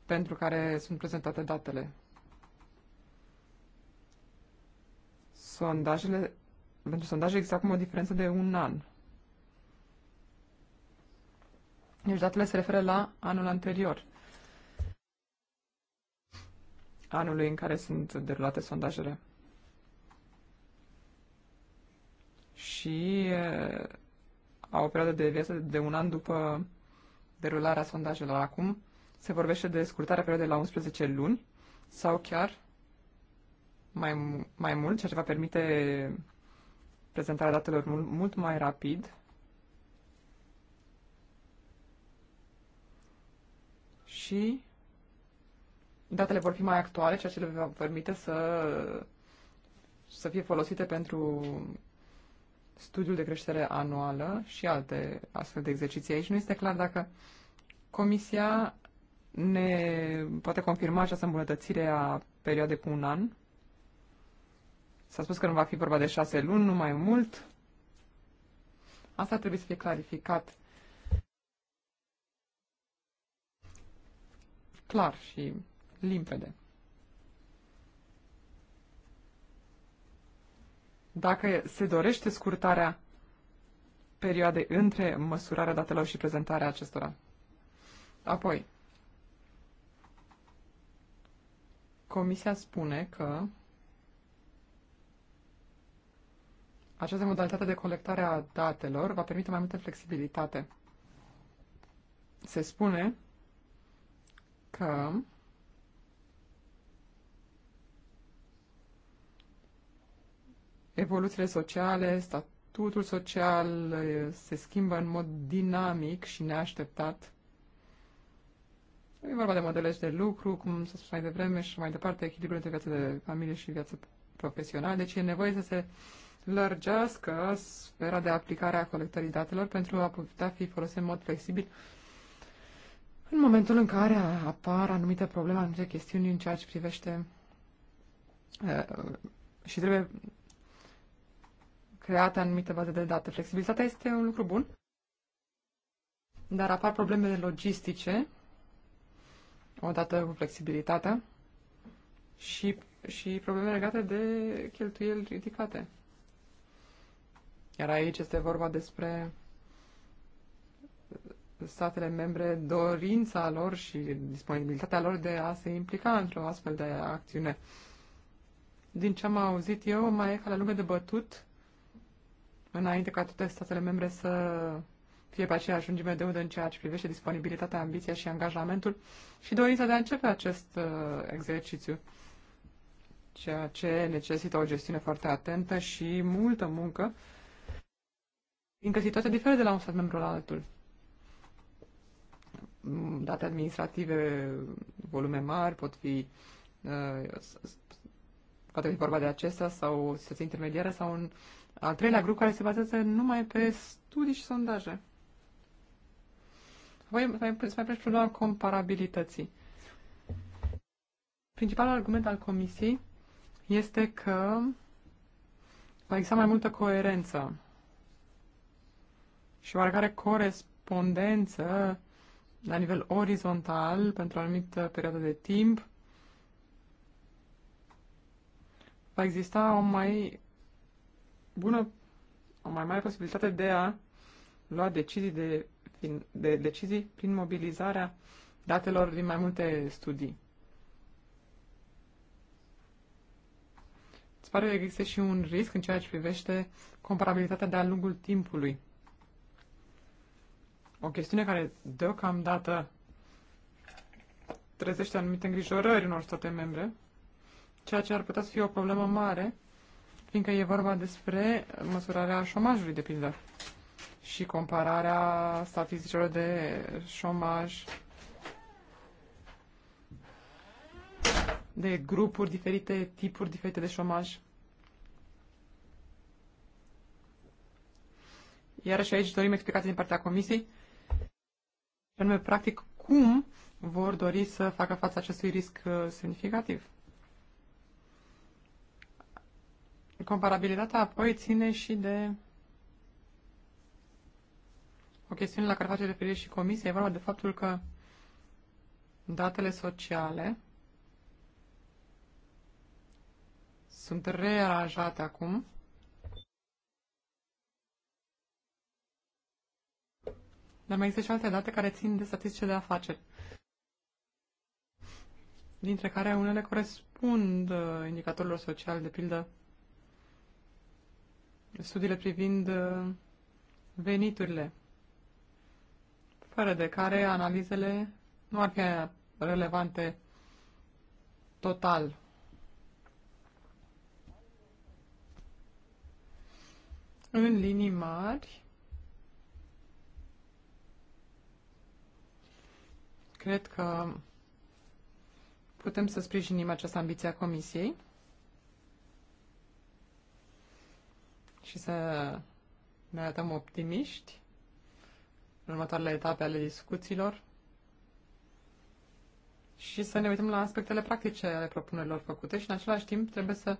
pentru care sunt prezentate datele. Sondajele, pentru sondaje există acum o diferență de un an. Deci datele se referă la anul anterior anului în care sunt derulate sondajele. Și a o perioadă de viață de un an după derularea sondajelor acum, se vorbește de scurtarea perioadei la 11 luni sau chiar mai, mai mult, ceea ce va permite prezentarea datelor mult, mult mai rapid. Și datele vor fi mai actuale, ceea ce le va permite să, să fie folosite pentru studiul de creștere anuală și alte astfel de exerciții. Aici nu este clar dacă Comisia ne poate confirma această îmbunătățire a perioadei cu un an. S-a spus că nu va fi vorba de șase luni, nu mai mult. Asta trebuie să fie clarificat. Clar și limpede. Dacă se dorește scurtarea perioadei între măsurarea datelor și prezentarea acestora. Apoi, Comisia spune că această modalitate de colectare a datelor va permite mai multă flexibilitate. Se spune că evoluțiile sociale, statutul social eh, se schimbă în mod dinamic și neașteptat. E vorba de modele de lucru, cum să spus mai devreme și mai departe, echilibrul între viață de familie și viața profesională. Deci e nevoie să se lărgească sfera de aplicare a colectării datelor pentru a putea fi folosit în mod flexibil în momentul în care apar anumite probleme, anumite chestiuni în ceea ce privește eh, și trebuie create anumite baze de date. Flexibilitatea este un lucru bun, dar apar probleme logistice odată cu flexibilitatea și, și probleme legate de cheltuieli ridicate. Iar aici este vorba despre statele membre, dorința lor și disponibilitatea lor de a se implica într-o astfel de acțiune. Din ce am auzit eu, mai e ca la lume de bătut înainte ca toate statele membre să fie pe aceeași lungime de undă în ceea ce privește disponibilitatea, ambiția și angajamentul și dorința de a începe acest uh, exercițiu, ceea ce necesită o gestiune foarte atentă și multă muncă, fiindcă situația diferă de la un stat membru la altul. Mm, date administrative, volume mari, pot fi uh, poate fi vorba de acestea sau situații intermediare sau un al treilea grup care se bazează numai pe studii și sondaje. Voi să mai, să problema comparabilității. Principalul argument al Comisiei este că va exista mai multă coerență și oarecare corespondență la nivel orizontal pentru o anumită perioadă de timp va exista o mai bună, o mai mare posibilitate de a lua decizii, de, de decizii prin mobilizarea datelor din mai multe studii. Îți pare că există și un risc în ceea ce privește comparabilitatea de-a lungul timpului. O chestiune care deocamdată trezește anumite îngrijorări unor state membre, ceea ce ar putea să fie o problemă mare fiindcă e vorba despre măsurarea șomajului, de pildă, și compararea statisticilor de șomaj de grupuri diferite, tipuri diferite de șomaj. Iarăși aici dorim explicații din partea Comisiei, anume, practic, cum vor dori să facă față acestui risc uh, semnificativ. Comparabilitatea apoi ține și de o chestiune la care face referire și comisia. E vorba de faptul că datele sociale sunt rearanjate acum Dar mai există și alte date care țin de statistice de afaceri, dintre care unele corespund uh, indicatorilor sociali, de pildă studiile privind uh, veniturile, fără de care analizele nu ar fi relevante total. În linii mari, cred că putem să sprijinim această ambiție a Comisiei. și să ne arătăm optimiști în următoarele etape ale discuțiilor și să ne uităm la aspectele practice ale propunerilor făcute și în același timp trebuie să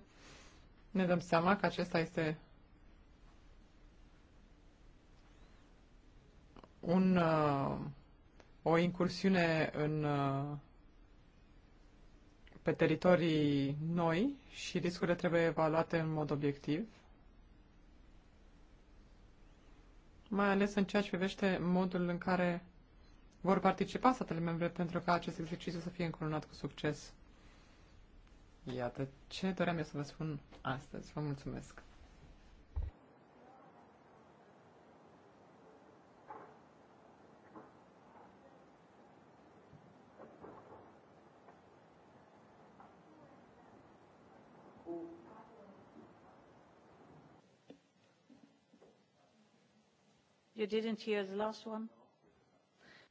ne dăm seama că acesta este un, uh, o incursiune în, uh, pe teritorii noi și riscurile trebuie evaluate în mod obiectiv. mai ales în ceea ce privește modul în care vor participa statele membre pentru ca acest exercițiu să fie încoronat cu succes. Iată ce doream eu să vă spun astăzi. Vă mulțumesc! You didn't hear the last one?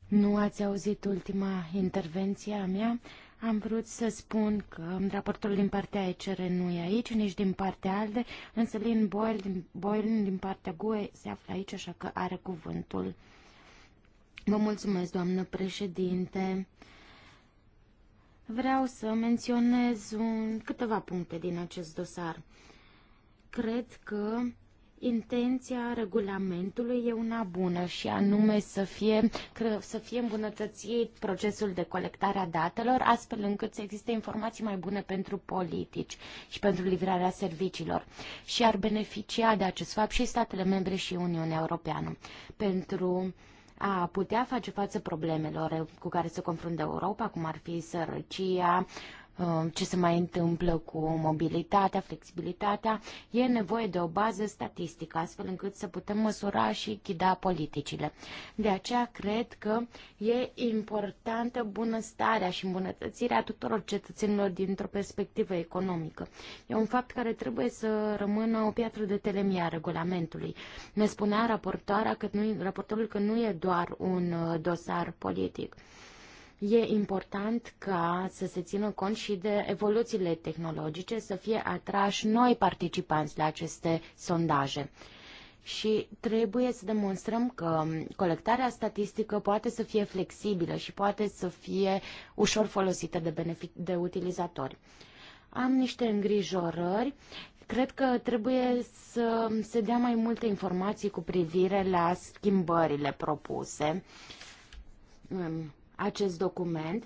Nu ați auzit ultima intervenție a mea. Am vrut să spun că raportul din partea ECR nu e aici, nici din partea ALDE, însă Lynn Boyle din, Boyle din partea GUE se află aici, așa că are cuvântul. Vă mulțumesc, doamnă președinte. Vreau să menționez un, câteva puncte din acest dosar. Cred că Intenția regulamentului e una bună și anume să fie, să fie îmbunătățit procesul de colectare a datelor, astfel încât să existe informații mai bune pentru politici și pentru livrarea serviciilor și ar beneficia de acest fapt și statele membre și Uniunea Europeană pentru a putea face față problemelor cu care se confruntă Europa, cum ar fi sărăcia, Um, ce se mai întâmplă cu mobilitatea, flexibilitatea, e nevoie de o bază statistică, astfel încât să putem măsura și ghida politicile. De aceea cred că e importantă bunăstarea și îmbunătățirea tuturor cetățenilor dintr-o perspectivă economică. E un fapt care trebuie să rămână o piatră de telemia regulamentului. Ne spunea raportoarea că nu, raportorul că nu e doar un uh, dosar politic. E important ca să se țină cont și de evoluțiile tehnologice, să fie atrași noi participanți la aceste sondaje și trebuie să demonstrăm că colectarea statistică poate să fie flexibilă și poate să fie ușor folosită de, de utilizatori. Am niște îngrijorări. Cred că trebuie să se dea mai multe informații cu privire la schimbările propuse acest document.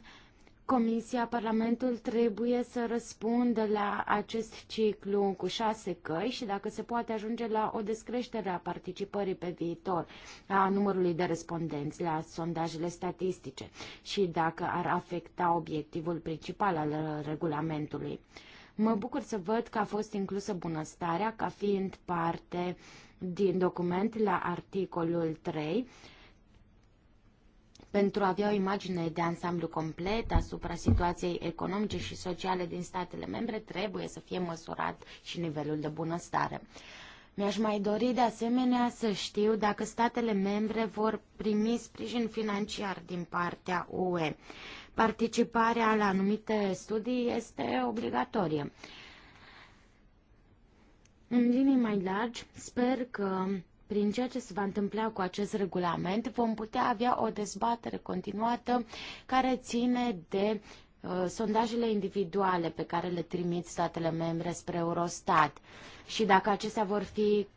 Comisia, Parlamentul trebuie să răspundă la acest ciclu cu șase căi și dacă se poate ajunge la o descreștere a participării pe viitor a numărului de respondenți la sondajele statistice și dacă ar afecta obiectivul principal al regulamentului. Mă bucur să văd că a fost inclusă bunăstarea ca fiind parte din document la articolul 3 pentru a avea o imagine de ansamblu complet asupra situației economice și sociale din statele membre, trebuie să fie măsurat și nivelul de bunăstare. Mi-aș mai dori de asemenea să știu dacă statele membre vor primi sprijin financiar din partea UE. Participarea la anumite studii este obligatorie. În linii mai largi, sper că prin ceea ce se va întâmpla cu acest regulament, vom putea avea o dezbatere continuată care ține de uh, sondajele individuale pe care le trimit statele membre spre Eurostat. Uh, și dacă acestea vor fi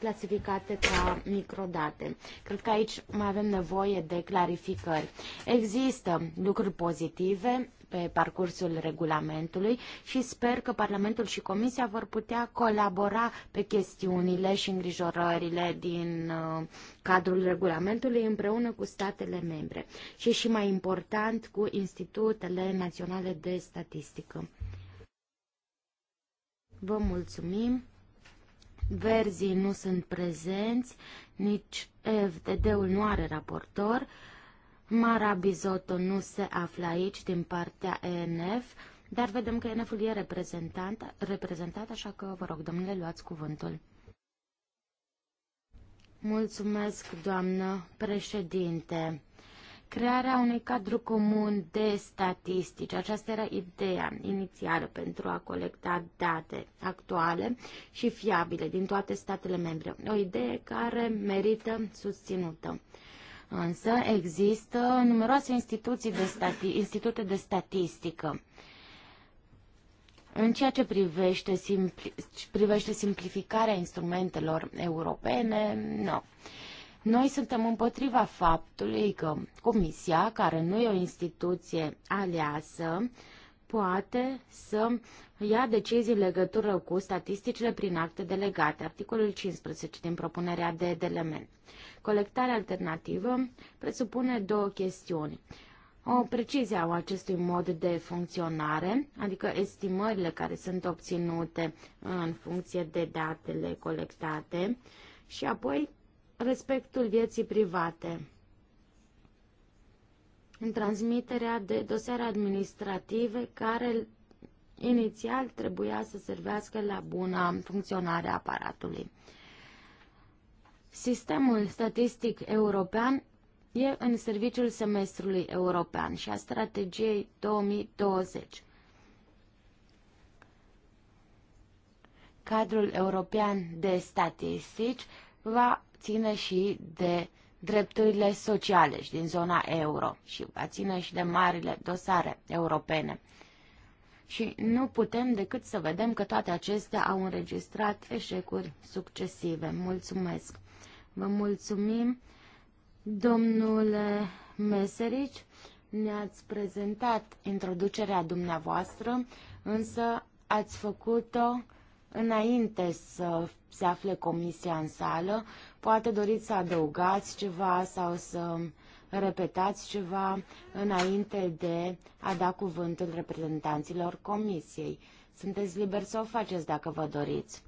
clasificate ca microdate. Cred că aici mai avem nevoie de clarificări. Există lucruri pozitive pe parcursul regulamentului și sper că Parlamentul și Comisia vor putea colabora pe chestiunile și îngrijorările din uh, cadrul regulamentului împreună cu statele membre și și mai important cu institutele naționale de statistică. Vă mulțumim. Verzii nu sunt prezenți, nici FDD-ul nu are raportor. Mara Bizotto nu se află aici din partea ENF, dar vedem că ENF-ul e reprezentat, reprezentat, așa că vă rog, domnule, luați cuvântul. Mulțumesc, doamnă președinte crearea unui cadru comun de statistici. Aceasta era ideea inițială pentru a colecta date actuale și fiabile din toate statele membre. O idee care merită susținută. Însă există numeroase instituții de stati- institute de statistică. În ceea ce privește, simpli- privește simplificarea instrumentelor europene, nu. No noi suntem împotriva faptului că Comisia, care nu e o instituție aleasă, poate să ia decizii în legătură cu statisticile prin acte delegate, articolul 15 din propunerea de element. Colectarea alternativă presupune două chestiuni. O precizie a acestui mod de funcționare, adică estimările care sunt obținute în funcție de datele colectate și apoi respectul vieții private în transmiterea de dosare administrative care inițial trebuia să servească la buna funcționare a aparatului. Sistemul statistic european e în serviciul semestrului european și a strategiei 2020. Cadrul european de statistici va ține și de drepturile sociale și din zona euro și va ține și de marile dosare europene. Și nu putem decât să vedem că toate acestea au înregistrat eșecuri succesive. Mulțumesc! Vă mulțumim, domnule Meserici, ne-ați prezentat introducerea dumneavoastră, însă ați făcut-o Înainte să se afle comisia în sală, poate doriți să adăugați ceva sau să repetați ceva înainte de a da cuvântul reprezentanților comisiei. Sunteți liberi să o faceți dacă vă doriți.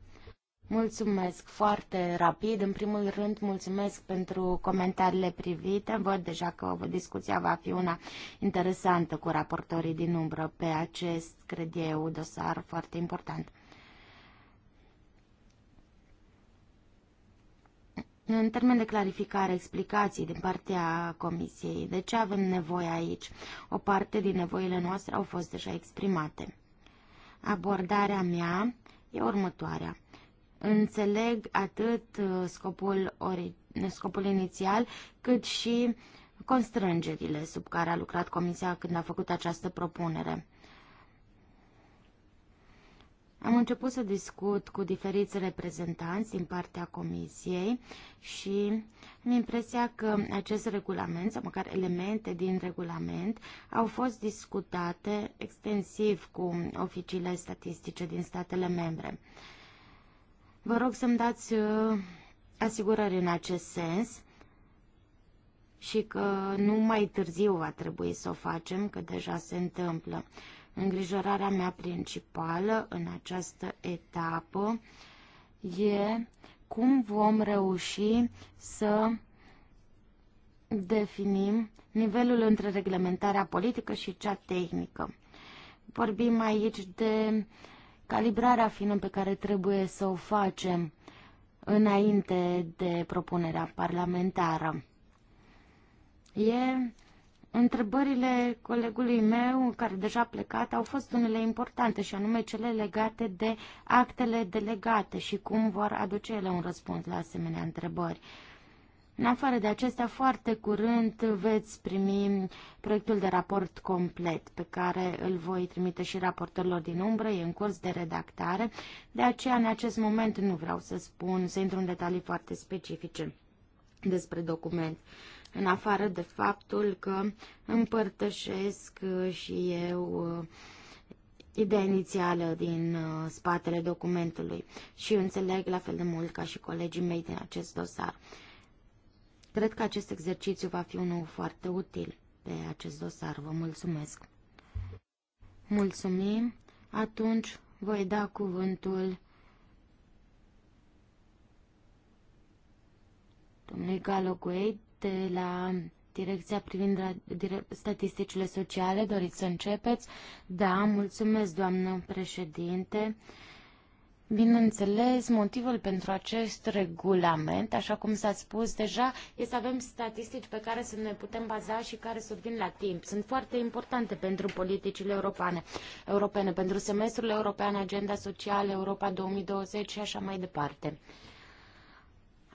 Mulțumesc foarte rapid. În primul rând, mulțumesc pentru comentariile privite. Văd deja că discuția va fi una interesantă cu raportorii din umbră pe acest, cred eu, dosar foarte important. în termen de clarificare, explicații din partea Comisiei, de ce avem nevoie aici? O parte din nevoile noastre au fost deja exprimate. Abordarea mea e următoarea. Înțeleg atât uh, scopul, ori, scopul inițial, cât și constrângerile sub care a lucrat Comisia când a făcut această propunere. Am început să discut cu diferiți reprezentanți din partea Comisiei și am impresia că acest regulament, sau măcar elemente din regulament, au fost discutate extensiv cu oficiile statistice din statele membre. Vă rog să-mi dați uh, asigurări în acest sens și că nu mai târziu va trebui să o facem, că deja se întâmplă. Îngrijorarea mea principală în această etapă e cum vom reuși să definim nivelul între reglementarea politică și cea tehnică. Vorbim aici de calibrarea fină pe care trebuie să o facem înainte de propunerea parlamentară. E Întrebările colegului meu, care deja a plecat, au fost unele importante și anume cele legate de actele delegate și cum vor aduce ele un răspuns la asemenea întrebări. În afară de acestea, foarte curând veți primi proiectul de raport complet pe care îl voi trimite și raportorilor din umbră, e în curs de redactare, de aceea în acest moment nu vreau să spun, să intru în detalii foarte specifice despre document în afară de faptul că împărtășesc uh, și eu uh, ideea inițială din uh, spatele documentului și înțeleg la fel de mult ca și colegii mei din acest dosar. Cred că acest exercițiu va fi unul foarte util pe acest dosar. Vă mulțumesc! Mulțumim! Atunci voi da cuvântul domnului Galoguei de la direcția privind statisticile sociale. Doriți să începeți? Da, mulțumesc, doamnă președinte. Bineînțeles, motivul pentru acest regulament, așa cum s-a spus deja, este să avem statistici pe care să ne putem baza și care să vin la timp. Sunt foarte importante pentru politicile europene, europene pentru semestrul european, agenda socială, Europa 2020 și așa mai departe.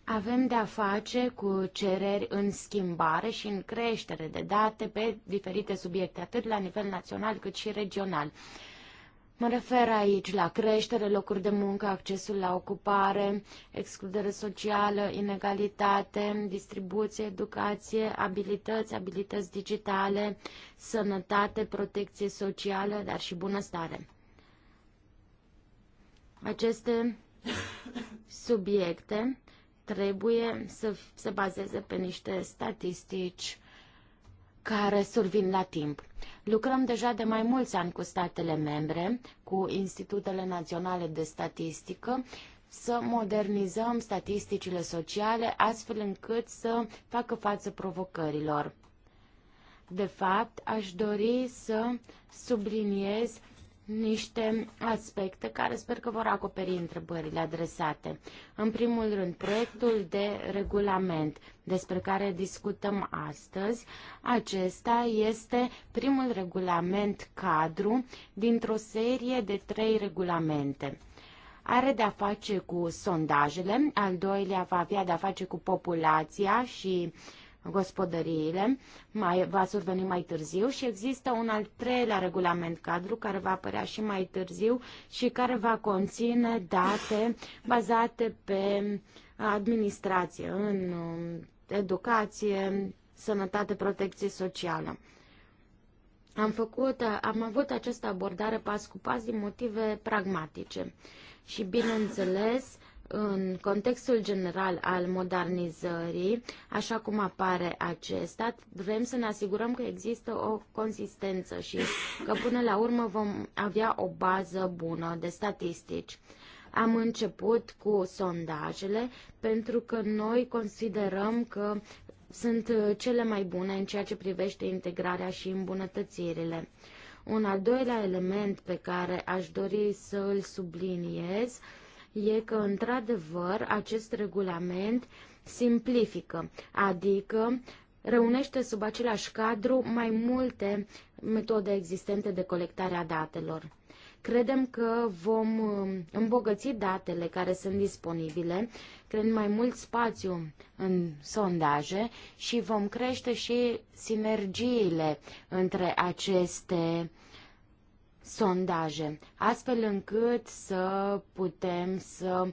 Avem de-a face cu cereri în schimbare și în creștere de date pe diferite subiecte, atât la nivel național cât și regional. Mă refer aici la creștere, locuri de muncă, accesul la ocupare, excludere socială, inegalitate, distribuție, educație, abilități, abilități digitale, sănătate, protecție socială, dar și bunăstare. Aceste subiecte trebuie să se bazeze pe niște statistici care survin la timp. Lucrăm deja de mai mulți ani cu statele membre, cu institutele naționale de statistică, să modernizăm statisticile sociale astfel încât să facă față provocărilor. De fapt, aș dori să subliniez niște aspecte care sper că vor acoperi întrebările adresate. În primul rând, proiectul de regulament despre care discutăm astăzi, acesta este primul regulament cadru dintr-o serie de trei regulamente are de-a face cu sondajele, al doilea va avea de-a face cu populația și gospodăriile, mai, va surveni mai târziu și există un al treilea regulament cadru care va apărea și mai târziu și care va conține date bazate pe administrație, în um, educație, sănătate, protecție socială. Am, făcut, am avut această abordare pas cu pas din motive pragmatice și, bineînțeles, în contextul general al modernizării, așa cum apare acesta, vrem să ne asigurăm că există o consistență și că până la urmă vom avea o bază bună de statistici. Am început cu sondajele pentru că noi considerăm că sunt cele mai bune în ceea ce privește integrarea și îmbunătățirile. Un al doilea element pe care aș dori să îl subliniez uh, e că, într-adevăr, acest regulament simplifică, adică reunește sub același cadru mai multe metode existente de colectare a datelor. Credem că vom uh, îmbogăți datele care sunt disponibile, creând mai mult spațiu în sondaje și vom crește și sinergiile între aceste uh, sondaje, astfel încât să putem să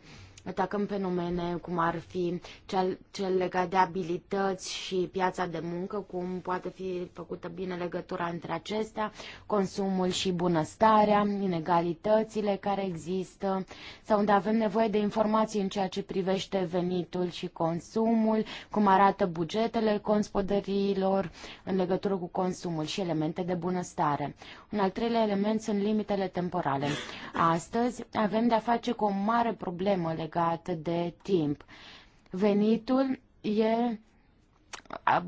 atacăm fenomene cum ar fi cel, cel legat de abilități și piața de muncă, cum poate fi făcută bine legătura între acestea, consumul și bunăstarea, inegalitățile care există, sau unde avem nevoie de informații în ceea ce privește venitul și consumul, cum arată bugetele gospodăriilor în legătură cu consumul și elemente de bunăstare. Un al treilea element sunt limitele temporale. Astăzi avem de-a face cu o mare problemă legată legat de timp. Venitul e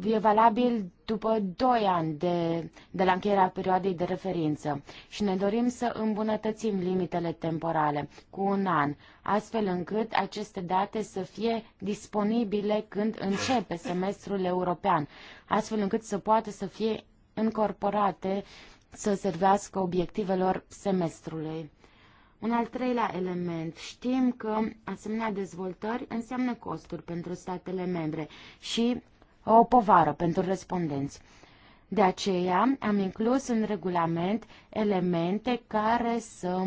e valabil după 2 ani de, de la încheierea perioadei de referință și ne dorim să îmbunătățim limitele temporale cu un an, astfel încât aceste date să fie disponibile când începe semestrul european, astfel încât să poată să fie încorporate să servească obiectivelor semestrului un al treilea element. Știm că asemenea dezvoltări înseamnă costuri pentru statele membre și o povară pentru respondenți. De aceea am inclus în regulament elemente care să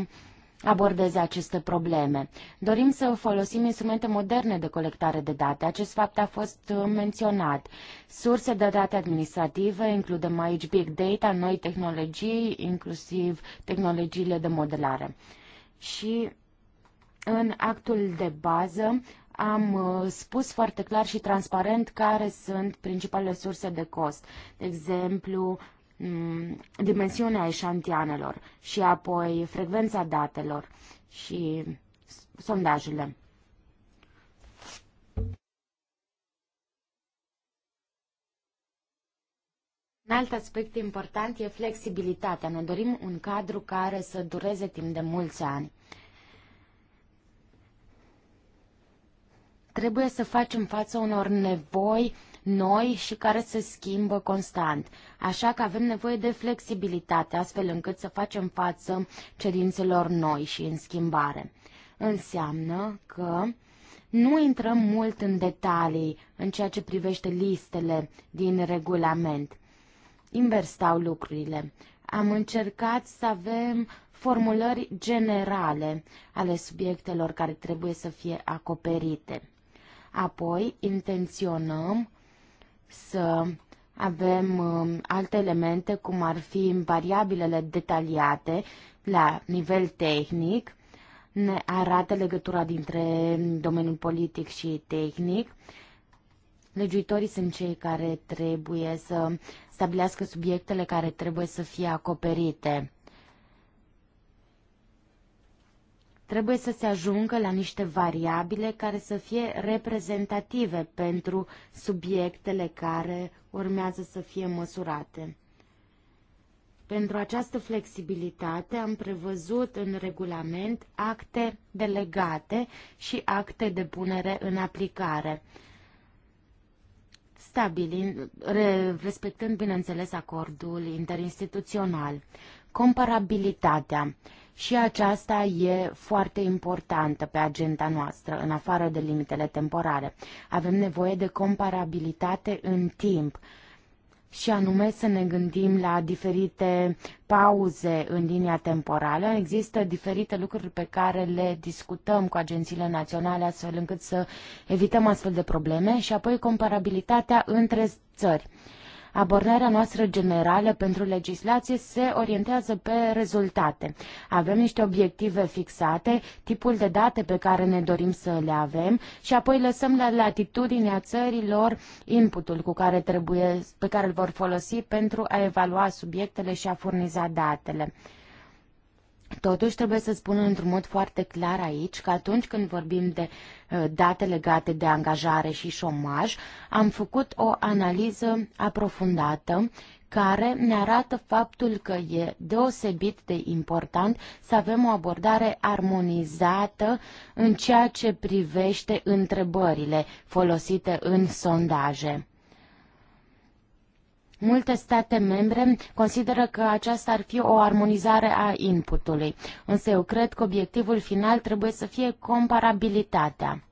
abordeze aceste probleme. Dorim să folosim instrumente moderne de colectare de date. Acest fapt a fost uh, menționat. Surse de date administrative, includem aici big data, noi tehnologii, inclusiv tehnologiile de modelare și în actul de bază am uh, spus foarte clar și transparent care sunt principalele surse de cost. De exemplu, mm, dimensiunea eșantianelor și apoi frecvența datelor și sondajele. Un alt aspect important e flexibilitatea. Ne dorim un cadru care să dureze timp de mulți ani. Trebuie să facem față unor nevoi noi și care se schimbă constant. Așa că avem nevoie de flexibilitate, astfel încât să facem față cerințelor noi și în schimbare. Înseamnă că nu intrăm mult în detalii în ceea ce privește listele din regulament invers stau lucrurile. Am încercat să avem formulări generale ale subiectelor care trebuie să fie acoperite. Apoi intenționăm să avem um, alte elemente, cum ar fi variabilele detaliate la nivel tehnic, ne arată legătura dintre domeniul politic și tehnic. Legiuitorii sunt cei care trebuie să stabilească subiectele care trebuie să fie acoperite. Trebuie să se ajungă la niște variabile care să fie reprezentative pentru subiectele care urmează să fie măsurate. Pentru această flexibilitate am prevăzut în regulament acte delegate și acte de punere în aplicare stabilind, respectând, bineînțeles, acordul interinstituțional. Comparabilitatea. Și aceasta e foarte importantă pe agenda noastră, în afară de limitele temporare. Avem nevoie de comparabilitate în timp și anume să ne gândim la diferite pauze în linia temporală. Există diferite lucruri pe care le discutăm cu agențiile naționale astfel încât să evităm astfel de probleme și apoi comparabilitatea între țări. Abordarea noastră generală pentru legislație se orientează pe rezultate. Avem niște obiective fixate, tipul de date pe care ne dorim să le avem și apoi lăsăm la latitudinea țărilor inputul cu care trebuie, pe care îl vor folosi pentru a evalua subiectele și a furniza datele. Totuși, trebuie să spun într-un mod foarte clar aici că atunci când vorbim de uh, date legate de angajare și șomaj, am făcut o analiză aprofundată care ne arată faptul că e deosebit de important să avem o abordare armonizată în ceea ce privește întrebările folosite în sondaje. Multe state membre consideră că aceasta ar fi o armonizare a inputului, însă eu cred că obiectivul final trebuie să fie comparabilitatea.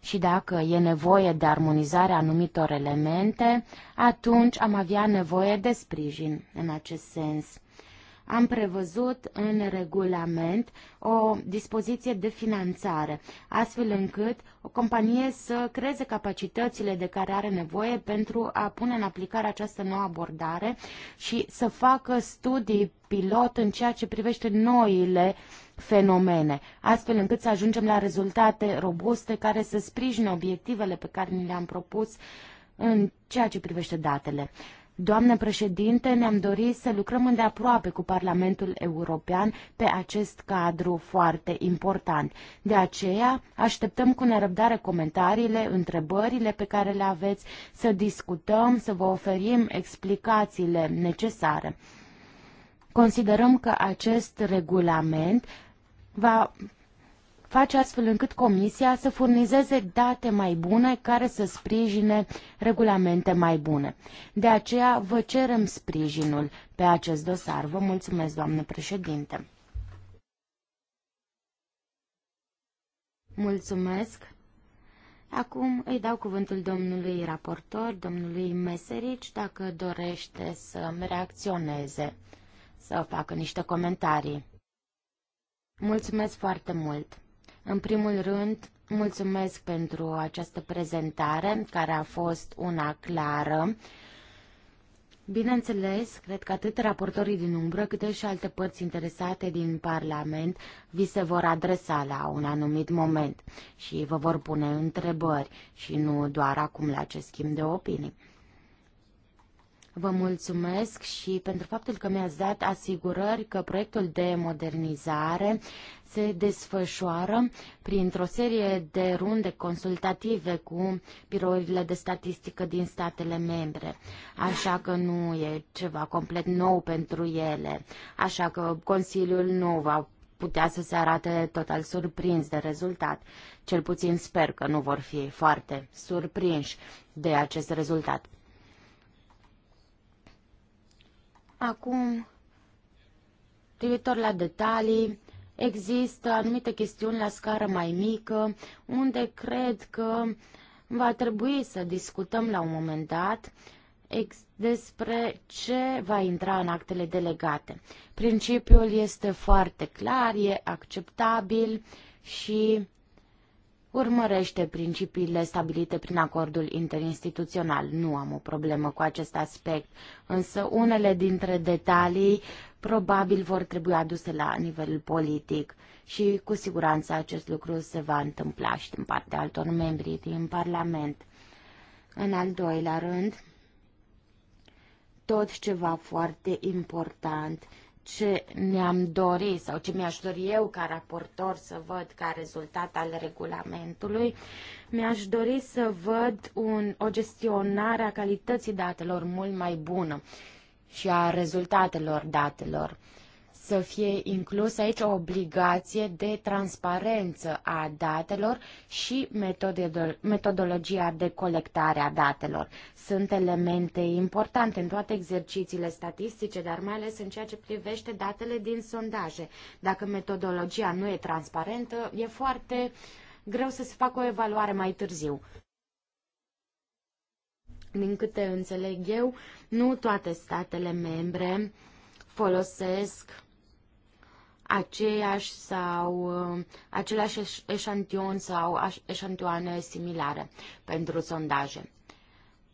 Și dacă e nevoie de armonizarea anumitor elemente, atunci am avea nevoie de sprijin în acest sens am prevăzut în regulament o dispoziție de finanțare, astfel încât o companie să creeze capacitățile de care are nevoie pentru a pune în aplicare această nouă abordare și să facă studii pilot în ceea ce privește noile fenomene, astfel încât să ajungem la rezultate robuste care să sprijine obiectivele pe care ni le-am propus în ceea ce privește datele. Doamnă președinte, ne-am dorit să lucrăm îndeaproape cu Parlamentul European pe acest cadru foarte important. De aceea, așteptăm cu nerăbdare comentariile, întrebările pe care le aveți, să discutăm, să vă oferim explicațiile necesare. Considerăm că acest regulament va face astfel încât Comisia să furnizeze date mai bune care să sprijine regulamente mai bune. De aceea vă cerem sprijinul pe acest dosar. Vă mulțumesc, doamnă președinte. Mulțumesc. Acum îi dau cuvântul domnului raportor, domnului Meserici, dacă dorește să reacționeze, să facă niște comentarii. Mulțumesc foarte mult! În primul rând, mulțumesc pentru această prezentare, care a fost una clară. Bineînțeles, cred că atât raportorii din umbră, cât și alte părți interesate din Parlament vi se vor adresa la un anumit moment și vă vor pune întrebări și nu doar acum la acest schimb de opinii. Vă mulțumesc și pentru faptul că mi-ați dat asigurări că proiectul de modernizare se desfășoară printr-o serie de runde consultative cu birourile de statistică din statele membre, așa că nu e ceva complet nou pentru ele, așa că Consiliul nu va putea să se arate total surprins de rezultat. Cel puțin sper că nu vor fi foarte surprinși de acest rezultat. Acum, privitor la detalii, există anumite chestiuni la scară mai mică, unde cred că va trebui să discutăm la un moment dat despre ce va intra în actele delegate. Principiul este foarte clar, e acceptabil și urmărește principiile stabilite prin acordul interinstituțional. Nu am o problemă cu acest aspect, însă unele dintre detalii probabil vor trebui aduse la nivel politic și cu siguranță acest lucru se va întâmpla și din partea altor membri din Parlament. În al doilea rând, tot ceva foarte important ce ne-am dorit sau ce mi-aș dori eu ca raportor să văd ca rezultat al regulamentului, mi-aș dori să văd un, o gestionare a calității datelor mult mai bună și a rezultatelor datelor. Uh, să fie inclusă aici o obligație de transparență a datelor și metodologia de colectare a datelor. Sunt elemente importante în toate exercițiile statistice, dar mai ales în ceea ce privește datele din sondaje. Dacă metodologia nu e transparentă, e foarte greu să se facă o evaluare mai târziu din câte înțeleg eu, nu toate statele membre folosesc aceeași sau um, același eșantion sau eșantioane similare pentru sondaje.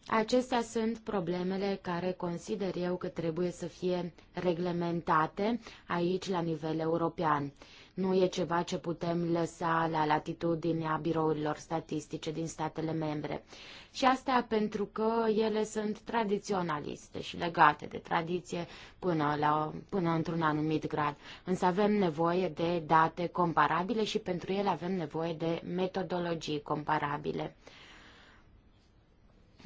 Acestea sunt problemele care consider eu că trebuie să fie reglementate aici la nivel european. Nu e ceva ce putem lăsa la latitudinea birourilor statistice din statele membre. Și asta pentru că ele sunt tradiționaliste și legate de tradiție până, la, până într-un anumit grad. Însă avem nevoie de date comparabile și pentru ele avem nevoie de metodologii comparabile.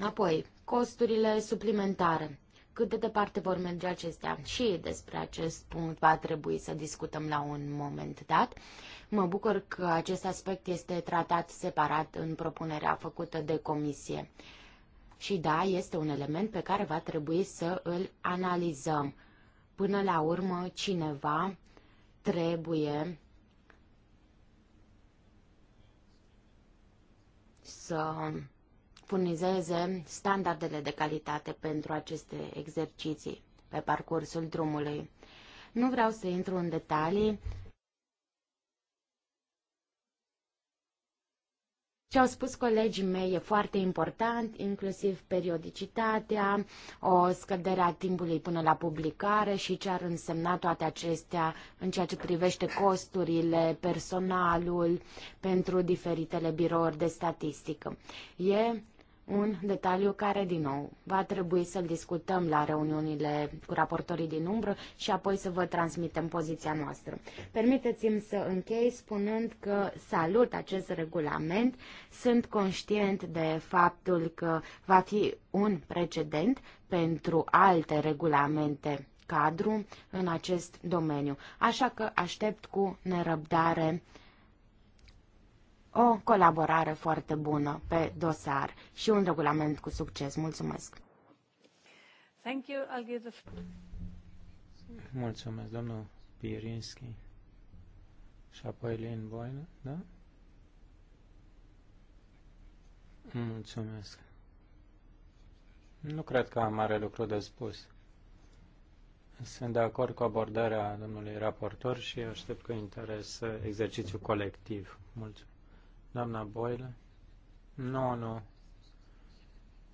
Apoi, costurile suplimentare cât de departe vor merge acestea. Și despre acest punct va trebui să discutăm la un moment dat. Mă bucur că acest aspect este tratat separat în propunerea făcută de comisie. Și da, este un element pe care va trebui să îl analizăm. Până la urmă, cineva trebuie să furnizeze standardele de calitate pentru aceste exerciții pe parcursul drumului. Nu vreau să intru în detalii, Ce au spus colegii mei e foarte important, inclusiv periodicitatea, o scădere a timpului până la publicare și ce ar însemna toate acestea în ceea ce privește costurile, personalul pentru diferitele birouri de statistică. E un detaliu care, din nou, va trebui să-l discutăm la reuniunile cu raportorii din umbră și apoi să vă transmitem poziția noastră. Permiteți-mi să închei spunând că salut acest regulament, sunt conștient de faptul că va fi un precedent pentru alte regulamente cadru în acest domeniu, așa că aștept cu nerăbdare uh, o colaborare foarte bună pe dosar și un regulament cu succes. Mulțumesc! Thank you. I'll give the... Mulțumesc, domnul Pirinski. Și apoi Lin Boina, da? Mulțumesc. Nu cred că am mare lucru de spus. Sunt de acord cu abordarea domnului raportor și aștept cu interes exercițiul colectiv. Mulțumesc. Doamna Boyle? Nu, nu.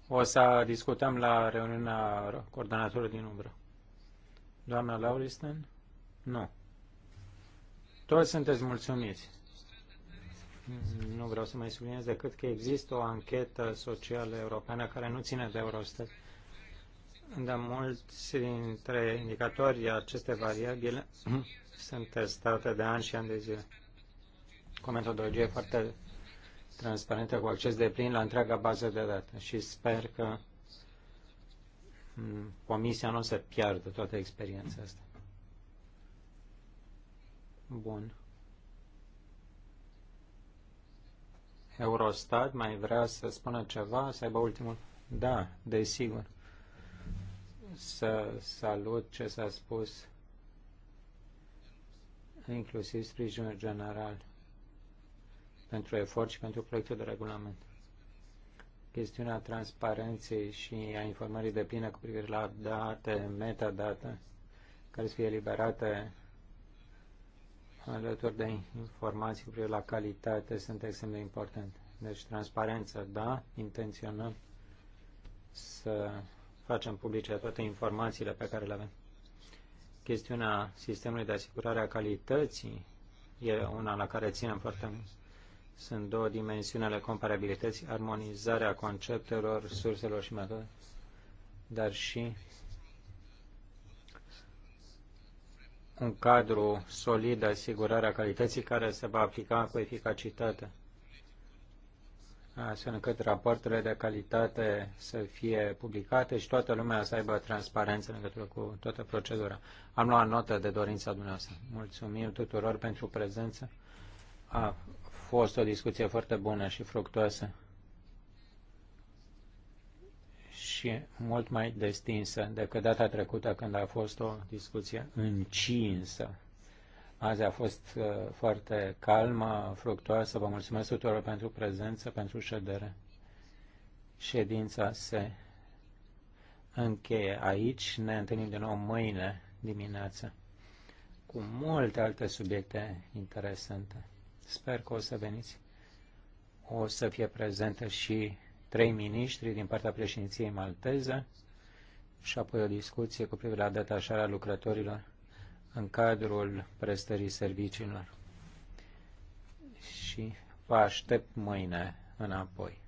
O să discutăm la reuniunea coordonatorului din umbră. Doamna Lauristen? Nu. Toți sunteți mulțumiți. Nu vreau să mai subliniez decât că există o anchetă socială europeană care nu ține de Eurostat. De mulți dintre indicatorii aceste variabile sunt testate de ani și ani de zile. Cu metodologie foarte transparentă cu acces de plin la întreaga bază de date și sper că mm, comisia nu o să piardă toată experiența asta. Bun. Eurostat mai vrea să spună ceva, să aibă ultimul? Da, desigur. Să salut ce s-a spus, inclusiv sprijinul general pentru efort și pentru proiectul de regulament. Chestiunea transparenței și a informării de plină cu privire la date, metadate, care să fie eliberate alături de informații cu privire la calitate, sunt extrem de importante. Deci transparență, da, intenționăm să facem publice toate informațiile pe care le avem. Chestiunea sistemului de asigurare a calității e una la care ținem foarte mult. Sunt două dimensiuni ale comparabilității, armonizarea conceptelor, surselor și metodelor, dar și un cadru solid de asigurare a calității care se va aplica cu eficacitate, astfel încât rapoartele de calitate să fie publicate și toată lumea să aibă transparență în legătură cu toată procedura. Am luat notă de dorința dumneavoastră. Mulțumim tuturor pentru prezență. A fost o discuție foarte bună și fructoasă și mult mai destinsă decât data trecută când a fost o discuție încinsă. Azi a fost uh, foarte calmă, fructoasă. Vă mulțumesc tuturor pentru prezență, pentru ședere. Ședința se încheie aici. Ne întâlnim din nou mâine dimineață cu multe alte subiecte interesante. Sper că o să veniți. O să fie prezentă și trei miniștri din partea președinției malteze și apoi o discuție cu privire la detașarea lucrătorilor în cadrul prestării serviciilor. Și vă aștept mâine înapoi.